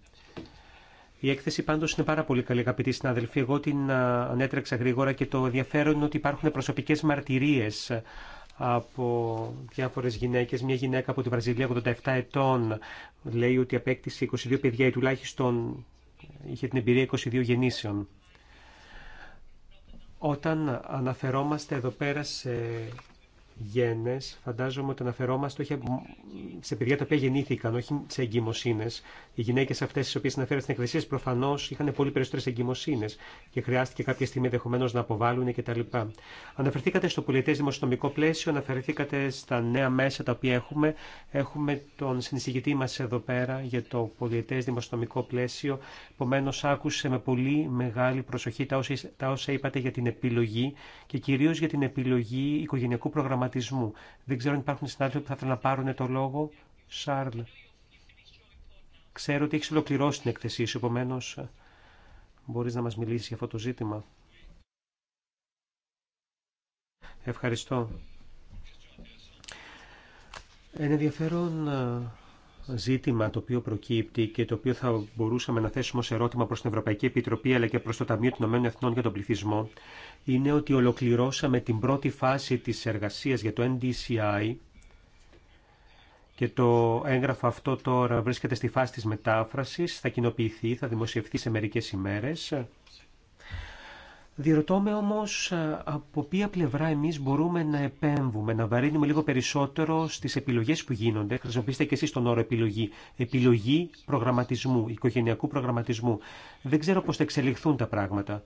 Η έκθεση πάντω είναι πάρα πολύ καλή αγαπητοί συνάδελφοι. Εγώ την ανέτρεξα γρήγορα και το ενδιαφέρον είναι ότι υπάρχουν προσωπικές μαρτυρίες από διάφορες γυναίκες. Μια γυναίκα από τη Βραζιλία 87 ετών λέει ότι απέκτησε 22 παιδιά ή τουλάχιστον είχε την εμπειρία 22 γεννήσεων. Όταν αναφερόμαστε εδώ πέρα σε φαντάζομαι ότι αναφερόμαστε όχι σε παιδιά τα οποία γεννήθηκαν, όχι σε εγκυμοσύνες. Οι γυναίκε αυτέ τι οποίε αναφέρατε στην εκκλησία προφανώς είχαν πολύ περισσότερε εγκυμοσύνες και χρειάστηκε κάποια στιγμή ενδεχομένω να αποβάλουν κτλ. Αναφερθήκατε στο πολιτέ δημοσιονομικό πλαίσιο, αναφερθήκατε στα νέα μέσα τα οποία έχουμε. Έχουμε τον συνεισηγητή μα εδώ πέρα για το πολιτέ δημοσιονομικό πλαίσιο. Επομένω άκουσε με πολύ μεγάλη προσοχή τα όσα είπατε για την επιλογή και κυρίω για την επιλογή οικογενειακού προγραμματισμού δεν ξέρω αν υπάρχουν συνάδελφοι που θα θέλουν να πάρουν το λόγο. Σάρλ, ξέρω ότι έχει ολοκληρώσει την εκθεσή σου, επομένω ε, μπορεί να μα μιλήσει για αυτό το ζήτημα. Ευχαριστώ. Είναι ενδιαφέρον ε, ζήτημα το οποίο προκύπτει και το οποίο θα μπορούσαμε να θέσουμε ως ερώτημα προς την Ευρωπαϊκή Επιτροπή αλλά και προς το Ταμείο των Ηνωμένων Εθνών για τον Πληθυσμό είναι ότι ολοκληρώσαμε την πρώτη φάση της εργασίας για το NDCI και το έγγραφο αυτό τώρα βρίσκεται στη φάση της μετάφρασης, θα κοινοποιηθεί, θα δημοσιευθεί σε μερικές ημέρες. Διερωτώ με όμως ε, από ποια πλευρά εμείς μπορούμε να επέμβουμε, να βαρύνουμε λίγο περισσότερο στις επιλογές που γίνονται. Χρησιμοποιήστε και εσείς τον όρο επιλογή. Επιλογή προγραμματισμού, οικογενειακού προγραμματισμού. Δεν ξέρω πώς θα εξελιχθούν τα πράγματα.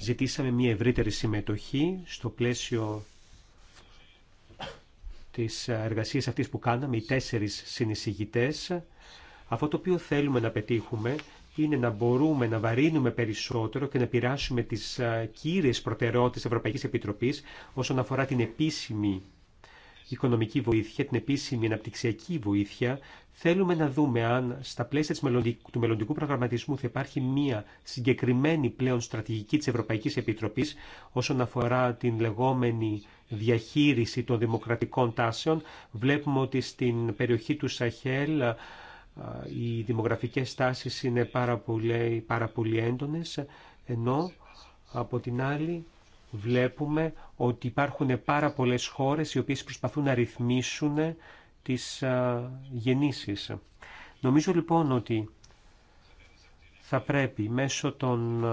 Ζητήσαμε μια ευρύτερη συμμετοχή στο πλαίσιο της εργασίας αυτής που κάναμε, οι τέσσερις συνεισηγητές. Αυτό το οποίο θέλουμε να πετύχουμε είναι να μπορούμε να βαρύνουμε περισσότερο και να πειράσουμε τις κύριες προτεραιότητες Ευρωπαϊκής Επιτροπής όσον αφορά την επίσημη οικονομική βοήθεια, την επίσημη αναπτυξιακή βοήθεια, θέλουμε να δούμε αν στα πλαίσια του μελλοντικού προγραμματισμού θα υπάρχει μία συγκεκριμένη πλέον στρατηγική της Ευρωπαϊκής Επιτροπής όσον αφορά την λεγόμενη διαχείριση των δημοκρατικών τάσεων. Βλέπουμε ότι στην περιοχή του Σαχέλ οι δημογραφικές τάσεις είναι πάρα πολύ, πάρα πολύ έντονες, ενώ από την άλλη βλέπουμε ότι υπάρχουν πάρα πολλές χώρες οι οποίες προσπαθούν να ρυθμίσουν τις γεννήσεις. Νομίζω λοιπόν ότι θα πρέπει μέσω των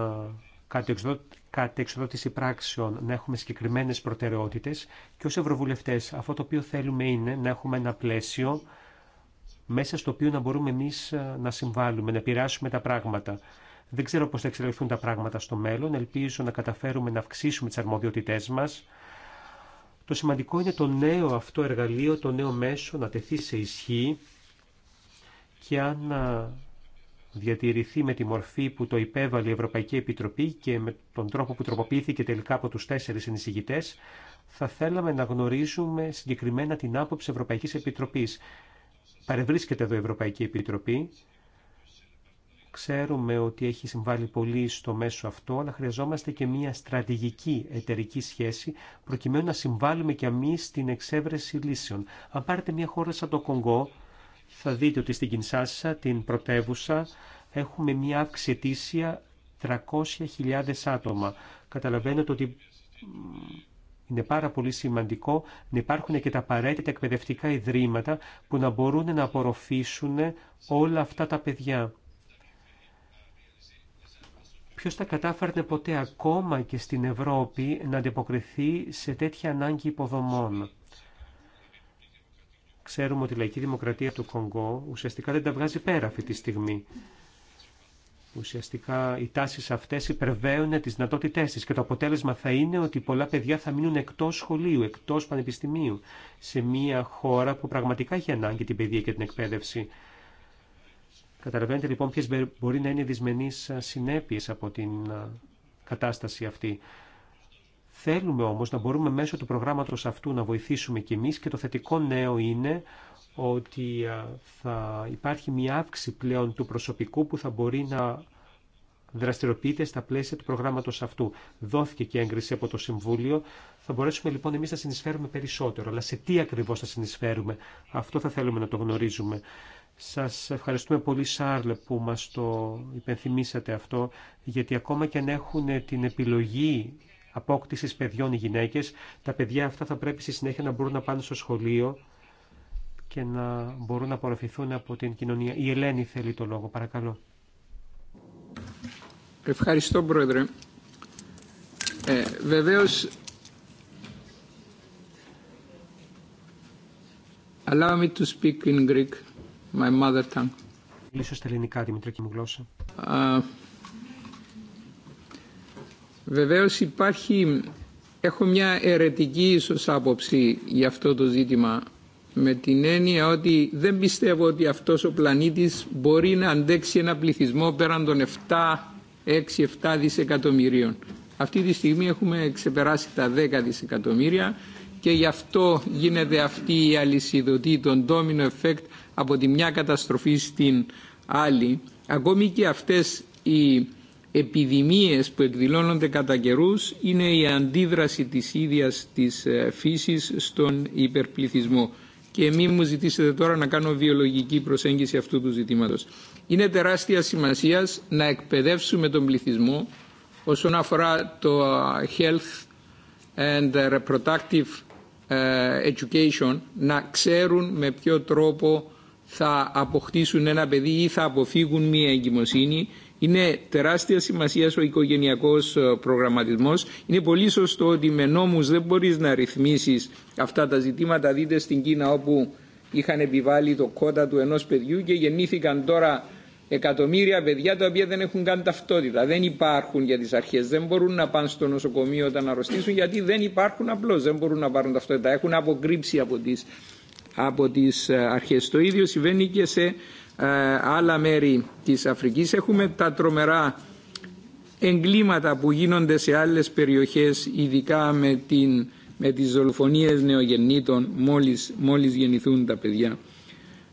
κατεξοδότηση πράξεων να έχουμε συγκεκριμένες προτεραιότητες και ως Ευρωβουλευτές αυτό το οποίο θέλουμε είναι να έχουμε ένα πλαίσιο μέσα στο οποίο να μπορούμε εμεί ε, να συμβάλλουμε, να επηρεάσουμε τα πράγματα. Δεν ξέρω πώ θα εξελιχθούν τα πράγματα στο μέλλον. Ελπίζω να καταφέρουμε να αυξήσουμε τι αρμοδιότητε μα. Το σημαντικό είναι το νέο αυτό εργαλείο, το νέο μέσο να τεθεί σε ισχύ και αν ε, διατηρηθεί με τη μορφή που το υπέβαλε η Ευρωπαϊκή Επιτροπή και με τον τρόπο που τροποποιήθηκε τελικά από τους τέσσερις ενησυγητές, θα θέλαμε να γνωρίζουμε συγκεκριμένα την άποψη Ευρωπαϊκής Επιτροπής Παρευρίσκεται εδώ η Ευρωπαϊκή Επιτροπή. Ξέρουμε ότι έχει συμβάλει πολύ στο μέσο αυτό, αλλά χρειαζόμαστε και μια στρατηγική εταιρική σχέση, προκειμένου να συμβάλλουμε κι εμεί στην εξέβρεση λύσεων. Αν πάρετε μια χώρα σαν το Κονγκό, θα δείτε ότι στην Κινσάσα, την πρωτεύουσα, έχουμε μια αύξηση ετήσια 300.000 άτομα. Καταλαβαίνετε ότι είναι πάρα πολύ σημαντικό να υπάρχουν και τα απαραίτητα εκπαιδευτικά ιδρύματα που να μπορούν να απορροφήσουν όλα αυτά τα παιδιά. Ποιος θα κατάφερνε ποτέ ακόμα και στην Ευρώπη να αντιποκριθεί σε τέτοια ανάγκη υποδομών. Ξέρουμε ότι η λαϊκή δημοκρατία του Κονγκό ουσιαστικά δεν τα βγάζει πέρα αυτή τη στιγμή. Ουσιαστικά οι τάσει αυτέ υπερβαίνουν τι δυνατότητέ τη και το αποτέλεσμα θα είναι ότι πολλά παιδιά θα μείνουν εκτός σχολείου, εκτός πανεπιστημίου, σε μια χώρα που πραγματικά έχει ανάγκη την παιδεία και την εκπαίδευση. Καταλαβαίνετε λοιπόν ποιες μπορεί να είναι δυσμενεί συνέπειε από την κατάσταση αυτή. Θέλουμε όμω να μπορούμε μέσω του προγράμματο αυτού να βοηθήσουμε κι εμεί και το θετικό νέο είναι ότι θα υπάρχει μια αύξηση πλέον του προσωπικού που θα μπορεί να δραστηριοποιείται στα πλαίσια του προγράμματος αυτού. Δόθηκε και έγκριση από το Συμβούλιο. Θα μπορέσουμε λοιπόν εμείς να συνεισφέρουμε περισσότερο. Αλλά σε τι ακριβώς θα συνεισφέρουμε. Αυτό θα θέλουμε να το γνωρίζουμε. Σας ευχαριστούμε πολύ Σάρλε που μας το υπενθυμίσατε αυτό, γιατί ακόμα και αν έχουν την επιλογή απόκτησης παιδιών οι γυναίκες, τα παιδιά αυτά θα πρέπει στη συνέχεια να μπορούν να πάνε στο σχολείο και να μπορούν να απορροφηθούν από την κοινωνία. Η Ελένη θέλει το λόγο, παρακαλώ. Ευχαριστώ, Πρόεδρε. Ε, βεβαίως, allow me to speak in Greek, my mother tongue. Μιλήσω στα ελληνικά, και μου γλώσσα. Uh, βεβαίως υπάρχει, έχω μια αιρετική ίσως άποψη για αυτό το ζήτημα με την έννοια ότι δεν πιστεύω ότι αυτός ο πλανήτης μπορεί να αντέξει ένα πληθυσμό πέραν των 7-6-7 δισεκατομμυρίων. Αυτή τη στιγμή έχουμε ξεπεράσει τα 10 δισεκατομμύρια και γι' αυτό γίνεται αυτή η αλυσιδωτή, τον domino effect από τη μια καταστροφή στην άλλη. Ακόμη και αυτές οι επιδημίες που εκδηλώνονται κατά καιρού είναι η αντίδραση της ίδιας της ε, φύσης στον υπερπληθυσμό και μη μου ζητήσετε τώρα να κάνω βιολογική προσέγγιση αυτού του ζητήματος. Είναι τεράστια σημασία να εκπαιδεύσουμε τον πληθυσμό όσον αφορά το health and reproductive ε, education να ξέρουν με ποιο τρόπο θα αποκτήσουν ένα παιδί ή θα αποφύγουν μία εγκυμοσύνη είναι τεράστια σημασία ο οικογενειακό ε, προγραμματισμό. Είναι πολύ σωστό ότι με νόμου δεν μπορεί να ρυθμίσει αυτά τα ζητήματα. Δείτε στην Κίνα όπου είχαν επιβάλει το κότα του ενό παιδιού και γεννήθηκαν τώρα εκατομμύρια παιδιά τα οποία δεν έχουν καν ταυτότητα. Δεν υπάρχουν για τι αρχέ. Δεν μπορούν να πάνε στο νοσοκομείο όταν αρρωστήσουν γιατί δεν υπάρχουν απλώ. Δεν μπορούν να πάρουν ταυτότητα. Έχουν αποκρύψει από τι από ε, Το ίδιο συμβαίνει και σε ε, άλλα μέρη της Αφρικής. Έχουμε τα τρομερά εγκλήματα που γίνονται σε άλλες περιοχές, ειδικά με, την, με τις δολοφονίες νεογεννήτων μόλις, μόλις γεννηθούν τα παιδιά.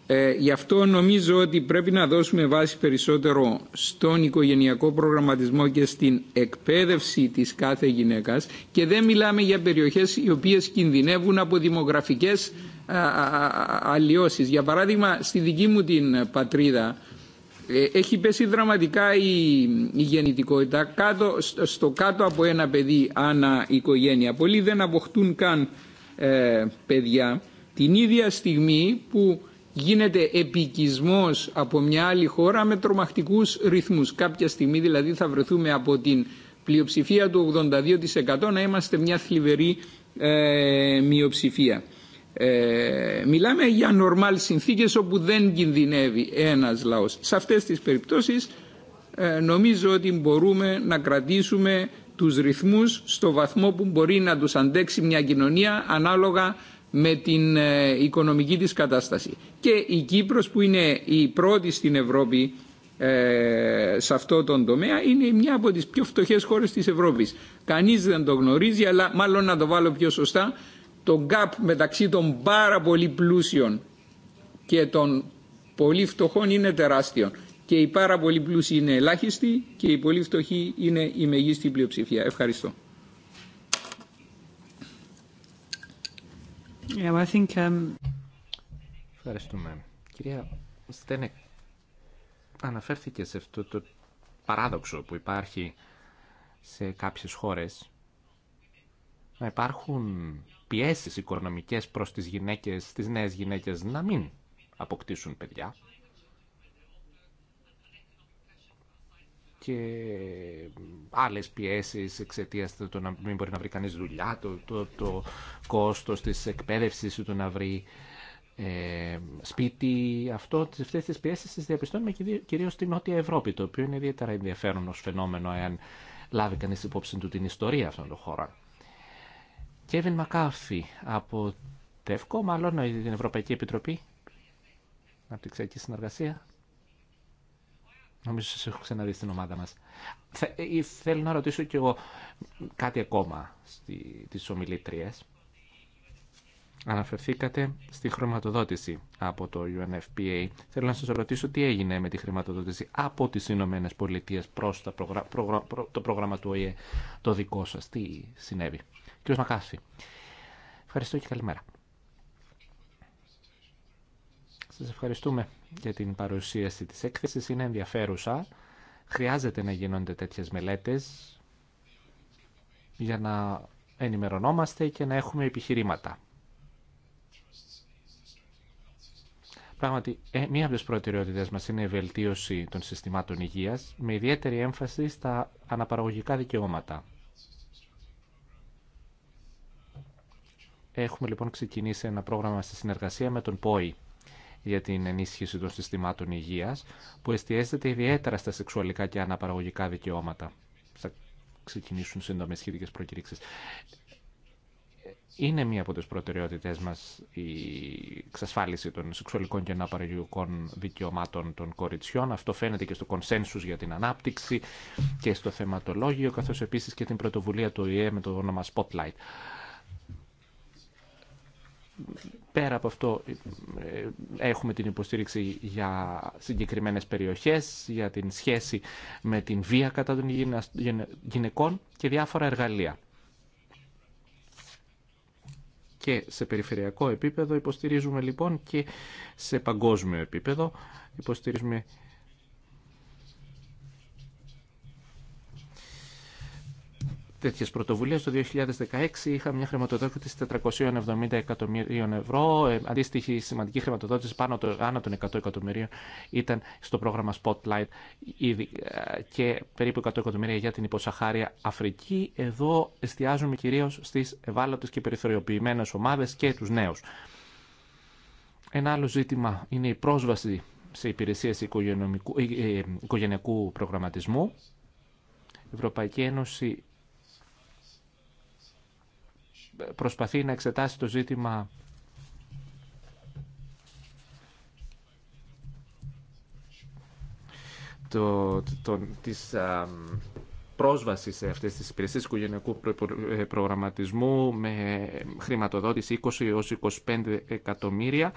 Ε, γι' αυτό νομίζω ότι πρέπει να δώσουμε βάση περισσότερο στον οικογενειακό προγραμματισμό και στην εκπαίδευση της κάθε γυναίκας και δεν μιλάμε για περιοχές οι οποίες κινδυνεύουν από δημογραφικές αλλοιώσεις. Για παράδειγμα, στη δική μου την πατρίδα ε, έχει πέσει δραματικά η, η γεννητικότητα στο κάτω από ένα παιδί ανά οικογένεια. Πολλοί δεν αποκτούν καν ε, παιδιά. Την ίδια στιγμή που γίνεται επικισμός από μια άλλη χώρα με τρομακτικούς ρυθμούς. Κάποια στιγμή δηλαδή θα βρεθούμε από την πλειοψηφία του 82% να είμαστε μια θλιβερή ε, μειοψηφία. Ε, μιλάμε για νορμάλ συνθήκες όπου δεν κινδυνεύει ένας λαός. Σε αυτές τις περιπτώσεις ε, νομίζω ότι μπορούμε να κρατήσουμε τους ρυθμούς στο βαθμό που μπορεί να τους αντέξει μια κοινωνία ανάλογα με την ε, οικονομική της κατάσταση. Και η Κύπρος που είναι η πρώτη στην Ευρώπη ε, σε αυτό τον τομέα είναι μια από τις πιο φτωχές χώρες της Ευρώπης. Κανείς δεν το γνωρίζει αλλά μάλλον να το βάλω πιο σωστά το gap μεταξύ των πάρα πολύ πλούσιων και των πολύ φτωχών είναι τεράστιο. Και οι πάρα πολύ πλούσιοι είναι ελάχιστοι και οι πολύ φτωχοί είναι η μεγίστη πλειοψηφία. Ευχαριστώ. Yeah, I think, um... Ευχαριστούμε. Κυρία Στένεκ, αναφέρθηκε σε αυτό το παράδοξο που υπάρχει σε κάποιες χώρες να υπάρχουν Πιέσει οικονομικέ προ τι γυναίκες, τις νέες γυναίκες να μην αποκτήσουν παιδιά. Και άλλε πιέσει εξαιτία του να μην μπορεί να βρει κανεί δουλειά, το, το, το κόστος της εκπαίδευσης του να βρει ε, σπίτι. Αυτό, αυτές τις πιέσεις τις διαπιστώνουμε κυρίως στη Νότια Ευρώπη, το οποίο είναι ιδιαίτερα ενδιαφέρον ως φαινόμενο εάν λάβει κανείς υπόψη του την ιστορία αυτών των χώρων. Κέβιν Μακάφη από ΤΕΦΚΟ, e μάλλον ε, την Ευρωπαϊκή Επιτροπή Αναπτυξιακή Συνεργασία. Νομίζω σας έχω ξαναδεί στην ομάδα μας. Ε, ε, θέλω να ρωτήσω κι εγώ κάτι ακόμα στι ομιλήτριε. Αναφερθήκατε στη χρηματοδότηση από το UNFPA. Θέλω να σας ρωτήσω τι έγινε με τη χρηματοδότηση από τις Ηνωμένε Πολιτείες προς το πρόγραμμα του ΟΗΕ, το δικό σας. Τι συνέβη. Κύριος Μακάση. Ευχαριστώ και καλημέρα. Σας ευχαριστούμε για την παρουσίαση της έκθεσης. Είναι ενδιαφέρουσα. Χρειάζεται να γίνονται τέτοιες μελέτες για να ενημερωνόμαστε και να έχουμε επιχειρήματα. Πράγματι, ε, μία από τις προτεραιότητες μας είναι η βελτίωση των συστημάτων υγείας με ιδιαίτερη έμφαση στα αναπαραγωγικά δικαιώματα. Έχουμε λοιπόν ξεκινήσει ένα πρόγραμμα στη συνεργασία με τον ΠΟΗ για την ενίσχυση των συστημάτων υγεία που εστιάζεται ιδιαίτερα στα σεξουαλικά και αναπαραγωγικά δικαιώματα. Θα ξεκινήσουν σύντομε σχετικέ προκηρύξει. Είναι μία από τι προτεραιότητε μα η εξασφάλιση των σεξουαλικών και αναπαραγωγικών δικαιωμάτων των κοριτσιών. Αυτό φαίνεται και στο κονσένσου για την ανάπτυξη και στο θεματολόγιο, καθώ επίση και την πρωτοβουλία του ΟΗΕ με το όνομα Spotlight. Πέρα από αυτό ε, έχουμε την υποστήριξη για συγκεκριμένες περιοχές, για την σχέση με την βία κατά των γυναικών και διάφορα εργαλεία. Και σε περιφερειακό επίπεδο υποστηρίζουμε λοιπόν και σε παγκόσμιο επίπεδο υποστηρίζουμε τέτοιες πρωτοβουλίες. Το 2016 είχαμε μια χρηματοδότηση 470 εκατομμυρίων ευρώ. Ε, αντίστοιχη σημαντική χρηματοδότηση πάνω το, άνω των 100 εκατομμυρίων ήταν στο πρόγραμμα Spotlight ε, και περίπου 100 εκατομμύρια για την υποσαχάρια Αφρική. Εδώ εστιάζουμε κυρίως στις ευάλωτες και περιθωριοποιημένες ομάδες και τους νέους. Ένα άλλο ζήτημα είναι η πρόσβαση σε υπηρεσίες ε, οικογενειακού προγραμματισμού. Η Ευρωπαϊκή Ένωση προσπαθεί να εξετάσει το ζήτημα το, το, της α, πρόσβασης σε αυτές τις υπηρεσίες οικογενειακού ε, προγραμματισμού με χρηματοδότηση 20 έως 25 εκατομμύρια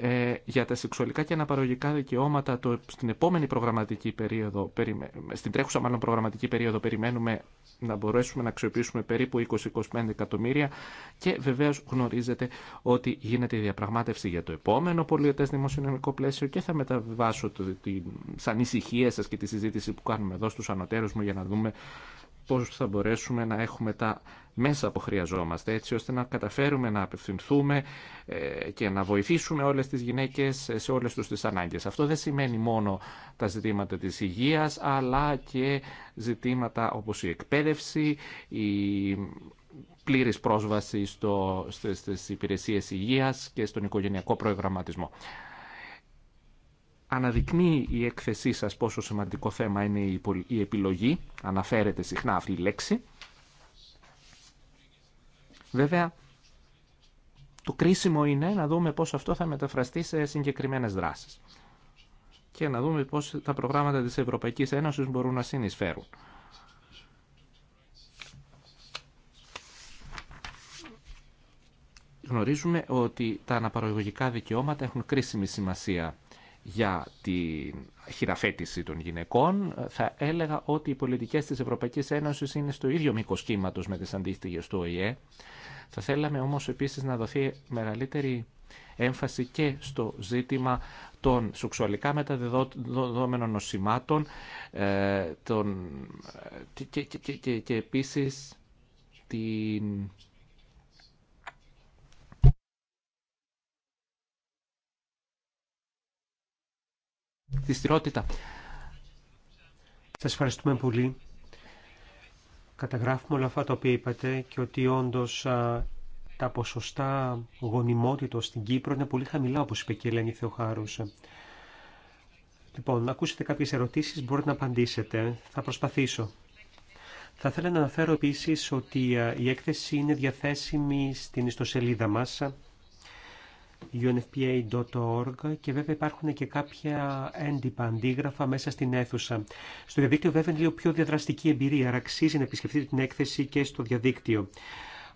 ε, για τα σεξουαλικά και αναπαραγωγικά δικαιώματα το, στην επόμενη προγραμματική περίοδο, στην τρέχουσα μάλλον προγραμματική περίοδο περιμένουμε να μπορέσουμε να αξιοποιήσουμε περίπου 20-25 εκατομμύρια και βεβαίως γνωρίζετε ότι γίνεται η διαπραγμάτευση για το επόμενο πολιετές δημοσιονομικό πλαίσιο και θα μεταβάσω το, τι ανησυχίε σας και τη συζήτηση που κάνουμε εδώ στου ανωτέρου μου για να δούμε πώς θα μπορέσουμε να έχουμε τα μέσα που χρειαζόμαστε, έτσι ώστε να καταφέρουμε να απευθυνθούμε ε, και να βοηθήσουμε όλες τις γυναίκες σε όλες τους τις ανάγκες. Αυτό δεν σημαίνει μόνο τα ζητήματα της υγείας, αλλά και ζητήματα όπως η εκπαίδευση, η πλήρης πρόσβαση στο, στις, στις υπηρεσίες υγείας και στον οικογενειακό προγραμματισμό αναδεικνύει η έκθεσή σας πόσο σημαντικό θέμα είναι η επιλογή. Αναφέρεται συχνά αυτή η λέξη. Βέβαια, το κρίσιμο είναι να δούμε πώς αυτό θα μεταφραστεί σε συγκεκριμένες δράσεις και να δούμε πώς τα προγράμματα της Ευρωπαϊκής Ένωσης μπορούν να συνεισφέρουν. Γνωρίζουμε ότι τα αναπαραγωγικά δικαιώματα έχουν κρίσιμη σημασία για τη χειραφέτηση των γυναικών, θα έλεγα ότι οι πολιτικές της Ευρωπαϊκής Ένωσης είναι στο ίδιο μήκος κύματος με τις αντίστοιχες του ΟΗΕ. Θα θέλαμε όμως επίσης να δοθεί μεγαλύτερη έμφαση και στο ζήτημα των σουξολικά μεταδεδομένων νοσημάτων ε, ε, και, και, και, επίσης την τη στηρότητα. Σας ευχαριστούμε πολύ. Καταγράφουμε όλα αυτά τα οποία είπατε και ότι όντως τα ποσοστά γονιμότητα στην Κύπρο είναι πολύ χαμηλά, όπως είπε και η Ελένη Θεοχάρους. Λοιπόν, ακούσετε κάποιες ερωτήσεις, μπορείτε να απαντήσετε. Θα προσπαθήσω. Θα ήθελα να αναφέρω επίσης ότι η έκθεση είναι διαθέσιμη στην ιστοσελίδα μας unfpa.org και βέβαια υπάρχουν και κάποια έντυπα αντίγραφα μέσα στην αίθουσα. Στο διαδίκτυο βέβαια είναι λίγο πιο διαδραστική εμπειρία, αλλά αξίζει να επισκεφτείτε την έκθεση και στο διαδίκτυο.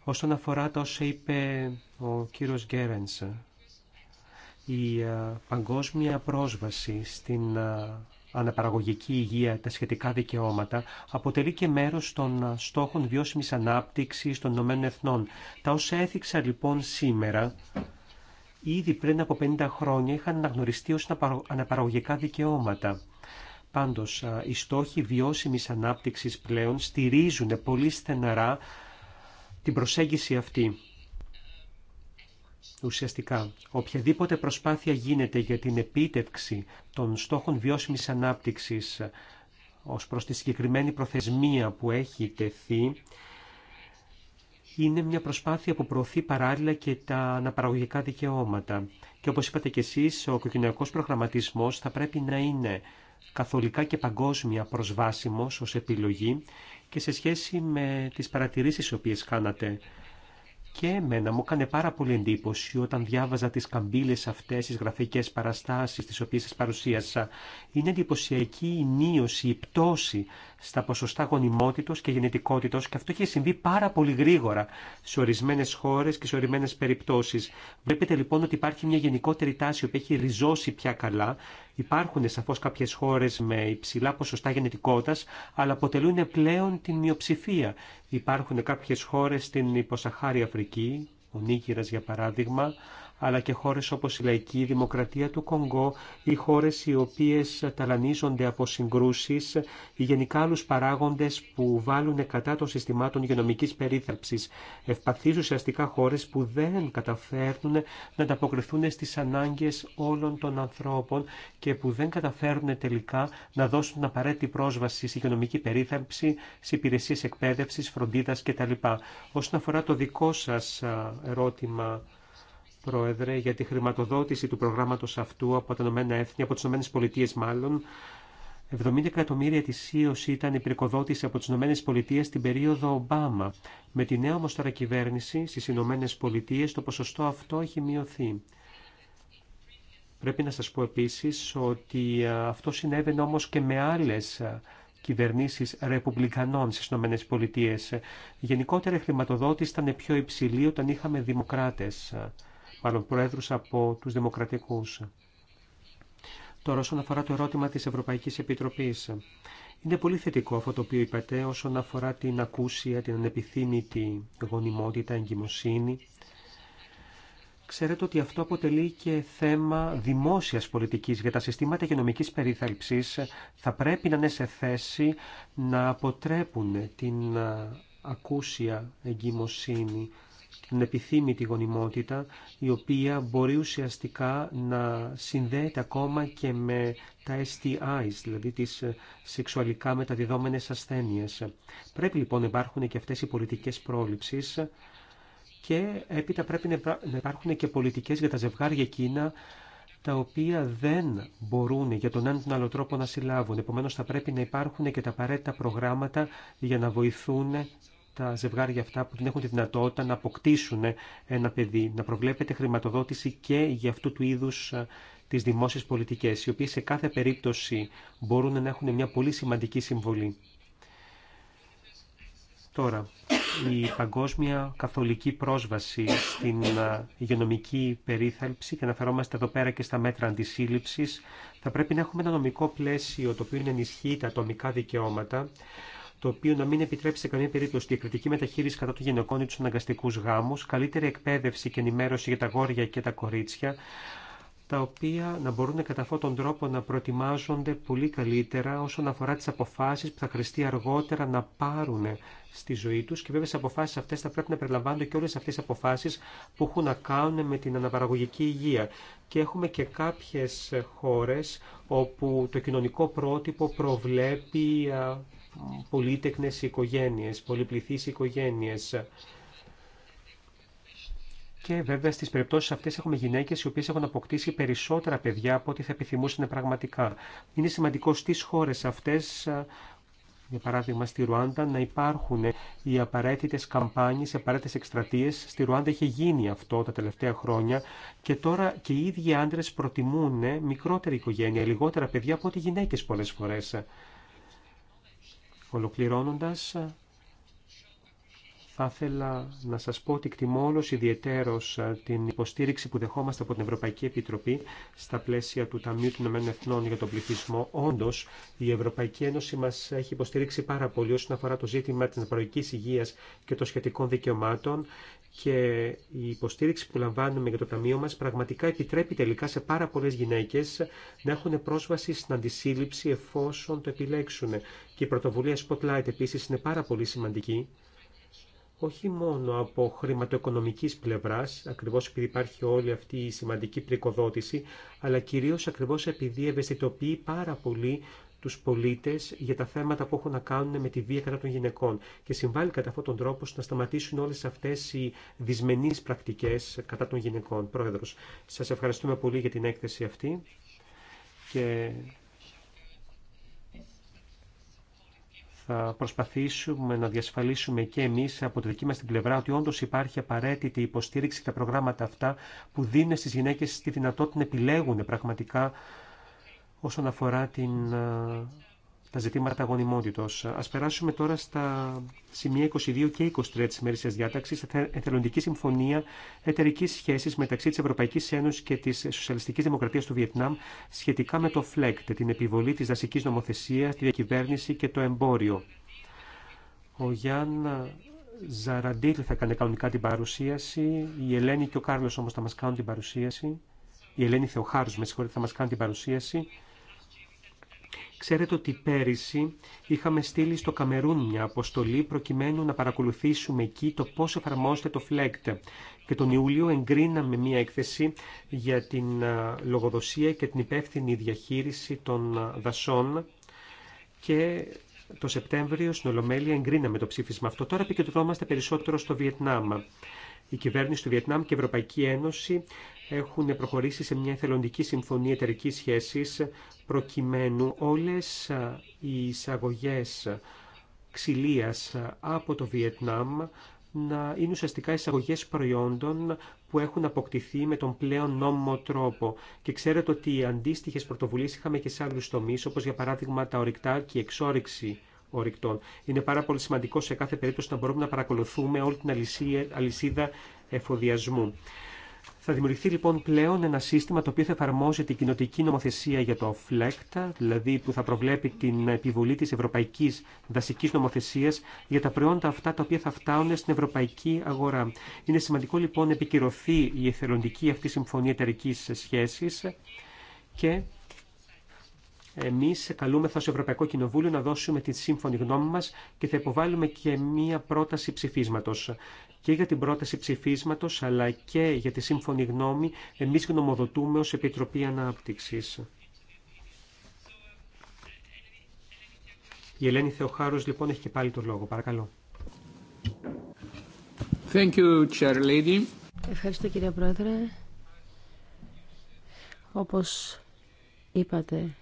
Όσον αφορά τα όσα είπε ο κύριος Γκέρενς, η παγκόσμια πρόσβαση στην αναπαραγωγική υγεία, τα σχετικά δικαιώματα, αποτελεί και μέρος των στόχων βιώσιμης ανάπτυξης των ΗΕ. Τα όσα έθιξα λοιπόν σήμερα ήδη πριν από 50 χρόνια είχαν αναγνωριστεί ως αναπαραγωγικά δικαιώματα. Πάντως, οι στόχοι βιώσιμης ανάπτυξης πλέον στηρίζουν πολύ στεναρά την προσέγγιση αυτή. Ουσιαστικά, οποιαδήποτε προσπάθεια γίνεται για την επίτευξη των στόχων βιώσιμης ανάπτυξης ε, ως προς τη συγκεκριμένη προθεσμία που έχει τεθεί, είναι μια προσπάθεια που προωθεί παράλληλα και τα αναπαραγωγικά δικαιώματα. Και όπως είπατε και εσείς, ο οικογενειακός προγραμματισμός θα πρέπει να είναι καθολικά και παγκόσμια προσβάσιμος ως επιλογή και σε σχέση με τις παρατηρήσεις οι οποίες κάνατε και εμένα μου έκανε πάρα πολύ εντύπωση όταν διάβαζα τις καμπύλες αυτές, τις γραφικές παραστάσεις τις οποίες σας παρουσίασα. Είναι εντυπωσιακή η μείωση, η πτώση στα ποσοστά γονιμότητος και γενετικότητος και αυτό έχει συμβεί πάρα πολύ γρήγορα σε ορισμένες χώρες και σε ορισμένες περιπτώσεις. Βλέπετε λοιπόν ότι υπάρχει μια γενικότερη τάση που έχει ριζώσει πια καλά Υπάρχουν σαφώ κάποιες χώρε με υψηλά ποσοστά γενετικότητας, αλλά αποτελούν πλέον την μειοψηφία. Υπάρχουν κάποιες χώρε στην υποσαχάρη Αφρική, ο Νίγηρας για παράδειγμα, αλλά και χώρες όπως η Λαϊκή Δημοκρατία του Κονγκό ή χώρες οι οποίες ταλανίζονται από συγκρούσεις ή γενικά άλλους παράγοντες που βάλουν κατά των συστημάτων υγειονομικής περίθαλψης. Ευπαθείς ουσιαστικά χώρες που δεν καταφέρνουν να ανταποκριθούν στις ανάγκες όλων των ανθρώπων και που δεν καταφέρνουν τελικά να δώσουν απαραίτητη πρόσβαση στη υγειονομική περίθαλψη, σε υπηρεσίες εκπαίδευσης, φροντίδας κτλ. Όσον αφορά το δικό σας ερώτημα, Πρόεδρε, για τη χρηματοδότηση του προγράμματος αυτού από τα Ηνωμένα Έθνη, από τις Ηνωμένε Πολιτείε, μάλλον. 70 εκατομμύρια ετησίως ήταν η πρικοδότηση από τις Ηνωμένε Πολιτείε στην περίοδο Ομπάμα. Με τη νέα όμως τώρα κυβέρνηση στις Ηνωμένε Πολιτείε, το ποσοστό αυτό έχει μειωθεί. Πρέπει να σας πω επίσης ότι αυτό συνέβαινε όμως και με άλλες κυβερνήσει ρεπουμπλικανών στι Πολιτείε. Γενικότερα η χρηματοδότηση ήταν πιο υψηλή όταν είχαμε δημοκράτε μάλλον προέδρους από τους δημοκρατικούς. Τώρα όσον αφορά το ερώτημα της Ευρωπαϊκής Επιτροπής. Είναι πολύ θετικό αυτό το οποίο είπατε όσον αφορά την ακούσια, την ανεπιθύμητη γονιμότητα, εγκυμοσύνη. Ξέρετε ότι αυτό αποτελεί και θέμα δημόσιας πολιτικής για τα συστήματα υγειονομικής περίθαλψης θα πρέπει να είναι σε θέση να αποτρέπουν την ακούσια εγκυμοσύνη την επιθύμητη γονιμότητα, η οποία μπορεί ουσιαστικά να συνδέεται ακόμα και με τα STIs, δηλαδή τις ε, σεξουαλικά μεταδιδόμενες ασθένειες. Πρέπει λοιπόν να υπάρχουν και αυτές οι πολιτικές πρόληψεις και έπειτα πρέπει να υπάρχουν και πολιτικές για τα ζευγάρια εκείνα τα οποία δεν μπορούν για τον έναν τον άλλο τρόπο να συλλάβουν. Επομένως θα πρέπει να υπάρχουν και τα απαραίτητα προγράμματα για να βοηθούν τα ζευγάρια αυτά που δεν έχουν τη δυνατότητα να αποκτήσουν ένα παιδί, να προβλέπεται χρηματοδότηση και για αυτού του είδου τι δημόσιε πολιτικέ, οι οποίες σε κάθε περίπτωση μπορούν να έχουν μια πολύ σημαντική συμβολή. Τώρα, η παγκόσμια καθολική πρόσβαση στην υγειονομική περίθαλψη και αναφερόμαστε εδώ πέρα και στα μέτρα αντισύλληψης, θα πρέπει να έχουμε ένα νομικό πλαίσιο το οποίο ενισχύει τα ατομικά δικαιώματα, το οποίο να μην επιτρέψει σε καμία περίπτωση διακριτική μεταχείριση κατά των γυναικών ή του αναγκαστικού γάμου, καλύτερη εκπαίδευση και ενημέρωση για τα γόρια και τα κορίτσια, τα οποία να μπορούν κατά αυτόν τον τρόπο να προετοιμάζονται πολύ καλύτερα όσον αφορά τι αποφάσει που θα χρειαστεί αργότερα να πάρουν στη ζωή του. Και βέβαια στι αποφάσει αυτέ θα πρέπει να περιλαμβάνονται και όλε αυτέ οι αποφάσει που έχουν να κάνουν με την αναπαραγωγική υγεία. Και έχουμε και κάποιε χώρε όπου το κοινωνικό πρότυπο προβλέπει πολύτεκνες οικογένειες, πολυπληθείς οικογένειες. Και βέβαια στις περιπτώσεις αυτές έχουμε γυναίκες οι οποίες έχουν αποκτήσει περισσότερα παιδιά από ό,τι θα επιθυμούσαν πραγματικά. Είναι σημαντικό στις χώρες αυτές, για παράδειγμα στη Ρουάντα, να υπάρχουν οι απαραίτητε καμπάνιε, οι απαραίτητε εκστρατείε. Στη Ρουάντα είχε γίνει αυτό τα τελευταία χρόνια και τώρα και οι ίδιοι άντρε προτιμούν μικρότερη οικογένεια, λιγότερα παιδιά από ό,τι γυναίκε πολλέ φορέ. Ολοκληρώνοντας, θα ήθελα να σας πω ότι εκτιμώ όλος ιδιαιτέρως ε, την υποστήριξη που δεχόμαστε από την Ευρωπαϊκή Επιτροπή στα πλαίσια του Ταμείου των Ηνωμένων Εθνών για τον πληθυσμό. Όντως, η Ευρωπαϊκή Ένωση μας έχει υποστηρίξει πάρα πολύ όσον αφορά το ζήτημα της προϊκής υγείας και των σχετικών δικαιωμάτων και η υποστήριξη που λαμβάνουμε για το Ταμείο μας πραγματικά επιτρέπει τελικά σε πάρα πολλές γυναίκες να έχουν πρόσβαση στην αντισύλληψη εφόσον το επιλέξουν. Και η πρωτοβουλία Spotlight επίση είναι πάρα πολύ σημαντική, όχι μόνο από χρηματοοικονομικής πλευρά, ακριβώ επειδή υπάρχει όλη αυτή η σημαντική πρικοδότηση, αλλά κυρίω ακριβώ επειδή ευαισθητοποιεί πάρα πολύ του πολίτε για τα θέματα που έχουν να κάνουν με τη βία κατά των γυναικών και συμβάλλει κατά αυτόν τον τρόπο να σταματήσουν όλε αυτέ οι δυσμενεί πρακτικέ κατά των γυναικών. πρόεδρο. Σα ευχαριστούμε πολύ για την έκθεση αυτή και θα προσπαθήσουμε να διασφαλίσουμε και εμείς από τη δική μας την πλευρά ότι όντω υπάρχει απαραίτητη υποστήριξη και τα προγράμματα αυτά που δίνουν στις γυναίκες τη δυνατότητα να επιλέγουν πραγματικά όσον αφορά την τα ζητήματα αγωνιμότητος. Ας περάσουμε τώρα στα σημεία 22 και 23 της ημερήσια διάταξης, εθελοντική συμφωνία εταιρική σχέση μεταξύ της Ευρωπαϊκής Ένωσης και της Σοσιαλιστικής Δημοκρατίας του Βιετνάμ σχετικά με το ΦΛΕΚΤ, την επιβολή της δασική νομοθεσία, τη διακυβέρνηση και το εμπόριο. Ο Γιάννα Ζαραντήλ θα κάνει κανονικά την παρουσίαση, η Ελένη και ο Κάρλος όμω θα μα κάνουν την παρουσίαση, η Ελένη Θεοχάρου, με συγχωρείτε θα μα κάνει την παρουσίαση. Ξέρετε ότι πέρυσι είχαμε στείλει στο Καμερούν μια αποστολή προκειμένου να παρακολουθήσουμε εκεί το πώς εφαρμόζεται το FLECT. Και τον Ιούλιο εγκρίναμε μια έκθεση για την λογοδοσία και την υπεύθυνη διαχείριση των δασών και το Σεπτέμβριο στην Ολομέλεια εγκρίναμε το ψήφισμα αυτό. Τώρα επικεντρωνόμαστε περισσότερο στο Βιετνάμ. Η κυβέρνηση του Βιετνάμ και η Ευρωπαϊκή Ένωση έχουν προχωρήσει σε μια εθελοντική συμφωνία εταιρική σχέση προκειμένου όλες οι εισαγωγές ξυλίας από το Βιετνάμ να είναι ουσιαστικά εισαγωγέ προϊόντων που έχουν αποκτηθεί με τον πλέον νόμιμο τρόπο. Και ξέρετε ότι αντίστοιχε πρωτοβουλίε είχαμε και σε άλλου τομεί, όπω για παράδειγμα τα ορυκτά και η εξόριξη ορυκτών. Είναι πάρα πολύ σημαντικό σε κάθε περίπτωση να μπορούμε να παρακολουθούμε όλη την αλυσίδα εφοδιασμού. Θα δημιουργηθεί λοιπόν πλέον ένα σύστημα το οποίο θα εφαρμόζει την κοινοτική νομοθεσία για το ΦΛΕΚΤΑ, δηλαδή που θα προβλέπει την επιβολή τη Ευρωπαϊκή Δασική Νομοθεσία για τα προϊόντα αυτά τα οποία θα φτάνουν στην ευρωπαϊκή αγορά. Είναι σημαντικό λοιπόν να επικυρωθεί η εθελοντική αυτή συμφωνία εταιρική σχέση. και Εμεί καλούμεθα ω Ευρωπαϊκό Κοινοβούλιο να δώσουμε τη σύμφωνη γνώμη μα και θα υποβάλουμε και μία πρόταση ψηφίσματο και για την πρόταση ψηφίσματος αλλά και για τη σύμφωνη γνώμη εμείς γνωμοδοτούμε ως Επιτροπή ανάπτυξη. Η Ελένη Θεοχάρους λοιπόν έχει και πάλι το λόγο. Παρακαλώ. Thank you, Chair Lady. Ευχαριστώ κύριε Πρόεδρε. Όπως είπατε,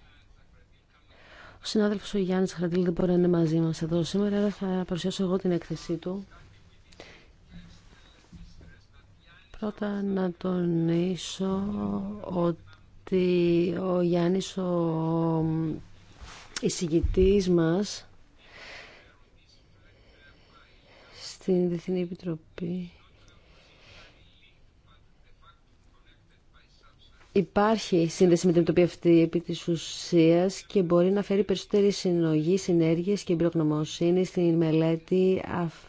ο συνάδελφος ο Γιάννης Χραντήλ δεν μπορεί να είναι μαζί μας εδώ σήμερα, αλλά θα παρουσιάσω εγώ την έκθεσή του Πρώτα να τονίσω ότι ο Γιάννης ο εισηγητής μας στην Διεθνή Επιτροπή Υπάρχει σύνδεση με την Επιτροπή αυτή επί της ουσίας και μπορεί να φέρει περισσότερη συνογή, συνέργειες και εμπειρογνωμοσύνη στην μελέτη αυτή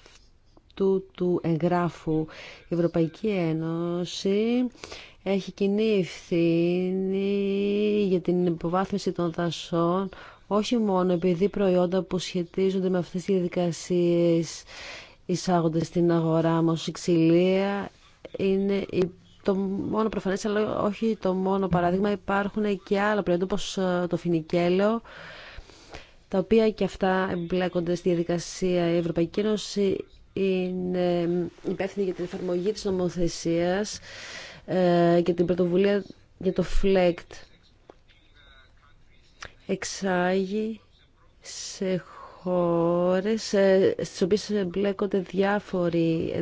του εγγράφου. Η Ευρωπαϊκή Ένωση έχει κοινή ευθύνη για την υποβάθμιση των δασών όχι μόνο επειδή προϊόντα που σχετίζονται με αυτές τις διαδικασίες εισάγονται στην αγορά μας η ξυλία είναι το μόνο προφανές αλλά όχι το μόνο παράδειγμα υπάρχουν και άλλα προϊόντα όπως ε, το φινικέλαιο τα οποία και αυτά εμπλέκονται στη διαδικασία η Ευρωπαϊκή Ένωση είναι υπεύθυνη για την εφαρμογή της νομοθεσίας ε, και την πρωτοβουλία για το FLECT. Εξάγει σε χώρες ε, στις οποίες εμπλέκονται διάφοροι,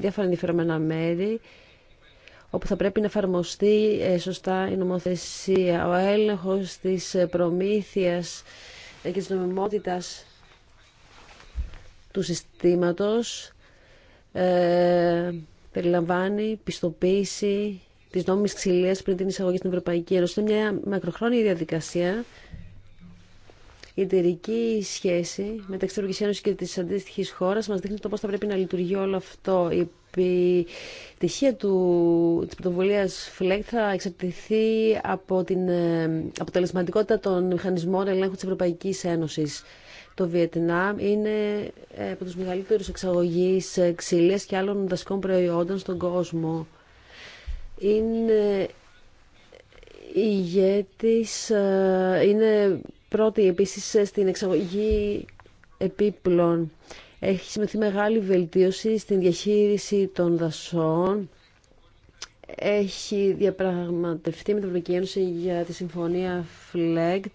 διάφορα ενδιαφερομένα μέρη όπου θα πρέπει να εφαρμοστεί ε, σωστά η νομοθεσία. Ο έλεγχος της προμήθειας και της νομιμότητας του συστήματος ε, περιλαμβάνει πιστοποίηση της νόμιμης ξυλίας πριν την εισαγωγή στην Ευρωπαϊκή Ένωση. Είναι μια μακροχρόνια διαδικασία. Η εταιρική σχέση μεταξύ της Ένωσης και της αντίστοιχης χώρας μας δείχνει το πώς θα πρέπει να λειτουργεί όλο αυτό. Η επιτυχία τη της πρωτοβουλία ΦΛΕΚ θα εξαρτηθεί από την ε, αποτελεσματικότητα των μηχανισμών ελέγχου της Ευρωπαϊκής Ένωσης. Το Βιετνάμ είναι ε, από τους μεγαλύτερους εξαγωγείς ε, ξύλες και άλλων δασικών προϊόντων στον κόσμο. Είναι ηγέτης, ε, είναι πρώτη επίσης στην εξαγωγή επίπλων. Έχει συμμεθεί μεγάλη βελτίωση στην διαχείριση των δασών. Έχει διαπραγματευτεί με την Ευρωπαϊκή Ένωση για τη Συμφωνία FLEGT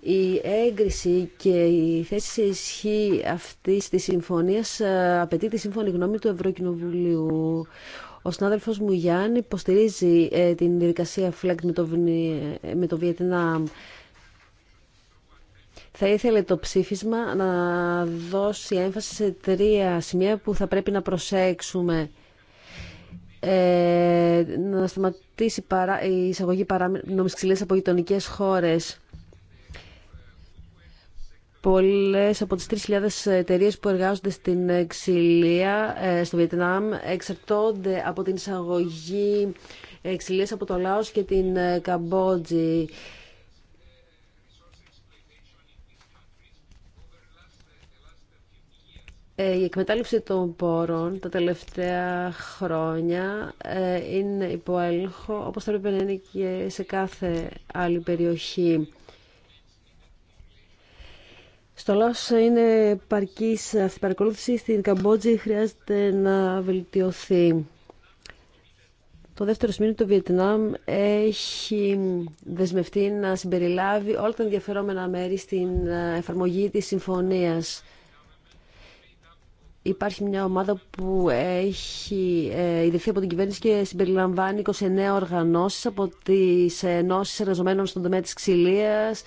η έγκριση και η θέση σε ισχύ αυτής της συμφωνία ε, απαιτεί τη σύμφωνη γνώμη του Ευρωκοινοβουλίου. Ο συνάδελφος μου Γιάννη υποστηρίζει ε, την διαδικασία φλέκτ με το, ε, με το Βιετνάμ. Θα ήθελε το ψήφισμα να δώσει έμφαση σε τρία σημεία που θα πρέπει να προσέξουμε. να σταματήσει παρά, η εισαγωγή παρά ξυλία από γειτονικέ χώρες Πολλές από τις 3.000 εταιρείε που εργάζονται στην ξυλία ε, στο Βιετνάμ εξαρτώνται από την εισαγωγή ξυλίας από το Λάος και την ε, Καμπότζη. Ε, η εκμετάλλευση των πόρων τα τελευταία χρόνια είναι υπό όπως θα έπρεπε να είναι και σε κάθε άλλη περιοχή στο Λάος είναι παρκής στην παρακολούθηση, στην Καμπότζη χρειάζεται να βελτιωθεί. Το δεύτερο σημείο του Βιετνάμ έχει δεσμευτεί να συμπεριλάβει όλα τα ενδιαφερόμενα μέρη στην ε, εφαρμογή της συμφωνίας υπάρχει μια ομάδα που έχει ε, ιδρυθεί από την κυβέρνηση και συμπεριλαμβάνει 29 οργανώσεις από τις ενώσεις εργαζομένων στον τομέα της ξυλίας,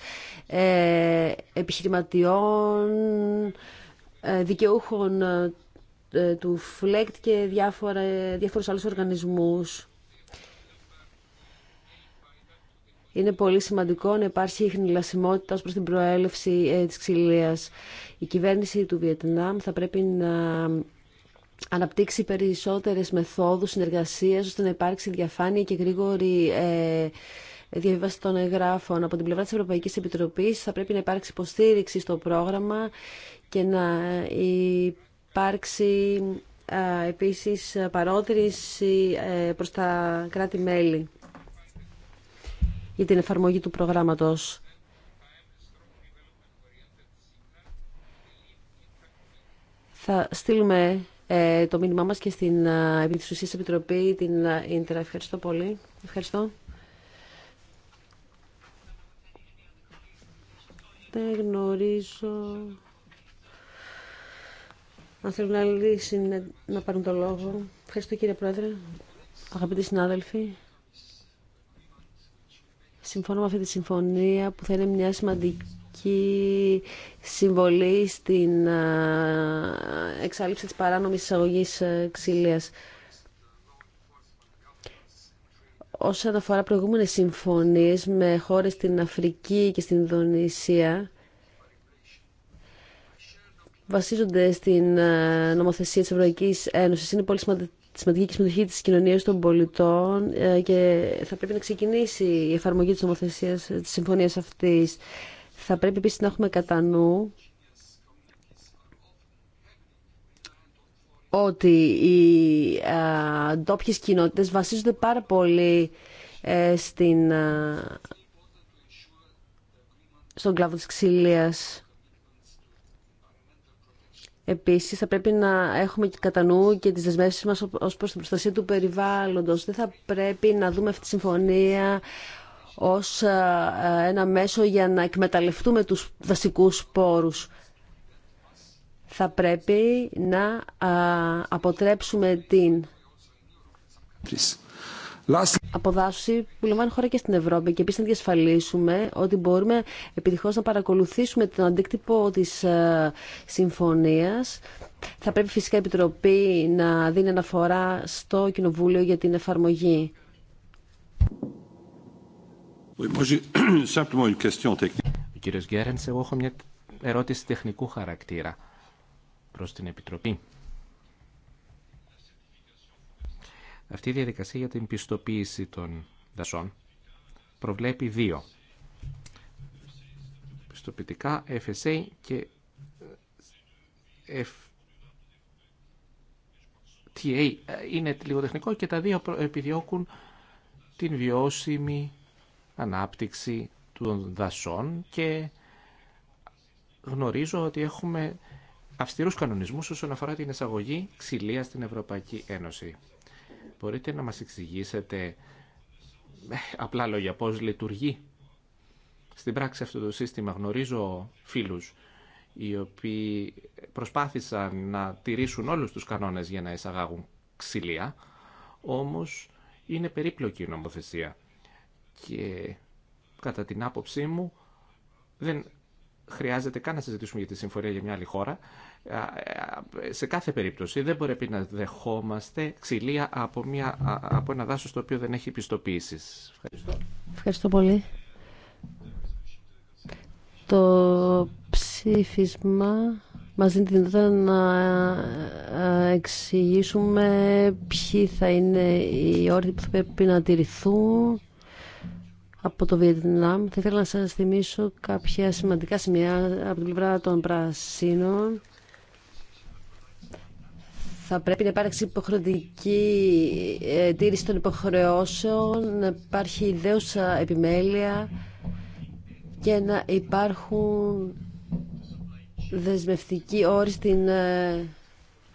ε, επιχειρηματιών, ε, δικαιούχων του ΦΛΕΚΤ και διάφορα, διάφορους άλλους οργανισμούς. Είναι πολύ σημαντικό να υπάρχει χνηλασιμότητα ως προς την προέλευση ε, της ξυλίας. Η κυβέρνηση του Βιετνάμ θα πρέπει να αναπτύξει περισσότερες μεθόδους συνεργασίας ώστε να υπάρξει διαφάνεια και γρήγορη ε, διαβίβαση των εγγράφων. Από την πλευρά της Ευρωπαϊκής Επιτροπής θα πρέπει να υπάρξει υποστήριξη στο πρόγραμμα και να υπάρξει επίσης παρότριση ε, προς τα κράτη-μέλη την εφαρμογή του προγράμματος. Θα στείλουμε ε, το μήνυμά μας και στην ε, Επιτροπή, Επιτροπή, την ε, Ίντερα. Ευχαριστώ πολύ. Ευχαριστώ. Δεν γνωρίζω αν θέλουν να πάρουν το λόγο. Ευχαριστώ κύριε Πρόεδρε, αγαπητοί συνάδελφοι συμφωνώ με αυτή τη συμφωνία που θα είναι μια σημαντική συμβολή στην ε, εξάλληψη της παράνομης εισαγωγής ε, ξυλίας. Όσον αφορά προηγούμενες συμφωνίες με χώρες στην Αφρική και στην Ινδονησία, βασίζονται στην ε, νομοθεσία της Ευρωπαϊκής Ένωσης. Είναι πολύ σημαντικό τη σημαντική συμμετοχή τη κοινωνία των πολιτών ε, και θα πρέπει να ξεκινήσει η εφαρμογή τη νομοθεσίας ε, τη συμφωνίας αυτής. Θα πρέπει επίσης να έχουμε κατά νου ότι οι ε, ντόπιε κοινότητε βασίζονται πάρα πολύ στην, στον κλάδο της ξυλίας. Επίσης θα πρέπει να έχουμε κατά νου και τις δεσμεύσεις μας ως προς την προστασία του περιβάλλοντος. Δεν θα πρέπει να δούμε αυτή τη συμφωνία ως ε, ε, ένα μέσο για να εκμεταλλευτούμε τους δασικούς πόρους. Θα πρέπει να ε, αποτρέψουμε την... Αποδάσει που λαμβάνει χώρα και στην Ευρώπη και επίσης να διασφαλίσουμε ότι μπορούμε επιτυχώς να παρακολουθήσουμε τον αντίκτυπο της ε, συμφωνίας. Θα πρέπει φυσικά η Επιτροπή να δίνει αναφορά στο Κοινοβούλιο για την εφαρμογή. Κύριε Γκέρενς, εγώ έχω μια ερώτηση τεχνικού χαρακτήρα προς την Επιτροπή. Αυτή η διαδικασία για την πιστοποίηση των δασών προβλέπει δύο. Πιστοποιητικά FSA και ε, FTA είναι λίγο τεχνικό και τα δύο επιδιώκουν την βιώσιμη ανάπτυξη των δασών και γνωρίζω ότι έχουμε αυστηρούς κανονισμούς όσον αφορά την εισαγωγή ξυλία στην Ευρωπαϊκή Ένωση. Μπορείτε να μας εξηγήσετε ε, απλά λόγια πώς λειτουργεί στην πράξη αυτό το σύστημα. Γνωρίζω φίλους οι οποίοι προσπάθησαν να τηρήσουν όλους τους κανόνες για να εισαγάγουν ξυλία, όμως είναι περίπλοκη η νομοθεσία και κατά την άποψή μου δεν χρειάζεται καν να συζητήσουμε για τη συμφορία για μια άλλη χώρα σε κάθε περίπτωση δεν μπορεί να δεχόμαστε ξυλία από, μια, από ένα δάσο το οποίο δεν έχει πιστοποίησης Ευχαριστώ. Ευχαριστώ πολύ. Το ψήφισμα μας δίνει την δυνατότητα να εξηγήσουμε ποιοι θα είναι οι όροι που θα πρέπει να τηρηθούν από το Βιετνάμ. Θα ήθελα να σας θυμίσω κάποια σημαντικά σημεία από την πλευρά των πρασίνων θα πρέπει να υπάρξει υποχρεωτική ε, τήρηση των υποχρεώσεων, να υπάρχει ιδέουσα επιμέλεια και να υπάρχουν δεσμευτικοί όροι στην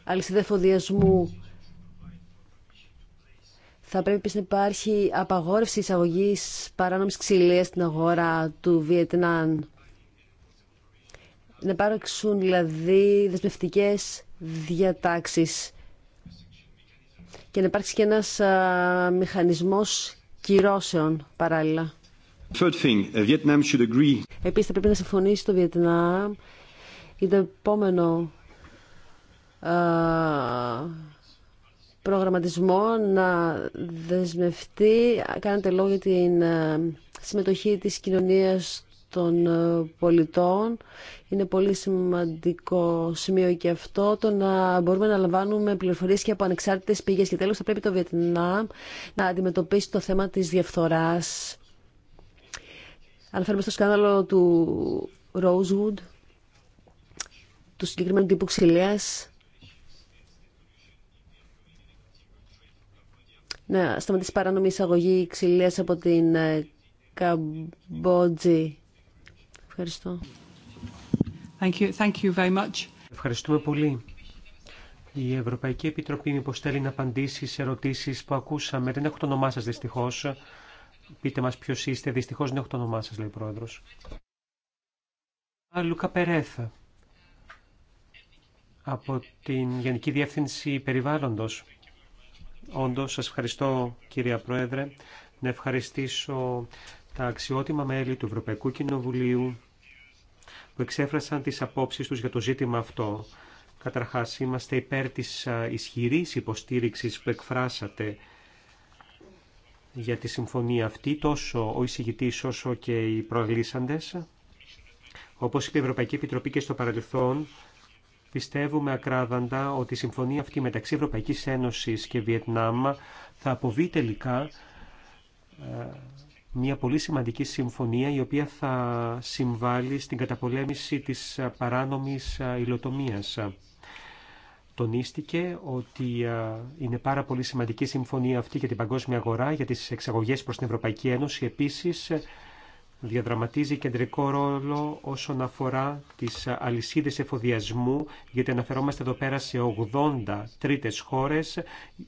αλυσίδα ε, εφοδιασμού. Θα πρέπει επίσης να υπάρχει απαγόρευση εισαγωγής παράνομης ξυλίας στην αγορά του Βιετνάν. Να υπάρξουν δηλαδή δεσμευτικές διατάξεις και να υπάρξει και ένας μηχανισμός κυρώσεων παράλληλα. Thing, uh, Επίσης θα πρέπει να συμφωνήσει το Βιετνάμ για το επόμενο α, προγραμματισμό να δεσμευτεί, κάνετε λόγο για την συμμετοχή της κοινωνίας των ε, πολιτών. Είναι πολύ σημαντικό σημείο και αυτό το να μπορούμε να λαμβάνουμε πληροφορίες και από ανεξάρτητες πηγές. Και τέλος θα πρέπει το Βιετνάμ να αντιμετωπίσει το θέμα της διαφθοράς. Αναφέρουμε στο σκάνδαλο του Rosewood, του συγκεκριμένου τύπου ξυλίας, να σταματήσει παράνομη εισαγωγή ξυλίας από την ε, Καμπότζη Ευχαριστώ. Thank Ευχαριστούμε πολύ. Η Ευρωπαϊκή Επιτροπή μήπω θέλει να απαντήσει σε ερωτήσει που ακούσαμε. Δεν έχω το όνομά σα δυστυχώ, Πείτε μα ποιο είστε. δυστυχώ δεν έχω το όνομά σα, λέει ο Πρόεδρος. Λουκα Περέθα. Από την Γενική Διεύθυνση Περιβάλλοντος. Όντως, σας ευχαριστώ κυρία Πρόεδρε. Να ευχαριστήσω τα αξιότιμα μέλη του Ευρωπαϊκού Κοινοβουλίου που εξέφρασαν τις απόψεις τους για το ζήτημα αυτό. Καταρχάς, είμαστε υπέρ της ισχυρής υποστήριξης που εκφράσατε για τη συμφωνία αυτή, τόσο ο εισηγητής όσο και οι προαγλήσαντες. Όπως είπε η Ευρωπαϊκή Επιτροπή και στο παρελθόν, πιστεύουμε ακράδαντα ότι η συμφωνία αυτή μεταξύ Ευρωπαϊκής Ένωσης και Βιετνάμ θα αποβεί τελικά μια πολύ σημαντική συμφωνία η οποία θα συμβάλλει στην καταπολέμηση της παράνομης υλοτομίας. Τονίστηκε ότι είναι πάρα πολύ σημαντική συμφωνία αυτή για την παγκόσμια αγορά, για τις εξαγωγές προς την Ευρωπαϊκή Ένωση. Επίσης, διαδραματίζει κεντρικό ρόλο όσον αφορά τις αλυσίδες εφοδιασμού, γιατί αναφερόμαστε εδώ πέρα σε 80 τρίτες χώρες,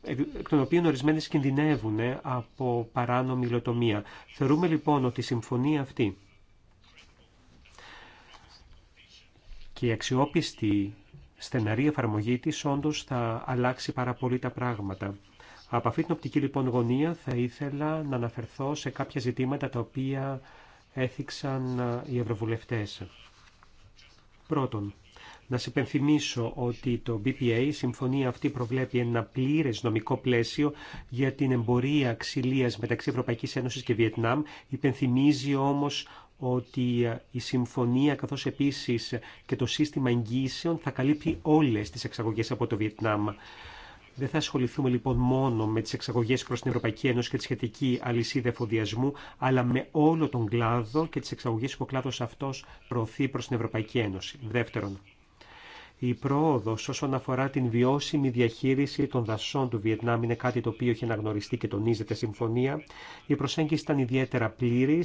εκ των οποίων ορισμένες κινδυνεύουν ε, από παράνομη υλοτομία. Θεωρούμε λοιπόν ότι η συμφωνία αυτή και η αξιόπιστη στεναρή εφαρμογή της όντως θα αλλάξει πάρα πολύ τα πράγματα. Από αυτή την οπτική λοιπόν γωνία θα ήθελα να αναφερθώ σε κάποια ζητήματα τα οποία έθιξαν οι ευρωβουλευτές. Πρώτον, να σε υπενθυμίσω ότι το BPA, η συμφωνία αυτή προβλέπει ένα πλήρε νομικό πλαίσιο για την εμπορία ξυλίας μεταξύ Ευρωπαϊκής Ένωσης και Βιετνάμ. Υπενθυμίζει όμως ότι η συμφωνία καθώς επίσης και το σύστημα εγγύησεων θα καλύπτει όλες τις εξαγωγές από το Βιετνάμ. Δεν θα ασχοληθούμε λοιπόν μόνο με τις εξαγωγές προς την Ευρωπαϊκή Ένωση και τη σχετική αλυσίδα εφοδιασμού, αλλά με όλο τον κλάδο και τις εξαγωγές που ο κλάδος αυτός προωθεί προς την Ευρωπαϊκή Ένωση. Δεύτερον, η πρόοδο όσον αφορά την βιώσιμη διαχείριση των δασών του Βιετνάμ είναι κάτι το οποίο έχει αναγνωριστεί και τονίζεται συμφωνία. Η προσέγγιση ήταν ιδιαίτερα πλήρη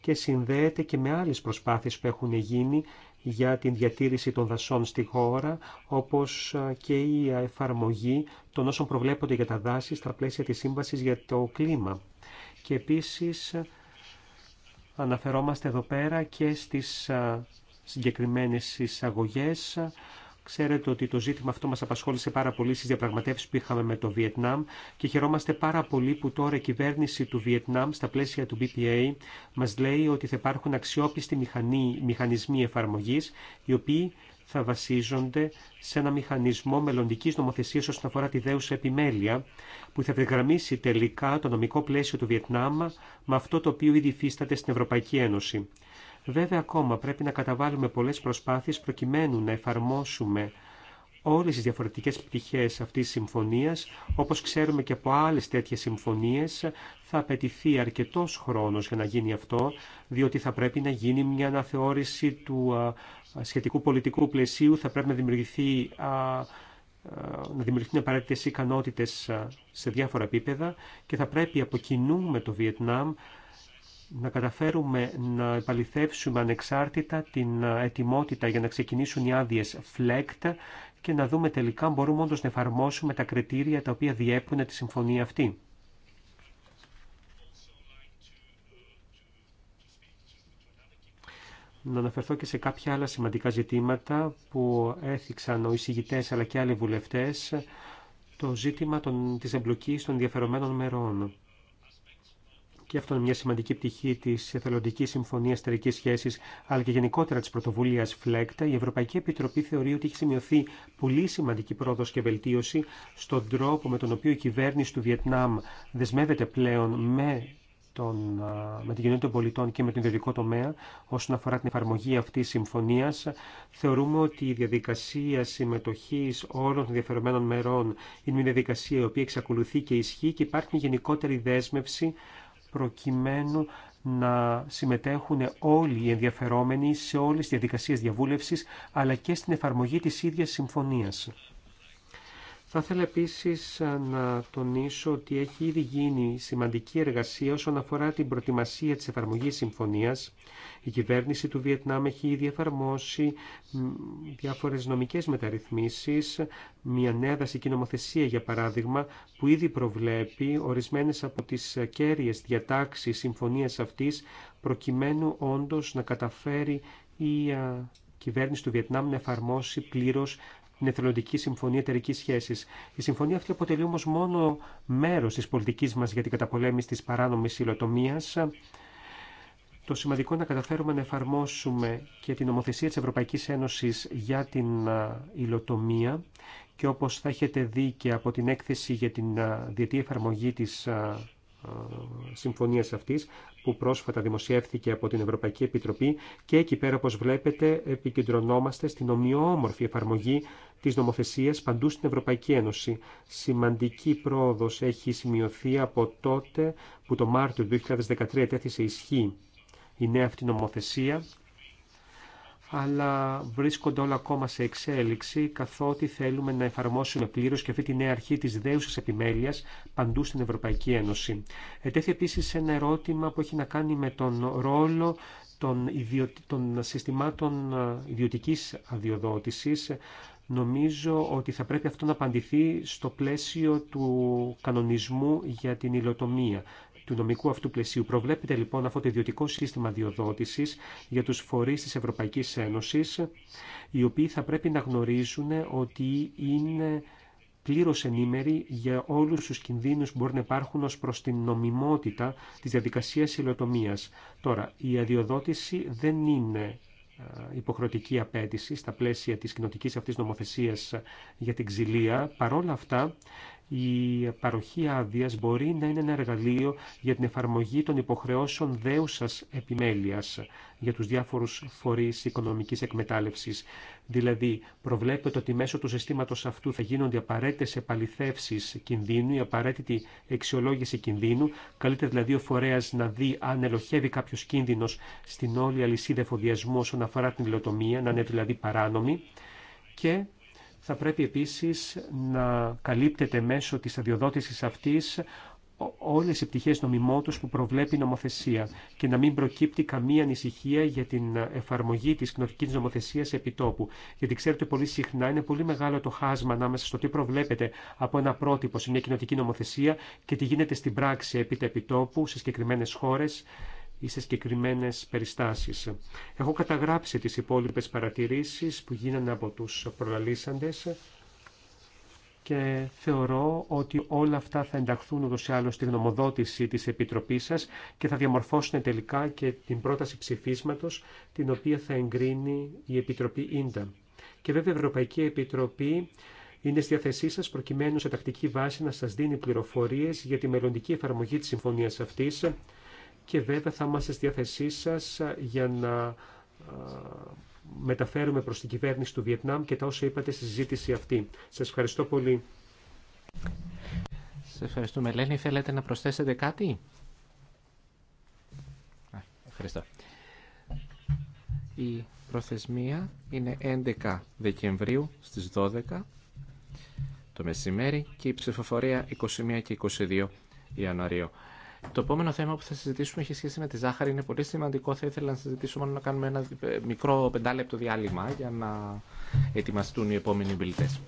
και συνδέεται και με άλλε προσπάθειε που έχουν γίνει για την διατήρηση των δασών στη χώρα, όπως και η εφαρμογή των όσων προβλέπονται για τα δάση στα πλαίσια της Σύμβασης για το κλίμα. Και επίσης αναφερόμαστε εδώ πέρα και στις συγκεκριμένες εισαγωγές Ξέρετε ότι το ζήτημα αυτό μα απασχόλησε πάρα πολύ στι διαπραγματεύσει που είχαμε με το Βιετνάμ και χαιρόμαστε πάρα πολύ που τώρα η κυβέρνηση του Βιετνάμ στα πλαίσια του BPA μα λέει ότι θα υπάρχουν αξιόπιστοι μηχανή, μηχανισμοί εφαρμογή οι οποίοι θα βασίζονται σε ένα μηχανισμό μελλοντική νομοθεσία όσον αφορά τη δέουσα επιμέλεια, που θα ευθυγραμμίσει τελικά το νομικό πλαίσιο του Βιετνάμ με αυτό το οποίο ήδη υφίσταται στην Ευρωπαϊκή Ένωση. Βέβαια ακόμα πρέπει να καταβάλουμε πολλές προσπάθειες προκειμένου να εφαρμόσουμε όλες τις διαφορετικές πτυχές αυτής της συμφωνίας, όπως ξέρουμε και από άλλες τέτοιες συμφωνίες, θα απαιτηθεί αρκετός χρόνος για να γίνει αυτό, διότι θα πρέπει να γίνει μια αναθεώρηση του σχετικού πολιτικού πλαισίου, θα πρέπει να δημιουργηθεί να δημιουργηθούν απαραίτητε ικανότητες σε διάφορα επίπεδα και θα πρέπει από κοινού με το Βιετνάμ να καταφέρουμε να επαληθεύσουμε ανεξάρτητα την ετοιμότητα για να ξεκινήσουν οι άδειε FLECT και να δούμε τελικά αν μπορούμε όντω να εφαρμόσουμε τα κριτήρια τα οποία διέπουν τη συμφωνία αυτή. Να αναφερθώ και σε κάποια άλλα σημαντικά ζητήματα που έθιξαν ο εισηγητέ αλλά και άλλοι βουλευτές, το ζήτημα των, της εμπλοκής των ενδιαφερομένων μερών. Και αυτό είναι μια σημαντική πτυχή τη εθελοντική συμφωνία εταιρική σχέση, αλλά και γενικότερα τη πρωτοβουλία ΦΛΕΚΤΑ. Η Ευρωπαϊκή Επιτροπή θεωρεί ότι έχει σημειωθεί πολύ σημαντική πρόοδο και βελτίωση στον τρόπο με τον οποίο η κυβέρνηση του Βιετνάμ δεσμεύεται πλέον με τον, με την κοινότητα των πολιτών και με τον ιδιωτικό τομέα όσον αφορά την εφαρμογή αυτή τη συμφωνία. Θεωρούμε ότι η διαδικασία συμμετοχή όλων των ενδιαφερομένων μερών είναι μια διαδικασία η οποία εξακολουθεί και ισχύει και υπάρχει μια γενικότερη δέσμευση προκειμένου να συμμετέχουν όλοι οι ενδιαφερόμενοι σε όλες τις διαδικασίες διαβούλευσης, αλλά και στην εφαρμογή της ίδιας συμφωνίας. Θα ήθελα επίση να τονίσω ότι έχει ήδη γίνει σημαντική εργασία όσον αφορά την προετοιμασία της εφαρμογής συμφωνίας. Η κυβέρνηση του Βιετνάμ έχει ήδη εφαρμόσει διάφορες νομικέ μεταρρυθμίσει, μια νέα δασική νομοθεσία για παράδειγμα, που ήδη προβλέπει ορισμένες από τι κέρυε διατάξει συμφωνίας αυτή προκειμένου όντω να καταφέρει η κυβέρνηση του Βιετνάμ να εφαρμόσει πλήρω την Εθελοντική Συμφωνία Εταιρική Σχέση. Η συμφωνία αυτή αποτελεί όμω μόνο μέρο τη πολιτική μα για την καταπολέμηση τη παράνομη υλοτομία. Το σημαντικό είναι να καταφέρουμε να εφαρμόσουμε και την νομοθεσία της Ευρωπαϊκής Ένωσης για την υλοτομία και όπως θα έχετε δει και από την έκθεση για την διετή εφαρμογή της συμφωνίας αυτής που πρόσφατα δημοσιεύθηκε από την Ευρωπαϊκή Επιτροπή και εκεί πέρα όπως βλέπετε επικεντρωνόμαστε στην ομοιόμορφη εφαρμογή της νομοθεσίας παντού στην Ευρωπαϊκή Ένωση. Σημαντική πρόοδος έχει σημειωθεί από τότε που το Μάρτιο του 2013 σε ισχύ η νέα αυτή νομοθεσία αλλά βρίσκονται όλα ακόμα σε εξέλιξη, καθότι θέλουμε να εφαρμόσουμε πλήρως και αυτή τη νέα αρχή της δέουσας επιμέλειας παντού στην Ευρωπαϊκή Ένωση. Ετέθη επίσης ένα ερώτημα που έχει να κάνει με τον ρόλο των, συστημάτων ε, ιδιωτικής αδειοδότηση Νομίζω ότι θα πρέπει αυτό να απαντηθεί στο πλαίσιο του κανονισμού για την υλοτομία του νομικού αυτού πλαισίου. Προβλέπεται λοιπόν αυτό το ιδιωτικό σύστημα διοδότηση για του φορεί τη Ευρωπαϊκή Ένωση, οι οποίοι θα πρέπει να γνωρίζουν ότι είναι πλήρω ενήμεροι για όλου του κινδύνου που μπορεί να υπάρχουν ω προ την νομιμότητα τη διαδικασία υλοτομία. Τώρα, η αδειοδότηση δεν είναι ε, υποχρεωτική απέτηση στα πλαίσια της κοινοτικής αυτής νομοθεσίας για την ξυλία. Παρόλα αυτά, η παροχή άδεια μπορεί να είναι ένα εργαλείο για την εφαρμογή των υποχρεώσεων δέουσας επιμέλειας για τους διάφορους φορείς οικονομικής εκμετάλλευση. Δηλαδή, προβλέπεται ότι μέσω του συστήματος αυτού θα γίνονται απαραίτητε επαληθεύσει κινδύνου, η απαραίτητη αξιολόγηση κινδύνου. Καλείται δηλαδή ο φορέα να δει αν ελοχεύει κάποιος κίνδυνος στην όλη αλυσίδα εφοδιασμού όσον αφορά την υλοτομία, να είναι δηλαδή παράνομη. Και θα πρέπει επίσης να καλύπτεται μέσω της αδειοδότησης αυτής όλες οι πτυχές νομιμότητας που προβλέπει η νομοθεσία και να μην προκύπτει καμία ανησυχία για την εφαρμογή της κοινοτικής νομοθεσίας επί τόπου. Γιατί ξέρετε πολύ συχνά είναι πολύ μεγάλο το χάσμα ανάμεσα στο τι προβλέπεται από ένα πρότυπο σε μια κοινοτική νομοθεσία και τι γίνεται στην πράξη επί επιτόπου σε συγκεκριμένες χώρες ή σε συγκεκριμένε περιστάσει. Έχω καταγράψει τι υπόλοιπε παρατηρήσει που γίνανε από του προλαλήσαντε και θεωρώ ότι όλα αυτά θα ενταχθούν ούτως ή άλλως στη γνωμοδότηση της Επιτροπής σας και θα διαμορφώσουν τελικά και την πρόταση ψηφίσματος την οποία θα εγκρίνει η Επιτροπή Ίντα. Και βέβαια η Ευρωπαϊκή Επιτροπή είναι στη διάθεσή σα προκειμένου σε τακτική βάση να σα δίνει πληροφορίε για τη μελλοντική εφαρμογή τη συμφωνία αυτή και βέβαια θα είμαστε στη διάθεσή σας ε, για να ε, μεταφέρουμε προς την κυβέρνηση του Βιετνάμ και τα όσα είπατε στη συζήτηση αυτή. Σας ευχαριστώ πολύ. Σας ευχαριστούμε. Ελένη, θέλετε να προσθέσετε κάτι? ευχαριστώ. Η προθεσμία είναι 11 Δεκεμβρίου στις 12 το μεσημέρι και η ψηφοφορία 21 και 22 Ιανουαρίου. Το επόμενο θέμα που θα συζητήσουμε έχει σχέση με τη ζάχαρη. Είναι πολύ σημαντικό. Θα ήθελα να συζητήσουμε να κάνουμε ένα ε, μικρό πεντάλεπτο διάλειμμα για να ετοιμαστούν οι επόμενοι μιλητές.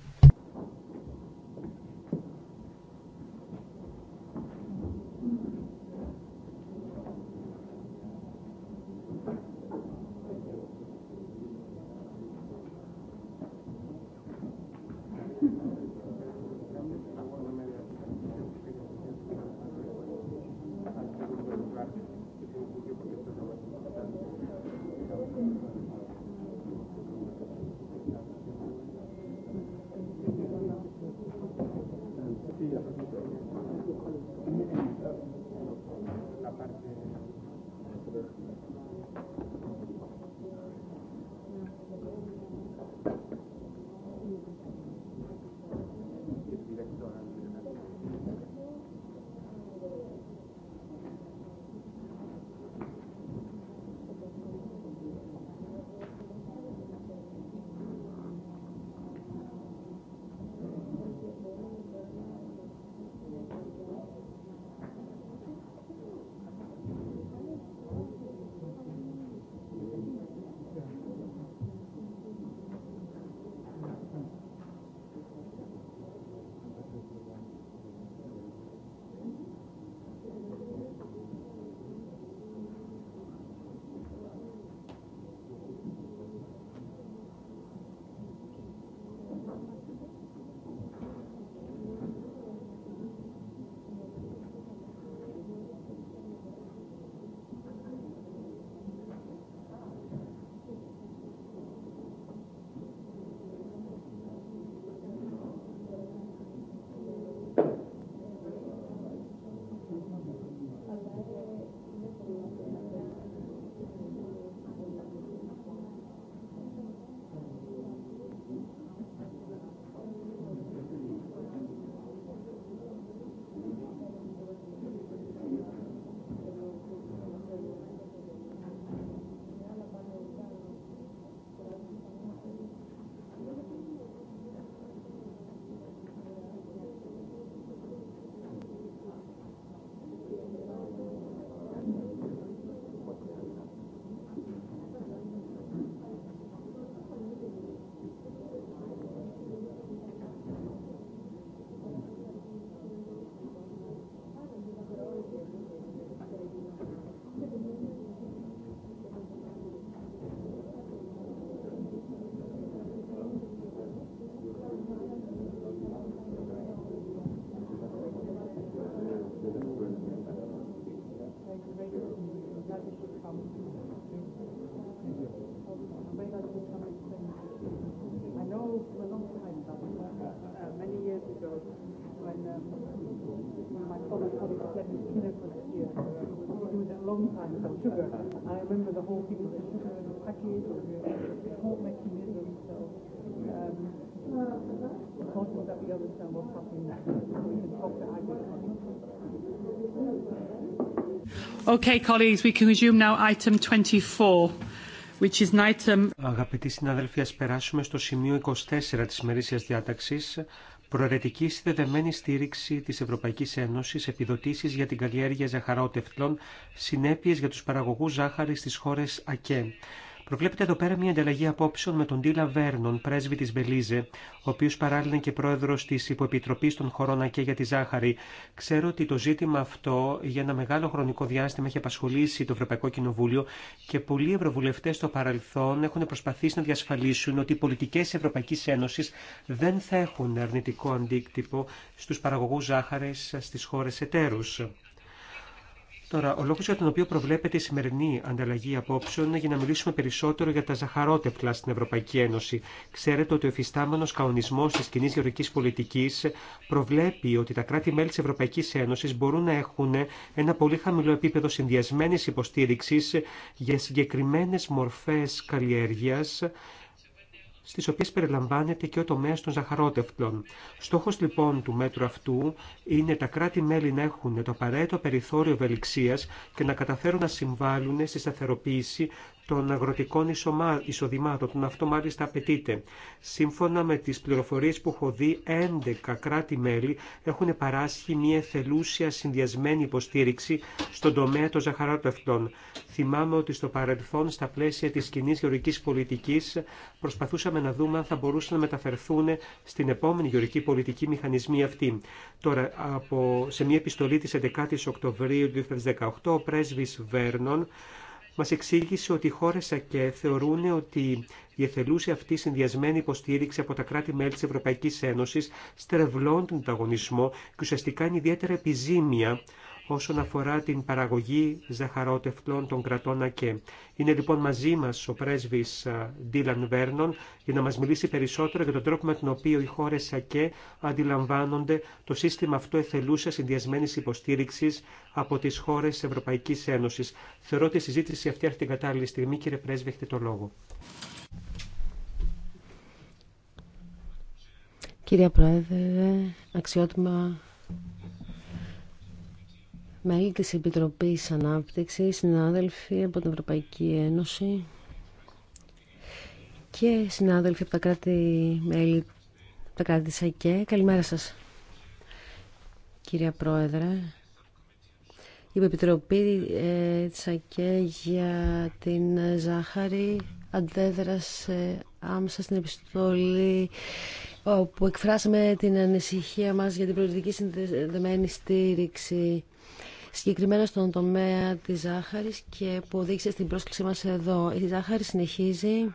Okay, colleagues, we can resume now item which is item... Αγαπητοί συναδελφοί, ας περάσουμε στο σημείο 24 της μερίσιας διάταξης, προαιρετική συνδεδεμένη στήριξη της Ευρωπαϊκής Ένωσης, επιδοτήσεις για την καλλιέργεια ζαχαρότευτλων, συνέπειες για τους παραγωγούς ζάχαρης στις χώρες ΑΚΕ. Προβλέπεται εδώ πέρα μια ανταλλαγή απόψεων με τον Τίλα Βέρνον, πρέσβη τη Μπελίζε, ο οποίο παράλληλα και πρόεδρο τη Υποεπιτροπή των Χωρών ΑΚΕ για τη Ζάχαρη. Ξέρω ότι το ζήτημα αυτό για ένα μεγάλο χρονικό διάστημα έχει απασχολήσει το Ευρωπαϊκό Κοινοβούλιο και πολλοί ευρωβουλευτέ στο παρελθόν έχουν προσπαθήσει να διασφαλίσουν ότι οι πολιτικέ Ευρωπαϊκή Ένωση δεν θα έχουν αρνητικό αντίκτυπο στου παραγωγού ζάχαρη στι χώρε εταίρου. Τώρα, ο λόγος για τον οποίο προβλέπεται η σημερινή ανταλλαγή απόψεων είναι για να μιλήσουμε περισσότερο για τα ζαχαρότεπλα στην Ευρωπαϊκή Ένωση. Ξέρετε ότι ο εφιστάμενο καονισμός τη κοινή γεωργική πολιτικής προβλέπει ότι τα κράτη-μέλη της Ευρωπαϊκής Ένωσης μπορούν να έχουν ένα πολύ χαμηλό επίπεδο συνδυασμένη υποστήριξη για συγκεκριμένε μορφέ καλλιέργεια στις οποίες περιλαμβάνεται και ο τομέας των ζαχαρότευτων. Στόχος λοιπόν του μέτρου αυτού είναι τα κράτη-μέλη να έχουν το απαραίτητο περιθώριο ευελιξία και να καταφέρουν να συμβάλλουν στη σταθεροποίηση των αγροτικών εισοδημάτων. Αυτό μάλιστα απαιτείται. Σύμφωνα με τις πληροφορίες που έχω δει, 11 κράτη-μέλη έχουν παράσχει μια θελούσια συνδυασμένη υποστήριξη στον τομέα των ζαχαρότευτών. Θυμάμαι ότι στο παρελθόν, στα πλαίσια της κοινή γεωρικής πολιτικής, προσπαθούσαμε να δούμε αν θα μπορούσαν να μεταφερθούν στην επόμενη γεωρική πολιτική μηχανισμή αυτή. Τώρα, από, σε μια επιστολή της 11ης Οκτωβρίου 2018, ο πρέσβης Βέρνον Μα εξήγησε ότι οι χώρε ΑΚΕ θεωρούν ότι η εθελούσια αυτή συνδυασμένη υποστήριξη από τα κράτη-μέλη τη Ευρωπαϊκή Ένωση στρεβλώνει τον ανταγωνισμό και ουσιαστικά είναι ιδιαίτερα επιζήμια όσον αφορά την παραγωγή ζαχαρότευτλων των κρατών ΑΚΕ. Είναι λοιπόν μαζί μας ο πρέσβης Ντίλαν Βέρνον για να μας μιλήσει περισσότερο για τον τρόπο με τον οποίο οι χώρες ΑΚΕ αντιλαμβάνονται το σύστημα αυτό εθελούσα συνδυασμένης υποστήριξης από τις χώρες της Ευρωπαϊκής Ένωσης. Θεωρώ ότι η συζήτηση αυτή έρχεται την κατάλληλη στιγμή. Κύριε πρέσβη, έχετε το λόγο. Κύριε Πρόεδρε, αξιότιμα Μέλη της Επιτροπής Ανάπτυξης, συνάδελφοι από την Ευρωπαϊκή Ένωση και συνάδελφοι από τα κράτη-μέλη, τα κράτη της ΑΚΕ. Καλημέρα σας, κυρία Πρόεδρε. Η Επιτροπή ε, της ΑΚΕ για την ζάχαρη αντέδρασε άμεσα στην επιστολή όπου εκφράσαμε την ανησυχία μας για την προοδευτική συνδεδεμένη στήριξη συγκεκριμένα στον τομέα της ζάχαρης και που οδήγησε στην πρόσκλησή μα εδώ. Η ζάχαρη συνεχίζει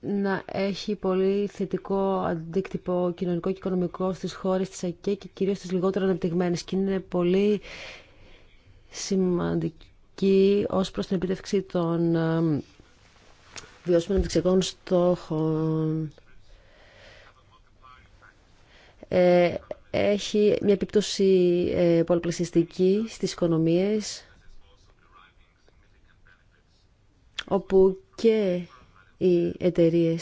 να έχει πολύ θετικό αντίκτυπο κοινωνικό και οικονομικό στις χώρες της ΑΚΕ και κυρίως στις λιγότερο αναπτυγμένες και είναι πολύ σημαντική ως προς την επίτευξη των ε, βιώσιμων αναπτυξιακών στόχων. Ε, έχει μια επίπτωση ε, πολλαπλασιαστική στις οικονομίες όπου και οι εταιρείε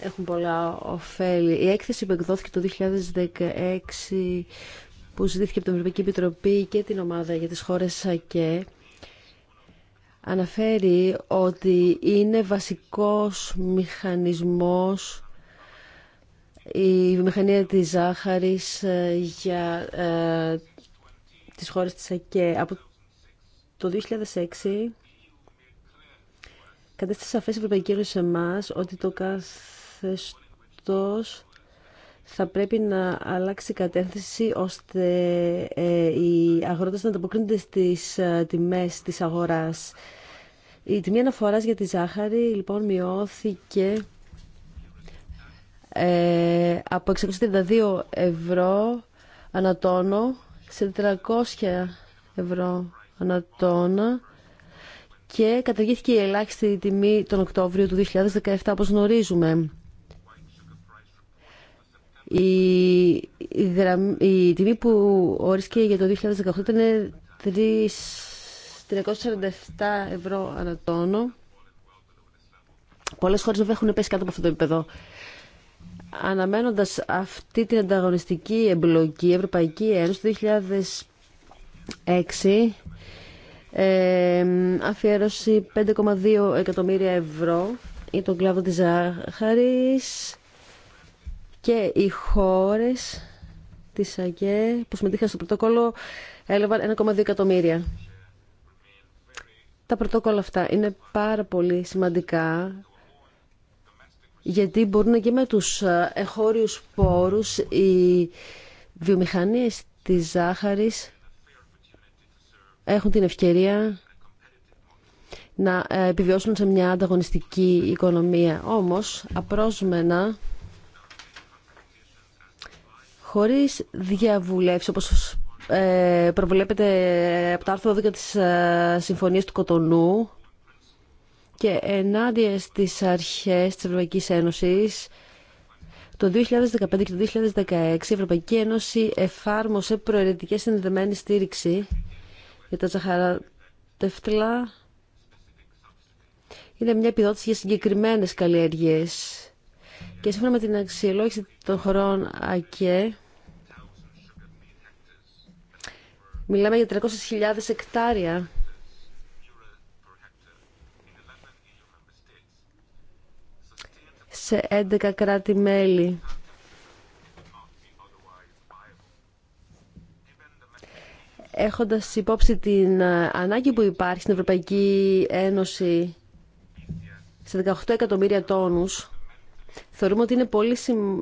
έχουν πολλά ωφέλη. Η έκθεση που εκδόθηκε το 2016 που ζητήθηκε από την Ευρωπαϊκή Επιτροπή και την ομάδα για τις χώρες ΣΑΚΕ αναφέρει ότι είναι βασικός μηχανισμός η βιομηχανία της ζάχαρης ε, για ε, τις χώρες της ΑΚΕ. Από το 2006 κατέστησε σαφές η Ευρωπαϊκή Ένωση σε ότι το καθεστώς θα πρέπει να αλλάξει κατεύθυνση ώστε ε, οι αγρότες να ανταποκρίνονται στις ε, τιμές της αγοράς. Η τιμή αναφοράς για τη ζάχαρη λοιπόν μειώθηκε ε, από 632 ευρώ ανατόνο σε 400 ευρώ ανατόνα και καταργήθηκε η ελάχιστη τιμή τον Οκτώβριο του 2017 όπως γνωρίζουμε. Η, η, τιμή που ορίστηκε για το 2018 ήταν 3, 347 ευρώ ανατόνο. Πολλές χώρες βέβαια έχουν πέσει κάτω από αυτό το επίπεδο αναμένοντας αυτή την ανταγωνιστική εμπλοκή, η Ευρωπαϊκή Ένωση το 2006 αφιέρωσε 5,2 εκατομμύρια ευρώ για τον κλάδο της ζάχαρης και οι χώρες της ΑΚΕ που συμμετείχαν στο πρωτόκολλο έλαβαν 1,2 εκατομμύρια. Τα πρωτόκολλα αυτά είναι πάρα πολύ σημαντικά γιατί μπορούν και με τους ε, εχώριους πόρους οι βιομηχανίες της ζάχαρης έχουν την ευκαιρία να ε, επιβιώσουν σε μια ανταγωνιστική οικονομία. Όμως, απρόσμενα, χωρίς διαβουλεύσεις, όπως ε, προβλέπεται από τα άρθρο 12 της Συμφωνίας του Κοτονού, και ενάντια στις αρχές της Ευρωπαϊκής Ένωσης το 2015 και το 2016 η Ευρωπαϊκή Ένωση εφάρμοσε προαιρετική συνδεδεμένη στήριξη για τα τσαχαρατεύτλα. Είναι μια επιδότηση για συγκεκριμένες καλλιέργειες. Και σύμφωνα με την αξιολόγηση των χωρών ΑΚΕ, μιλάμε για 300.000 εκτάρια σε 11 κράτη-μέλη. Έχοντας υπόψη την ανάγκη που υπάρχει στην Ευρωπαϊκή Ένωση σε 18 εκατομμύρια τόνους, θεωρούμε ότι, είναι πολύ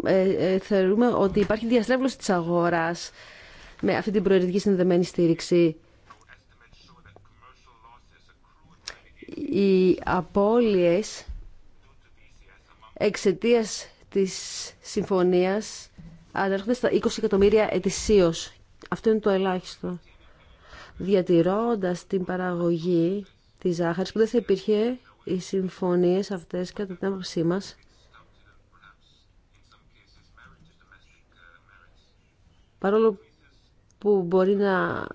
ε, ε, θεωρούμε ότι υπάρχει διαστρέβλωση της αγοράς με αυτή την προαιρετική συνδεμένη στήριξη. Οι απώλειες εξαιτίας της συμφωνίας ανέρχονται στα 20 εκατομμύρια ετησίω. Αυτό είναι το ελάχιστο. Διατηρώντας την παραγωγή της ζάχαρης που δεν θα υπήρχε οι συμφωνίε αυτές κατά την άποψή μα. παρόλο που μπορεί να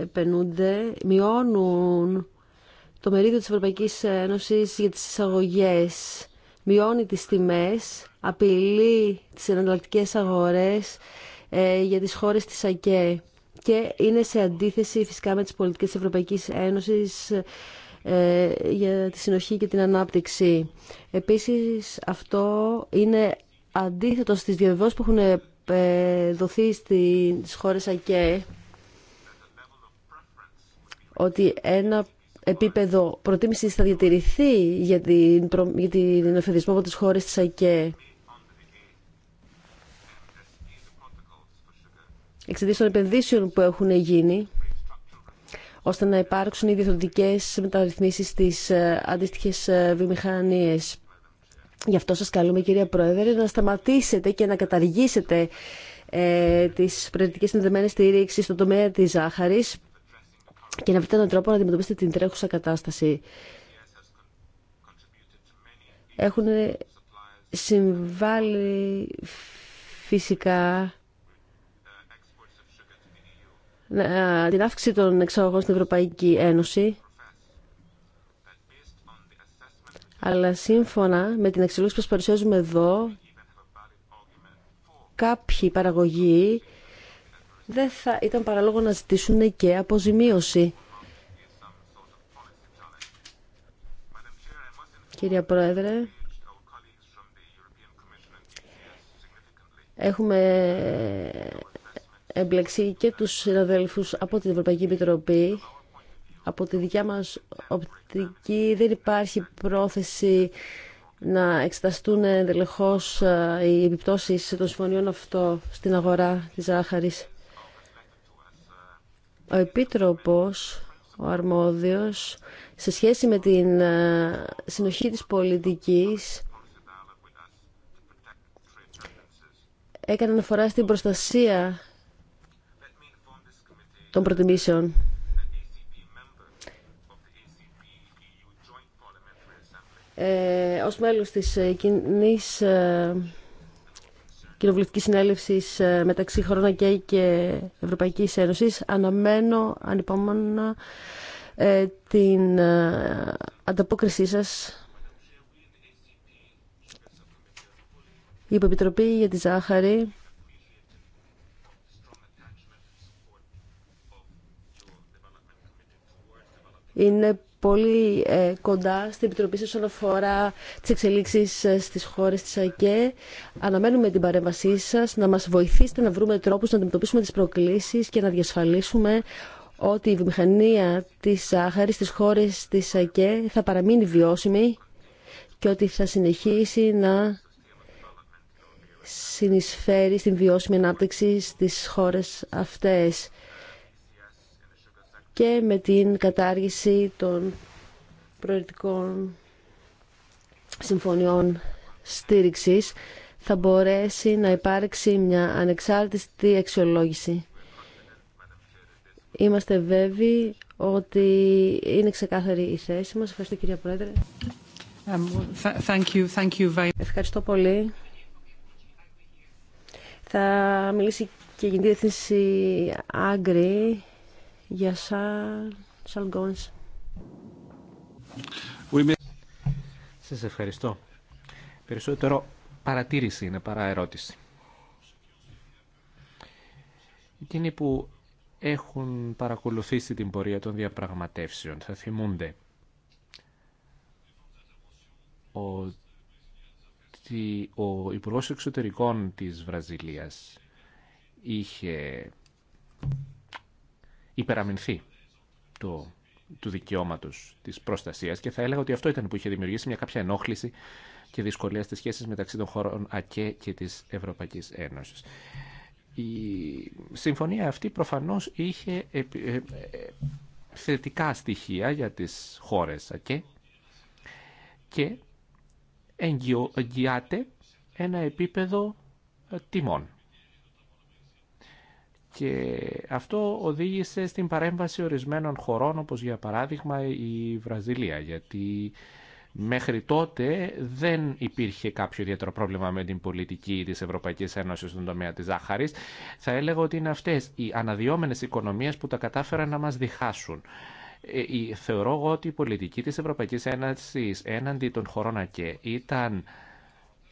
επενούνται μειώνουν το μερίδιο της Ευρωπαϊκής Ένωσης για τις εισαγωγές μειώνει τις τιμές, απειλεί τις εναλλακτικές αγορές ε, για τις χώρες της ΑΚΕ και είναι σε αντίθεση φυσικά με τις πολιτικές της Ευρωπαϊκής Ένωσης ε, για τη συνοχή και την ανάπτυξη. Επίσης αυτό είναι αντίθετο στις διαβεβαιώσεις που έχουν ε, δοθεί στις χώρες ΑΚΕ ότι ένα επίπεδο προτίμηση θα διατηρηθεί για την, προ... για την από τις χώρες της ΑΚΕ εξαιτίας των επενδύσεων που έχουν γίνει ώστε να υπάρξουν οι διευθυντικές μεταρρυθμίσεις στις ε, αντίστοιχες ε, βιομηχανίες. Γι' αυτό σας καλούμε κυρία Πρόεδρε να σταματήσετε και να καταργήσετε ε, τις προεδρικές συνδεμένες στήριξη στον τομέα της ζάχαρης και να βρείτε έναν τρόπο να αντιμετωπίσετε την τρέχουσα κατάσταση. Έχουν συμβάλει φυσικά την αύξηση των εξαγωγών στην Ευρωπαϊκή Ένωση αλλά σύμφωνα με την εξελίξη που σας παρουσιάζουμε εδώ κάποιοι παραγωγοί δεν θα ήταν παραλόγο να ζητήσουν και αποζημίωση. Κυρία Πρόεδρε, έχουμε εμπλεξεί και τους συναδέλφους από την Ευρωπαϊκή Επιτροπή. Από τη δικιά μας οπτική δεν υπάρχει πρόθεση να εξεταστούν εντελεχώς ε, οι επιπτώσεις των συμφωνιών αυτό στην αγορά της ζάχαρης ο Επίτροπος, ο Αρμόδιος, σε σχέση με την ε, συνοχή της πολιτικής, έκανε αναφορά στην προστασία των προτιμήσεων. Ε, ως μέλος της ε, κοινής ε, κοινοβουλευτική συνέλευση ε, μεταξύ Χρόνα και, και Ευρωπαϊκής Ένωσης. Αναμένω ανυπόμονα ε, την ε, ανταπόκρισή σας. Η Υποπιτροπή για τη Ζάχαρη είναι πολύ ε, κοντά στην Επιτροπή σας όσον αφορά τις ε, στις χώρες της ΑΚΕ. Αναμένουμε την παρέμβασή σας να μας βοηθήσετε να βρούμε τρόπους να αντιμετωπίσουμε τις προκλήσεις και να διασφαλίσουμε ότι η βιομηχανία της Σάχαρης στις χώρες της ΑΚΕ θα παραμείνει βιώσιμη και ότι θα συνεχίσει να συνεισφέρει στην βιώσιμη ανάπτυξη στις χώρες αυτές και με την κατάργηση των προαιρετικών συμφωνιών στήριξης θα μπορέσει να υπάρξει μια ανεξάρτητη αξιολόγηση. Είμαστε βέβαιοι ότι είναι ξεκάθαρη η θέση μας. Ευχαριστώ κυρία Πρόεδρε. Um, thank you, thank Ευχαριστώ πολύ. Θα μιλήσει και η Γενική Διεθνήση Άγκρη. Για Σαλγκόνς. Σας ευχαριστώ. Περισσότερο παρατήρηση είναι παρά ερώτηση. Εκείνοι που έχουν παρακολουθήσει την πορεία των διαπραγματεύσεων θα θυμούνται ότι ο Υπουργός Εξωτερικών της Βραζιλίας είχε υπεραμεινθεί του, του δικαιώματος της προστασίας και θα έλεγα ότι αυτό ήταν που είχε δημιουργήσει μια κάποια ενόχληση και δυσκολία στι σχέσει μεταξύ των χωρών ΑΚΕ και τη Ευρωπαϊκή Ένωση. Η συμφωνία αυτή προφανώ είχε ε, ε, θετικά στοιχεία για τι χώρε ΑΚΕ και εγγυάται ένα επίπεδο τιμών και αυτό οδήγησε στην παρέμβαση ορισμένων χωρών, όπως για παράδειγμα η Βραζιλία, γιατί μέχρι τότε δεν υπήρχε κάποιο ιδιαίτερο πρόβλημα με την πολιτική της Ευρωπαϊκής Ένωσης στον τομέα της ζάχαρης. Θα έλεγα ότι είναι αυτές οι αναδυόμενες οικονομίες που τα κατάφεραν να μας διχάσουν. Ε, θεωρώ εγώ ότι η πολιτική της Ευρωπαϊκής Ένωσης έναντι των χωρών ΑΚΕ ήταν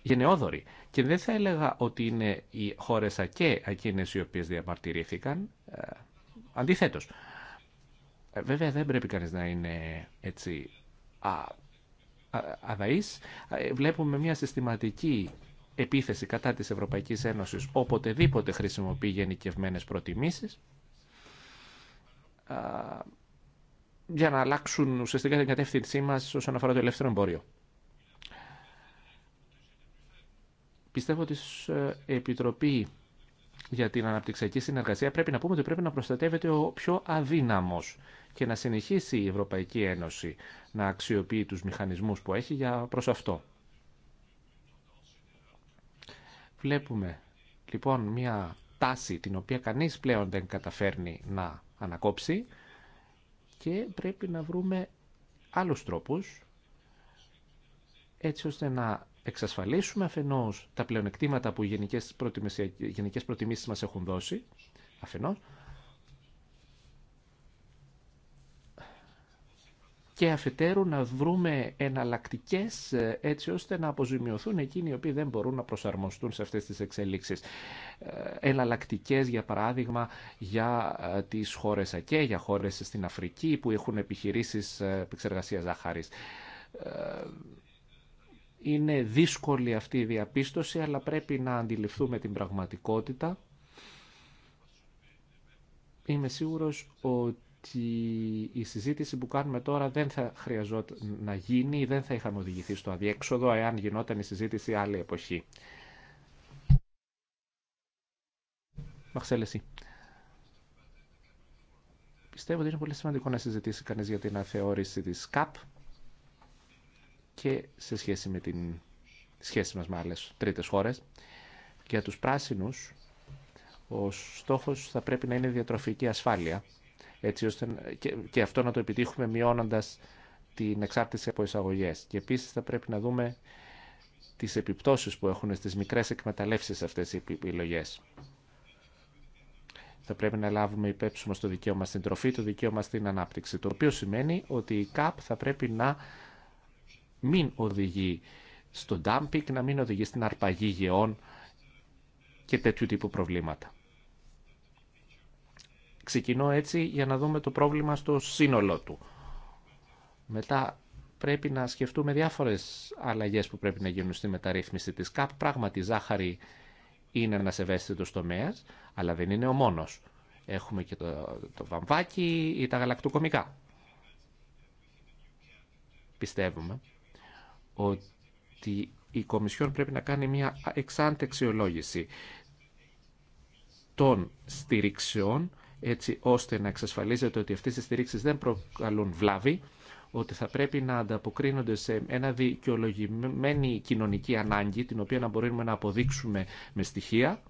γενναιόδοροι. Και δεν θα έλεγα ότι είναι οι χώρε ΑΚΕ εκείνε οι οποίες διαμαρτυρήθηκαν. Ε, αντιθέτως. Ε, βέβαια δεν πρέπει κανεί να είναι έτσι α, ε, Βλέπουμε μια συστηματική επίθεση κατά της Ευρωπαϊκής Ένωσης οποτεδήποτε χρησιμοποιεί γενικευμένες προτιμήσεις για να αλλάξουν ουσιαστικά την κατεύθυνσή μας όσον αφορά το ελεύθερο εμπόριο. Πιστεύω ότι ε, η Επιτροπή για την Αναπτυξιακή Συνεργασία πρέπει να πούμε ότι πρέπει να προστατεύεται ο πιο αδύναμος και να συνεχίσει η Ευρωπαϊκή Ένωση να αξιοποιεί τους μηχανισμούς που έχει για προς αυτό. Βλέπουμε λοιπόν μια τάση την οποία κανείς πλέον δεν καταφέρνει να ανακόψει και πρέπει να βρούμε άλλους τρόπους έτσι ώστε να εξασφαλίσουμε αφενός τα πλεονεκτήματα που οι γενικές, γενικές προτιμήσεις μας έχουν δώσει, αφενός, και αφετέρου να βρούμε εναλλακτικέ ε, έτσι ώστε να αποζημιωθούν εκείνοι οι οποίοι δεν μπορούν να προσαρμοστούν σε αυτές τις εξέλιξεις. Ε, εναλλακτικέ, για παράδειγμα, για ε, τις χώρες ΑΚΕ, για χώρες στην Αφρική που έχουν επιχειρήσεις επεξεργασίας ζάχαρης. Είναι δύσκολη αυτή η διαπίστωση, αλλά πρέπει να αντιληφθούμε την πραγματικότητα. Είμαι σίγουρος ότι η συζήτηση που κάνουμε τώρα δεν θα χρειαζόταν να γίνει ή δεν θα είχαμε οδηγηθεί στο αδιέξοδο εάν γινόταν η συζήτηση άλλη εποχή. Μαξέλεση. Πιστεύω ότι είναι πολύ σημαντικό να συζητήσει κανείς για την αθεώρηση της ΚΑΠ και σε σχέση με την σχέση μας με άλλες τρίτες χώρες. Για τους πράσινους, ο στόχος θα πρέπει να είναι διατροφική ασφάλεια, έτσι ώστε και, αυτό να το επιτύχουμε μειώνοντας την εξάρτηση από εισαγωγές. Και επίσης θα πρέπει να δούμε τις επιπτώσεις που έχουν στις μικρές εκμεταλλεύσεις αυτές οι επιλογέ. Θα πρέπει να λάβουμε υπέψουμε στο δικαίωμα στην τροφή, το δικαίωμα στην ανάπτυξη, το οποίο σημαίνει ότι η ΚΑΠ θα πρέπει να μην οδηγεί στο ντάμπικ, να μην οδηγεί στην αρπαγή γεών και τέτοιου τύπου προβλήματα. Ξεκινώ έτσι για να δούμε το πρόβλημα στο σύνολό του. Μετά πρέπει να σκεφτούμε διάφορες αλλαγές που πρέπει να γίνουν στη μεταρρύθμιση της ΚΑΠ. Πράγματι, η ζάχαρη είναι ένας ευαίσθητος τομέας, αλλά δεν είναι ο μόνος. Έχουμε και το, το βαμβάκι ή τα γαλακτοκομικά. Πιστεύουμε ότι η Κομισιόν πρέπει να κάνει μια εξάντεξιολόγηση των στηρίξεων έτσι ώστε να εξασφαλίζεται ότι αυτές οι στηρίξεις δεν προκαλούν βλάβη, ότι θα πρέπει να ανταποκρίνονται σε ένα δικαιολογημένη κοινωνική ανάγκη, την οποία να μπορούμε να αποδείξουμε με στοιχεία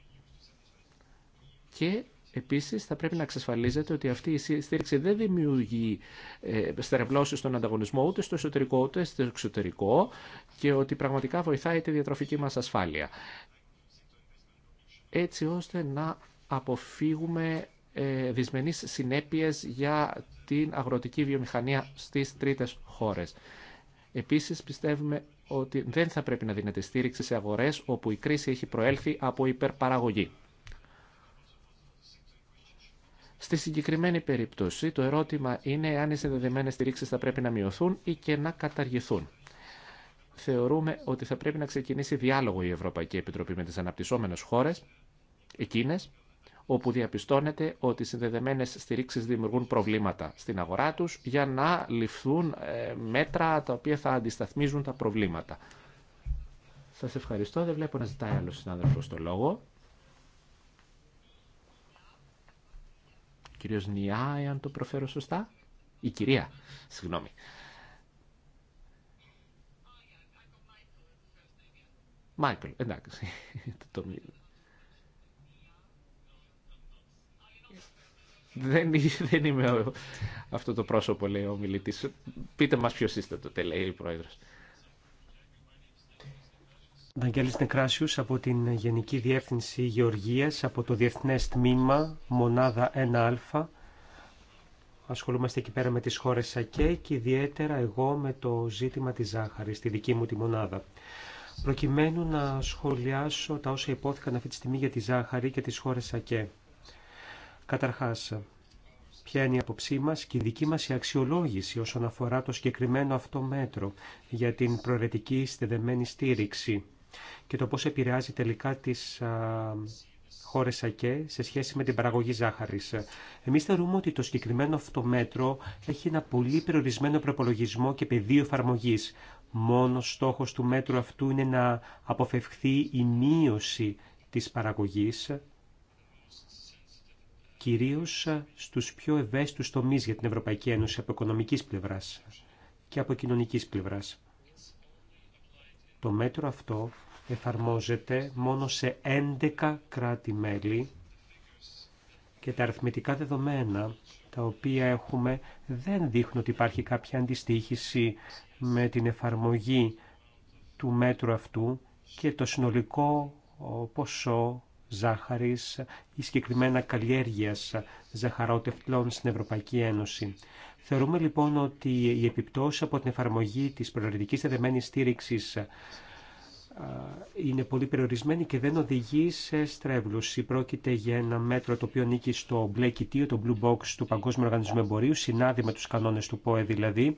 και Επίσης, θα πρέπει να εξασφαλίζεται ότι αυτή η στήριξη δεν δημιουργεί ε, στον ανταγωνισμό ούτε στο εσωτερικό ούτε στο εξωτερικό και ότι πραγματικά βοηθάει τη διατροφική μας ασφάλεια. Έτσι ώστε να αποφύγουμε ε, δυσμενείς συνέπειες για την αγροτική βιομηχανία στις τρίτες χώρες. Επίσης, πιστεύουμε ότι δεν θα πρέπει να δίνεται στήριξη σε αγορές όπου η κρίση έχει προέλθει από υπερπαραγωγή. Στη συγκεκριμένη περίπτωση το ερώτημα είναι αν οι συνδεδεμένες στηρίξεις θα πρέπει να μειωθούν ή και να καταργηθούν. Θεωρούμε ότι θα πρέπει να ξεκινήσει διάλογο η Ευρωπαϊκή Επιτροπή με τις αναπτυσσόμενες χώρες, εκείνες, όπου διαπιστώνεται ότι οι συνδεδεμένες στηρίξεις δημιουργούν προβλήματα στην αγορά τους για να ληφθούν ε, μέτρα τα οποία θα αντισταθμίζουν τα προβλήματα. Σας ευχαριστώ. Δεν βλέπω να ζητάει άλλο συνάδελφο το λόγο. Κύριο Νιά, εάν το προφέρω σωστά, η κυρία, συγγνώμη. Μάικλ, εντάξει. δεν, δεν είμαι αυτό το πρόσωπο, λέει ο μιλητής. Πείτε μας ποιος είστε το λέει η πρόεδρος. Βαγγέλη Νεκράσιου από την Γενική Διεύθυνση Γεωργία από το διεθνε τμημα Τμήμα, Μονάδα 1α. Ασχολούμαστε εκεί πέρα με τι χώρε ΑΚΕ και ιδιαίτερα εγώ με το ζήτημα τη ζάχαρη, τη δική μου τη μονάδα. Προκειμένου να σχολιάσω τα όσα υπόθηκαν αυτή τη στιγμή για τη ζάχαρη και τι χώρε ΑΚΕ. Καταρχάς, ποια είναι η απόψή μα και η δική μα η αξιολόγηση όσον αφορά το συγκεκριμένο αυτό μέτρο για την προαιρετική στεδεμένη στήριξη και το πώς επηρεάζει τελικά τις χώρες ΑΚΕ σε σχέση με την παραγωγή ζάχαρης. Εμείς θεωρούμε ότι το συγκεκριμένο αυτό μέτρο έχει ένα πολύ περιορισμένο προπολογισμό και πεδίο εφαρμογή. Μόνο στόχος του μέτρου αυτού είναι να αποφευχθεί η μείωση της παραγωγής, κυρίως στους πιο ευαίσθητους τομείς για την Ευρωπαϊκή Ένωση από οικονομικής πλευράς και από κοινωνικής πλευράς. Το μέτρο αυτό εφαρμόζεται μόνο σε 11 κράτη-μέλη και τα αριθμητικά δεδομένα τα οποία έχουμε δεν δείχνουν ότι υπάρχει κάποια αντιστοίχηση με την εφαρμογή του μέτρου αυτού και το συνολικό ποσό ζάχαρης ή συγκεκριμένα καλλιέργειας ζαχαρότευτλών στην Ευρωπαϊκή Ένωση. Θεωρούμε λοιπόν ότι η επιπτώση από την εφαρμογή της προληπτικής δεδεμένης στήριξης είναι πολύ περιορισμένη και δεν οδηγεί σε στρέβλωση. Πρόκειται για ένα μέτρο το οποίο νίκει στο μπλε κοιτίο, το blue box του Παγκόσμιου Οργανισμού Εμπορίου, συνάδει με τους κανόνες του ΠΟΕ δηλαδή,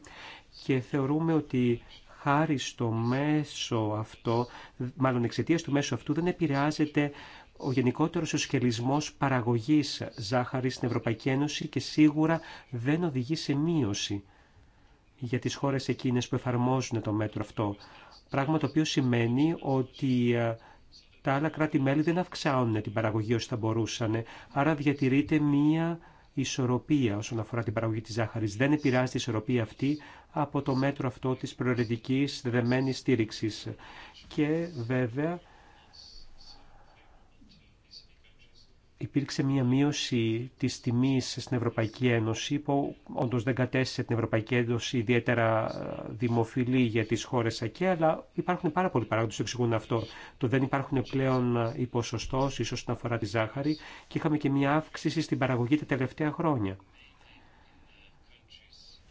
και θεωρούμε ότι χάρη στο μέσο αυτό, μάλλον εξαιτία του μέσου αυτού δεν επηρεάζεται ο γενικότερος σχέλισμό παραγωγή ζάχαρης στην Ευρωπαϊκή Ένωση και σίγουρα δεν οδηγεί σε μείωση για τις χώρες εκείνες που εφαρμόζουν το μέτρο αυτό. Πράγμα το οποίο σημαίνει ότι ε, τα άλλα κράτη-μέλη δεν αυξάνουν την παραγωγή όσο θα μπορούσαν, άρα διατηρείται μία ισορροπία όσον αφορά την παραγωγή της ζάχαρης. Δεν επηρεάζει η ισορροπία αυτή από το μέτρο αυτό της προαιρετικής δεδεμένη στήριξης. Και βέβαια υπήρξε μια μείωση της τιμής στην Ευρωπαϊκή Ένωση που όντως δεν κατέστησε την Ευρωπαϊκή Ένωση ιδιαίτερα ε, δημοφιλή για τις χώρες εκεί, αλλά υπάρχουν πάρα πολλοί παράγοντες που εξηγούν αυτό. Το δεν υπάρχουν πλέον ε, οι ίσως όσον αφορά τη ζάχαρη και είχαμε και μια αύξηση στην παραγωγή τα τελευταία χρόνια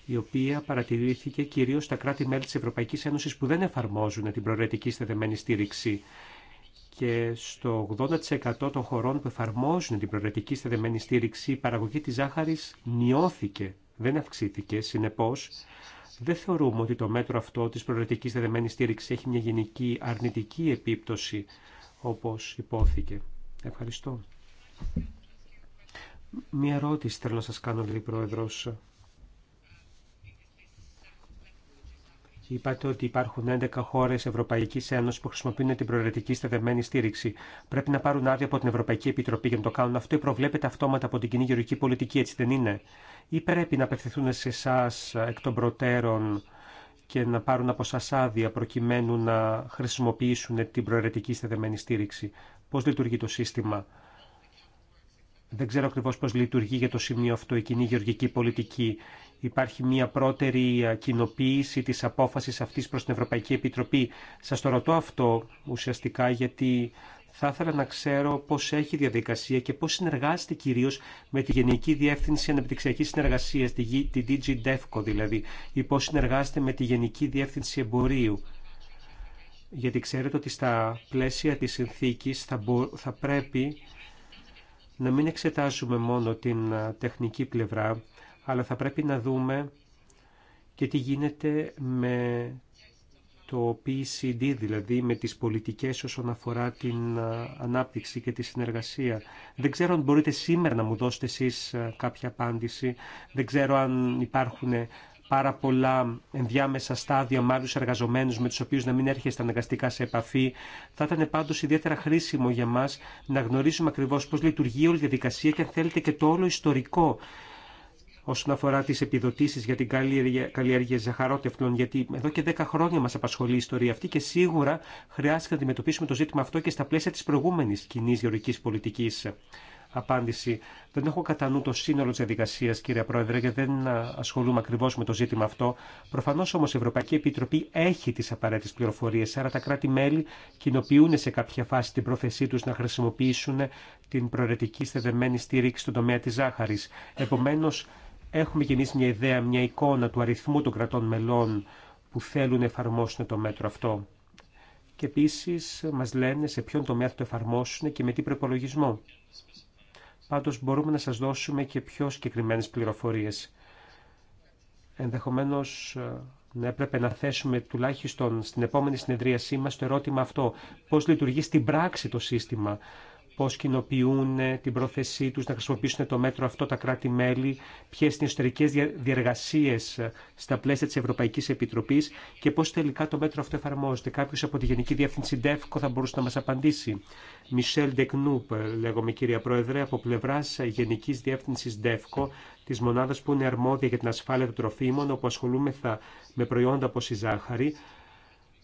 η οποία παρατηρήθηκε κυρίως στα κράτη-μέλη της Ευρωπαϊκής Ένωσης που δεν εφαρμόζουν την προαιρετική στεδεμένη στήριξη και στο 80% των χωρών που εφαρμόζουν την προαιρετική στεδεμένη στήριξη η παραγωγή της ζάχαρης μειώθηκε, δεν αυξήθηκε. Συνεπώς, δεν θεωρούμε ότι το μέτρο αυτό της προαιρετικής στεδεμένης στήριξης έχει μια γενική αρνητική επίπτωση όπως υπόθηκε. Ευχαριστώ. Μια ερώτηση θέλω να σας κάνω, Λίπρο Πρόεδρος. Είπατε ότι υπάρχουν 11 χώρε Ευρωπαϊκή Ένωση που χρησιμοποιούν την προαιρετική στεδεμένη στήριξη. Πρέπει να πάρουν άδεια από την Ευρωπαϊκή Επιτροπή για να το κάνουν αυτό ή προβλέπεται αυτόματα από την κοινή γεωργική πολιτική, έτσι δεν είναι. Ή πρέπει να απευθυνθούν σε εσά εκ των προτέρων και να πάρουν από εσά άδεια προκειμένου να χρησιμοποιήσουν την προαιρετική στεδεμένη στήριξη. Πώ λειτουργεί το σύστημα. Δεν ξέρω ακριβώ πώ λειτουργεί για το σημείο αυτό η κοινή γεωργική πολιτική υπάρχει μια πρώτερη κοινοποίηση της απόφασης αυτής προς την Ευρωπαϊκή Επιτροπή. Σας το ρωτώ αυτό ουσιαστικά γιατί θα ήθελα να ξέρω πώς έχει διαδικασία και πώς συνεργάζεται κυρίως με τη Γενική Διεύθυνση Αναπτυξιακής Συνεργασίας, τη DG DEFCO δηλαδή, ή πώς συνεργάζεται με τη Γενική Διεύθυνση Εμπορίου. Γιατί ξέρετε ότι στα πλαίσια της συνθήκης θα, θα πρέπει να μην εξετάζουμε μόνο την τεχνική πλευρά, αλλά θα πρέπει να δούμε και τι γίνεται με το PCD, δηλαδή με τις πολιτικές όσον αφορά την ανάπτυξη και τη συνεργασία. Δεν ξέρω αν μπορείτε σήμερα να μου δώσετε εσείς κάποια απάντηση. Δεν ξέρω αν υπάρχουν πάρα πολλά ενδιάμεσα στάδια με άλλους εργαζομένου με τους οποίους να μην έρχεστε αναγκαστικά σε επαφή. Θα ήταν πάντως ιδιαίτερα χρήσιμο για μας να γνωρίσουμε ακριβώς πώς λειτουργεί όλη η διαδικασία και αν θέλετε και το όλο ιστορικό όσον αφορά τις επιδοτήσεις για την καλλιέργεια ζαχαρότευτων γιατί εδώ και 10 χρόνια μας απασχολεί η ιστορία αυτή και σίγουρα χρειάζεται να αντιμετωπίσουμε το ζήτημα αυτό και στα πλαίσια της προηγούμενης κοινή γεωρικής πολιτικής. Απάντηση. Δεν έχω κατά νου το σύνολο τη διαδικασία, κύριε Πρόεδρε, γιατί δεν ασχολούμαι ακριβώ με το ζήτημα αυτό. Προφανώ όμω η Ευρωπαϊκή Επιτροπή έχει τι απαραίτητε πληροφορίε, άρα τα κράτη-μέλη κοινοποιούν σε κάποια φάση την πρόθεσή του να χρησιμοποιήσουν την προαιρετική στεδεμένη στήριξη στον τομέα τη ζάχαρη. Επομένω, Έχουμε και μια ιδέα, μια εικόνα του αριθμού των κρατών μελών που θέλουν να εφαρμόσουν το μέτρο αυτό. Και επίση μας λένε σε ποιον τομέα θα το εφαρμόσουν και με τι προπολογισμό. Πάντως μπορούμε να σας δώσουμε και πιο συγκεκριμένε πληροφορίες. Ενδεχομένω ε, να έπρεπε να θέσουμε τουλάχιστον στην επόμενη συνεδρίασή μα το ερώτημα αυτό. πώ λειτουργεί στην πράξη το σύστημα πώς κοινοποιούν την πρόθεσή τους να χρησιμοποιήσουν το μέτρο αυτό τα κράτη-μέλη, ποιες είναι οι εσωτερικές διεργασίε στα πλαίσια της Ευρωπαϊκής Επιτροπής και πώς τελικά το μέτρο αυτό εφαρμόζεται. Κάποιος από τη Γενική Διεύθυνση ΔΕΦΚΟ θα μπορούσε να μας απαντήσει. Μισελ Ντεκνούπ, λέγομαι κυρία Πρόεδρε, από πλευρά Γενική Διεύθυνση ΔΕΦΚΟ, τη μονάδα που είναι αρμόδια για την ασφάλεια των τροφίμων, όπου ασχολούμεθα με προϊόντα όπω η ζάχαρη,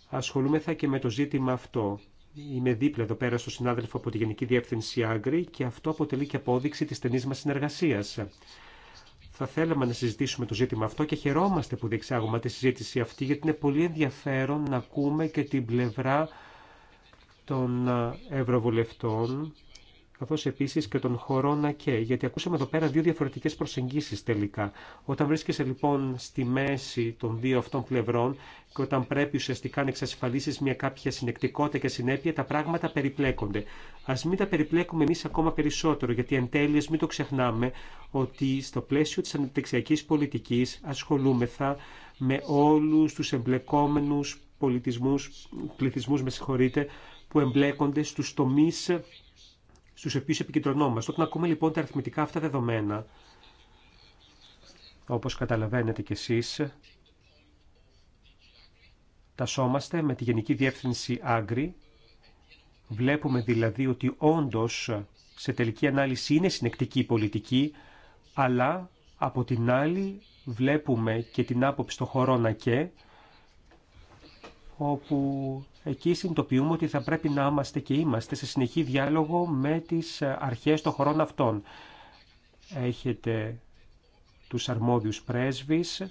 ασχολούμεθα και με το ζήτημα αυτό. Είμαι δίπλα εδώ πέρα στο συνάδελφο από τη Γενική Διεύθυνση Άγκρη και αυτό αποτελεί και απόδειξη της στενής μας συνεργασίας. Θα θέλαμε να συζητήσουμε το ζήτημα αυτό και χαιρόμαστε που διεξάγουμε τη συζήτηση αυτή γιατί είναι πολύ ενδιαφέρον να ακούμε και την πλευρά των Ευρωβουλευτών Καθώ επίση και των χωρών ΑΚΕ, γιατί ακούσαμε εδώ πέρα δύο διαφορετικέ προσεγγίσεις τελικά. Όταν βρίσκεσαι λοιπόν στη μέση των δύο αυτών πλευρών και όταν πρέπει ουσιαστικά να εξασφαλίσει μια κάποια συνεκτικότητα και συνέπεια, τα πράγματα περιπλέκονται. Α μην τα περιπλέκουμε εμεί ακόμα περισσότερο, γιατί εν τέλει μην το ξεχνάμε ότι στο πλαίσιο τη ανεπτυξιακής πολιτική ασχολούμεθα με όλου του εμπλεκόμενου πολιτισμού, πληθυσμού, με συγχωρείτε, που εμπλέκονται στου τομεί. Στου οποίου επικεντρωνόμαστε. Όταν ακούμε λοιπόν τα αριθμητικά αυτά δεδομένα, όπως καταλαβαίνετε κι εσείς, τασόμαστε με τη Γενική Διεύθυνση Άγκρη. Βλέπουμε δηλαδή ότι όντω σε τελική ανάλυση είναι συνεκτική η πολιτική, αλλά από την άλλη βλέπουμε και την άποψη των χωρών ΑΚΕ, όπου εκεί συνειδητοποιούμε ότι θα πρέπει να είμαστε και είμαστε σε συνεχή διάλογο με τις αρχές των χωρών αυτών. Έχετε τους αρμόδιους πρέσβεις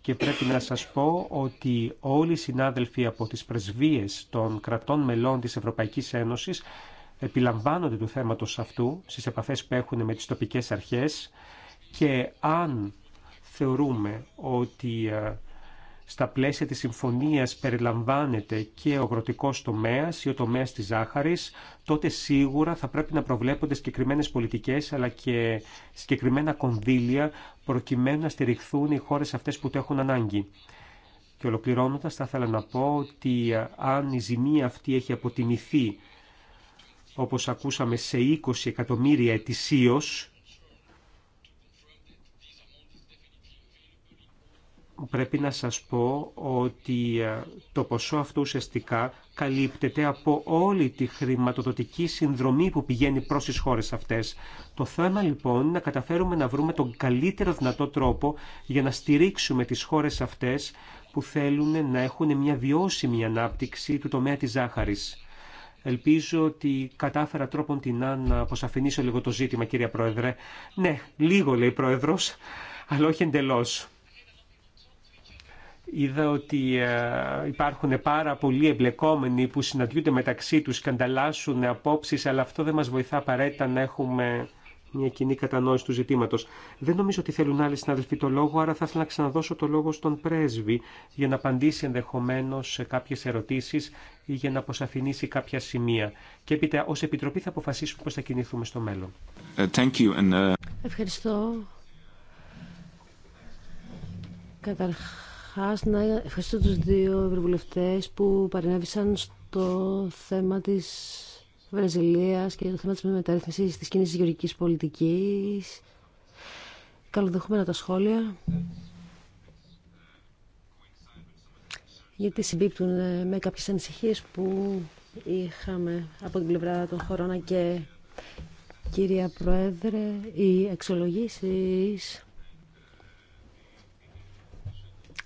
και πρέπει να σας πω ότι όλοι οι συνάδελφοι από τις πρεσβείες των κρατών μελών της Ευρωπαϊκής Ένωσης επιλαμβάνονται του θέματος αυτού στις επαφές που έχουν με τις τοπικές αρχές και αν θεωρούμε ότι ε, στα πλαίσια της συμφωνίας περιλαμβάνεται και ο αγροτικός τομέας ή ο τομέας της ζάχαρης, τότε σίγουρα θα πρέπει να προβλέπονται συγκεκριμένε πολιτικές αλλά και συγκεκριμένα κονδύλια προκειμένου να στηριχθούν οι χώρες αυτές που το έχουν ανάγκη. Και ολοκληρώνοντας θα ήθελα να πω ότι ε, αν η ζημία αυτή έχει αποτιμηθεί όπως ακούσαμε σε 20 εκατομμύρια ετησίως, πρέπει να σας πω ότι ε, το ποσό αυτό ουσιαστικά καλύπτεται από όλη τη χρηματοδοτική συνδρομή που πηγαίνει προς τις χώρες αυτές. Το θέμα λοιπόν είναι να καταφέρουμε να βρούμε τον καλύτερο δυνατό τρόπο για να στηρίξουμε τις χώρες αυτές που θέλουν να έχουν μια βιώσιμη ανάπτυξη του τομέα της ζάχαρης. Ελπίζω ότι κατάφερα τρόπον την να αποσαφηνίσω λίγο το ζήτημα, κύριε Πρόεδρε. Ναι, λίγο λέει Πρόεδρος, αλλά όχι εντελώς. Είδα ότι ε, υπάρχουν πάρα πολλοί εμπλεκόμενοι που συναντιούνται μεταξύ τους και ανταλλάσσουν απόψεις, αλλά αυτό δεν μας βοηθά απαραίτητα να έχουμε μια κοινή κατανόηση του ζητήματος. Δεν νομίζω ότι θέλουν άλλοι συναδελφοί το λόγο, άρα θα ήθελα να ξαναδώσω το λόγο στον πρέσβη για να απαντήσει ενδεχομένως σε κάποιες ερωτήσεις ή για να αποσαφηνίσει κάποια σημεία. Και έπειτα ως Επιτροπή θα αποφασίσουμε πώς θα κινηθούμε στο μέλλον. Ε, ε, Ευχαριστώ. Καταρχά, να ευχαριστώ τους δύο ευρωβουλευτέ που παρενέβησαν στο θέμα της Βραζιλίας και το θέμα της μεταρρύθμισης τη κοινής γεωργική πολιτική. Καλοδεχούμενα τα σχόλια. Γιατί συμπίπτουν ε, με κάποιες ανησυχίες που είχαμε από την πλευρά των χωρών και κυρία Πρόεδρε, οι εξολογήσεις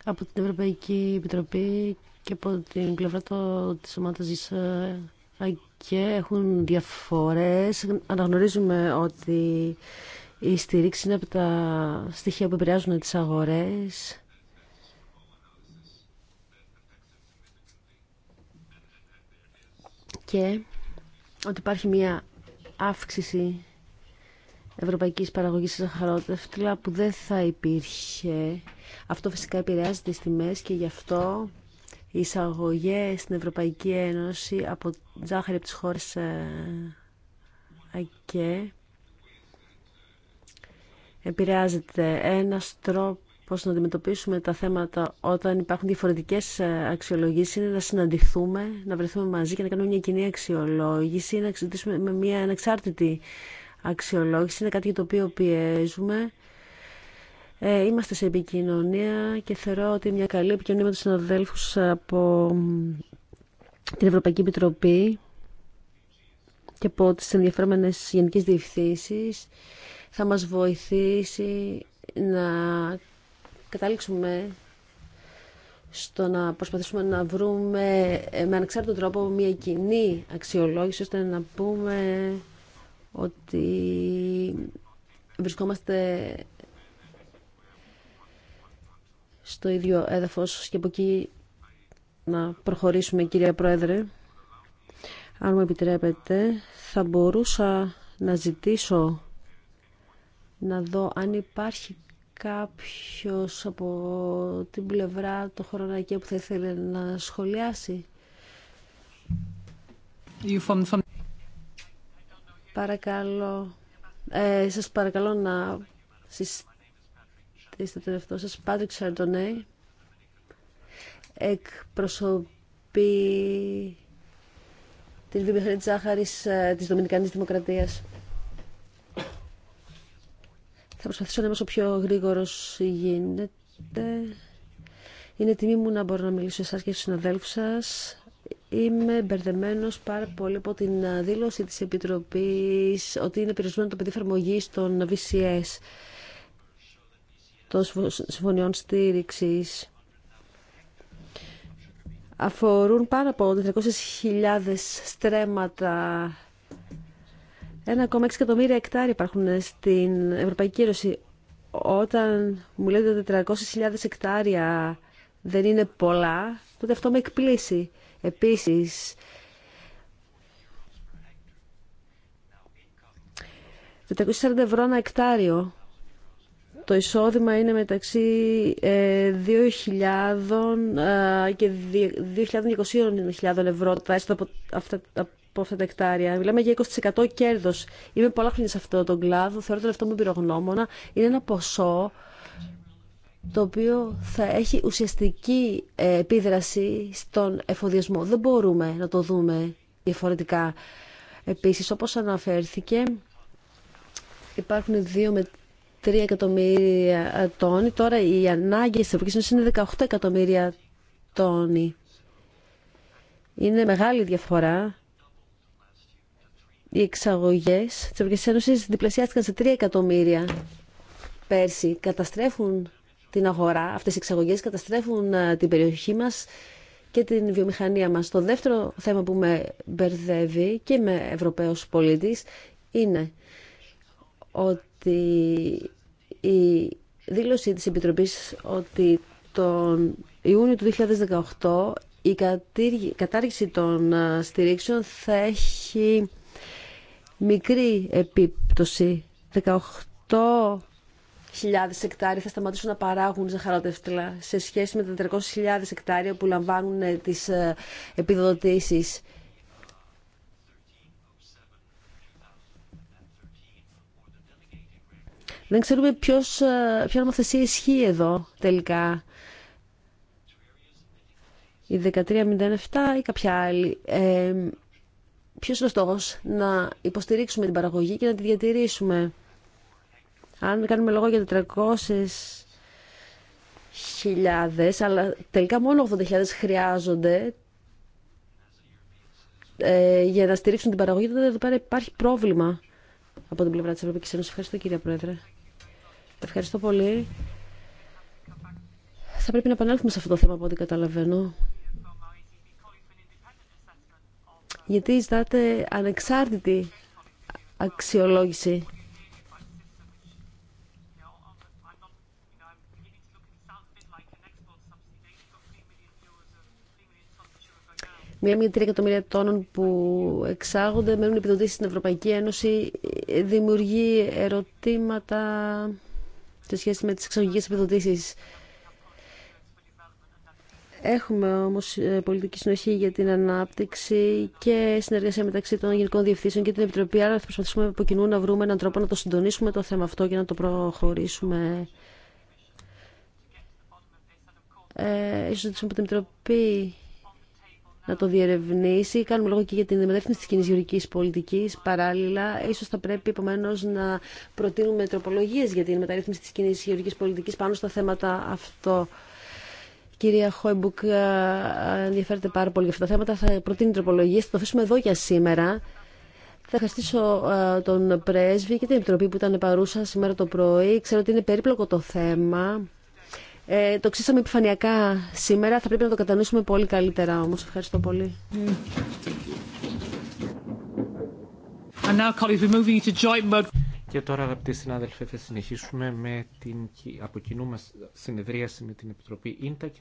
από την Ευρωπαϊκή Επιτροπή και από την πλευρά τη της ομάδας ε, και έχουν διαφορές. Αναγνωρίζουμε ότι η στήριξη είναι από τα στοιχεία που επηρεάζουν τις αγορές. Και ότι υπάρχει μια αύξηση ευρωπαϊκής παραγωγής σε που δεν θα υπήρχε αυτό φυσικά επηρεάζει τις τιμές και γι' αυτό οι εισαγωγέ στην Ευρωπαϊκή Ένωση από ζάχαρη από τις χώρες ε, ΑΚΕ επηρεάζεται. Ένας τρόπος να αντιμετωπίσουμε τα θέματα όταν υπάρχουν διαφορετικές ε, αξιολογήσεις είναι να συναντηθούμε, να βρεθούμε μαζί και να κάνουμε μια κοινή αξιολόγηση, να συζητήσουμε με μια ανεξάρτητη αξιολόγηση. Είναι κάτι για το οποίο πιέζουμε ε, είμαστε σε επικοινωνία και θεωρώ ότι μια καλή επικοινωνία με τους συναδέλφους από την Ευρωπαϊκή Επιτροπή και από τις ενδιαφέρομενες γενικές διευθύνσεις θα μας βοηθήσει να καταλήξουμε στο να προσπαθήσουμε να βρούμε ε, με ανεξάρτητο τρόπο μια κοινή αξιολόγηση ώστε να πούμε ότι βρισκόμαστε στο ίδιο έδαφος και από εκεί να προχωρήσουμε κυρία Πρόεδρε. Αν μου επιτρέπετε, θα μπορούσα να ζητήσω να δω αν υπάρχει κάποιος από την πλευρά το χρονακέ που θα ήθελε να σχολιάσει. Παρακαλώ. Ε, σας παρακαλώ να είστε τον εαυτό σας. Πάτρικ Σαρντονέ εκπροσωπεί την βιομηχανία της ζάχαρης ε, της Δομινικανής Δημοκρατίας. Θα προσπαθήσω να είμαι όσο πιο γρήγορος γίνεται. Είναι τιμή μου να μπορώ να μιλήσω εσά και στους συναδέλφου σα. Είμαι μπερδεμένο πάρα πολύ από την δήλωση τη Επιτροπή ότι είναι περιορισμένο το παιδί εφαρμογή των VCS των συμφωνιών στήριξη. αφορούν πάνω από 400.000 στρέμματα. 1,6 εκατομμύρια εκτάρια υπάρχουν στην Ευρωπαϊκή Ένωση. Όταν μου λέτε ότι 400.000 εκτάρια δεν είναι πολλά, τότε αυτό με εκπλήσει. Επίσης, 440 ευρώ ένα εκτάριο το εισόδημα είναι μεταξύ 2.000 ε, ε, και 2.200 ευρώ τα έστω από αυτά, από αυτά τα εκτάρια. Μιλάμε για 20% κέρδος. Είμαι πολλά χρόνια σε αυτό τον κλάδο, θεωρώ τον αυτό μου πυρογνώμονα. Είναι ένα ποσό το οποίο θα έχει ουσιαστική ε, επίδραση στον εφοδιασμό. Δεν μπορούμε να το δούμε διαφορετικά. Επίσης, όπως αναφέρθηκε, υπάρχουν δύο με 3 εκατομμύρια τόνοι. Τώρα η ανάγκη της Ευρωπαϊκής είναι 18 εκατομμύρια τόνοι. Είναι μεγάλη διαφορά. Οι εξαγωγές της Ευρωπαϊκής Ένωσης διπλασιάστηκαν σε 3 εκατομμύρια πέρσι. Καταστρέφουν την αγορά. Αυτές οι εξαγωγές καταστρέφουν ε, την περιοχή μας και την βιομηχανία μας. Το δεύτερο θέμα που με μπερδεύει και με Ευρωπαίος πολίτης είναι ότι ότι η δήλωση της Επιτροπής ότι τον Ιούνιο του 2018 η κατάργηση των ε, στηρίξεων θα έχει μικρή επίπτωση. 18.000 εκτάρια θα σταματήσουν να παράγουν ζαχαρότευτλα σε σχέση με τα 400.000 εκτάρια που λαμβάνουν ε, τις ε, επιδοτήσεις. Δεν ξέρουμε ποιος, ε, ποια νομοθεσία ισχύει εδώ τελικά. Η 1307 ή κάποια άλλη. Ε, ποιος είναι ο στόχος να υποστηρίξουμε την παραγωγή και να τη διατηρήσουμε. Αν κάνουμε λόγο για 400.000, αλλά τελικά μόνο 80.000 χρειάζονται ε, για να στηρίξουν την παραγωγή, τότε εδώ πέρα υπάρχει πρόβλημα από την πλευρά της Ευρωπαϊκής Ένωσης. Ευχαριστώ κύριε Πρόεδρε. Ευχαριστώ πολύ. Θα πρέπει να επανέλθουμε σε αυτό το θέμα από ό,τι καταλαβαίνω. Γιατί ζητάτε ανεξάρτητη αξιολόγηση. Μία με τρία εκατομμύρια τόνων που εξάγονται, μένουν επιδοτήσεις στην Ευρωπαϊκή Ένωση, δημιουργεί ερωτήματα σε σχέση με τις εξαγωγικές επιδοτήσεις. Έχουμε όμως ε, πολιτική συνοχή για την ανάπτυξη και συνεργασία μεταξύ των Γενικών Διευθύνσεων και την Επιτροπή. Άρα θα προσπαθήσουμε από κοινού να βρούμε έναν τρόπο να το συντονίσουμε το θέμα αυτό και να το προχωρήσουμε. Ε, ίσως ζητήσουμε από την Επιτροπή να το διερευνήσει. Κάνουμε λόγο και για την μεταρρύθμιση τη κοινή γεωργική πολιτική. Παράλληλα, ίσω θα πρέπει επομένω να προτείνουμε τροπολογίε για την μεταρρύθμιση τη κοινή γεωργική πολιτική πάνω στα θέματα αυτό. Κυρία Χόιμπουκ, ενδιαφέρεται πάρα πολύ για αυτά τα θέματα. Θα προτείνει τροπολογίε. Θα το αφήσουμε εδώ για σήμερα. Θα ευχαριστήσω τον πρέσβη και την επιτροπή που ήταν παρούσα σήμερα το πρωί. Ξέρω ότι είναι περίπλοκο το θέμα. Ε, το ξύσαμε επιφανειακά σήμερα, θα πρέπει να το κατανοήσουμε πολύ καλύτερα όμω. Ευχαριστώ πολύ. And now, colleagues, moving to joint mode. Και τώρα, αγαπητοί συνάδελφοι, θα συνεχίσουμε με την από κοινού συνεδρίαση με την Επιτροπή Ίντα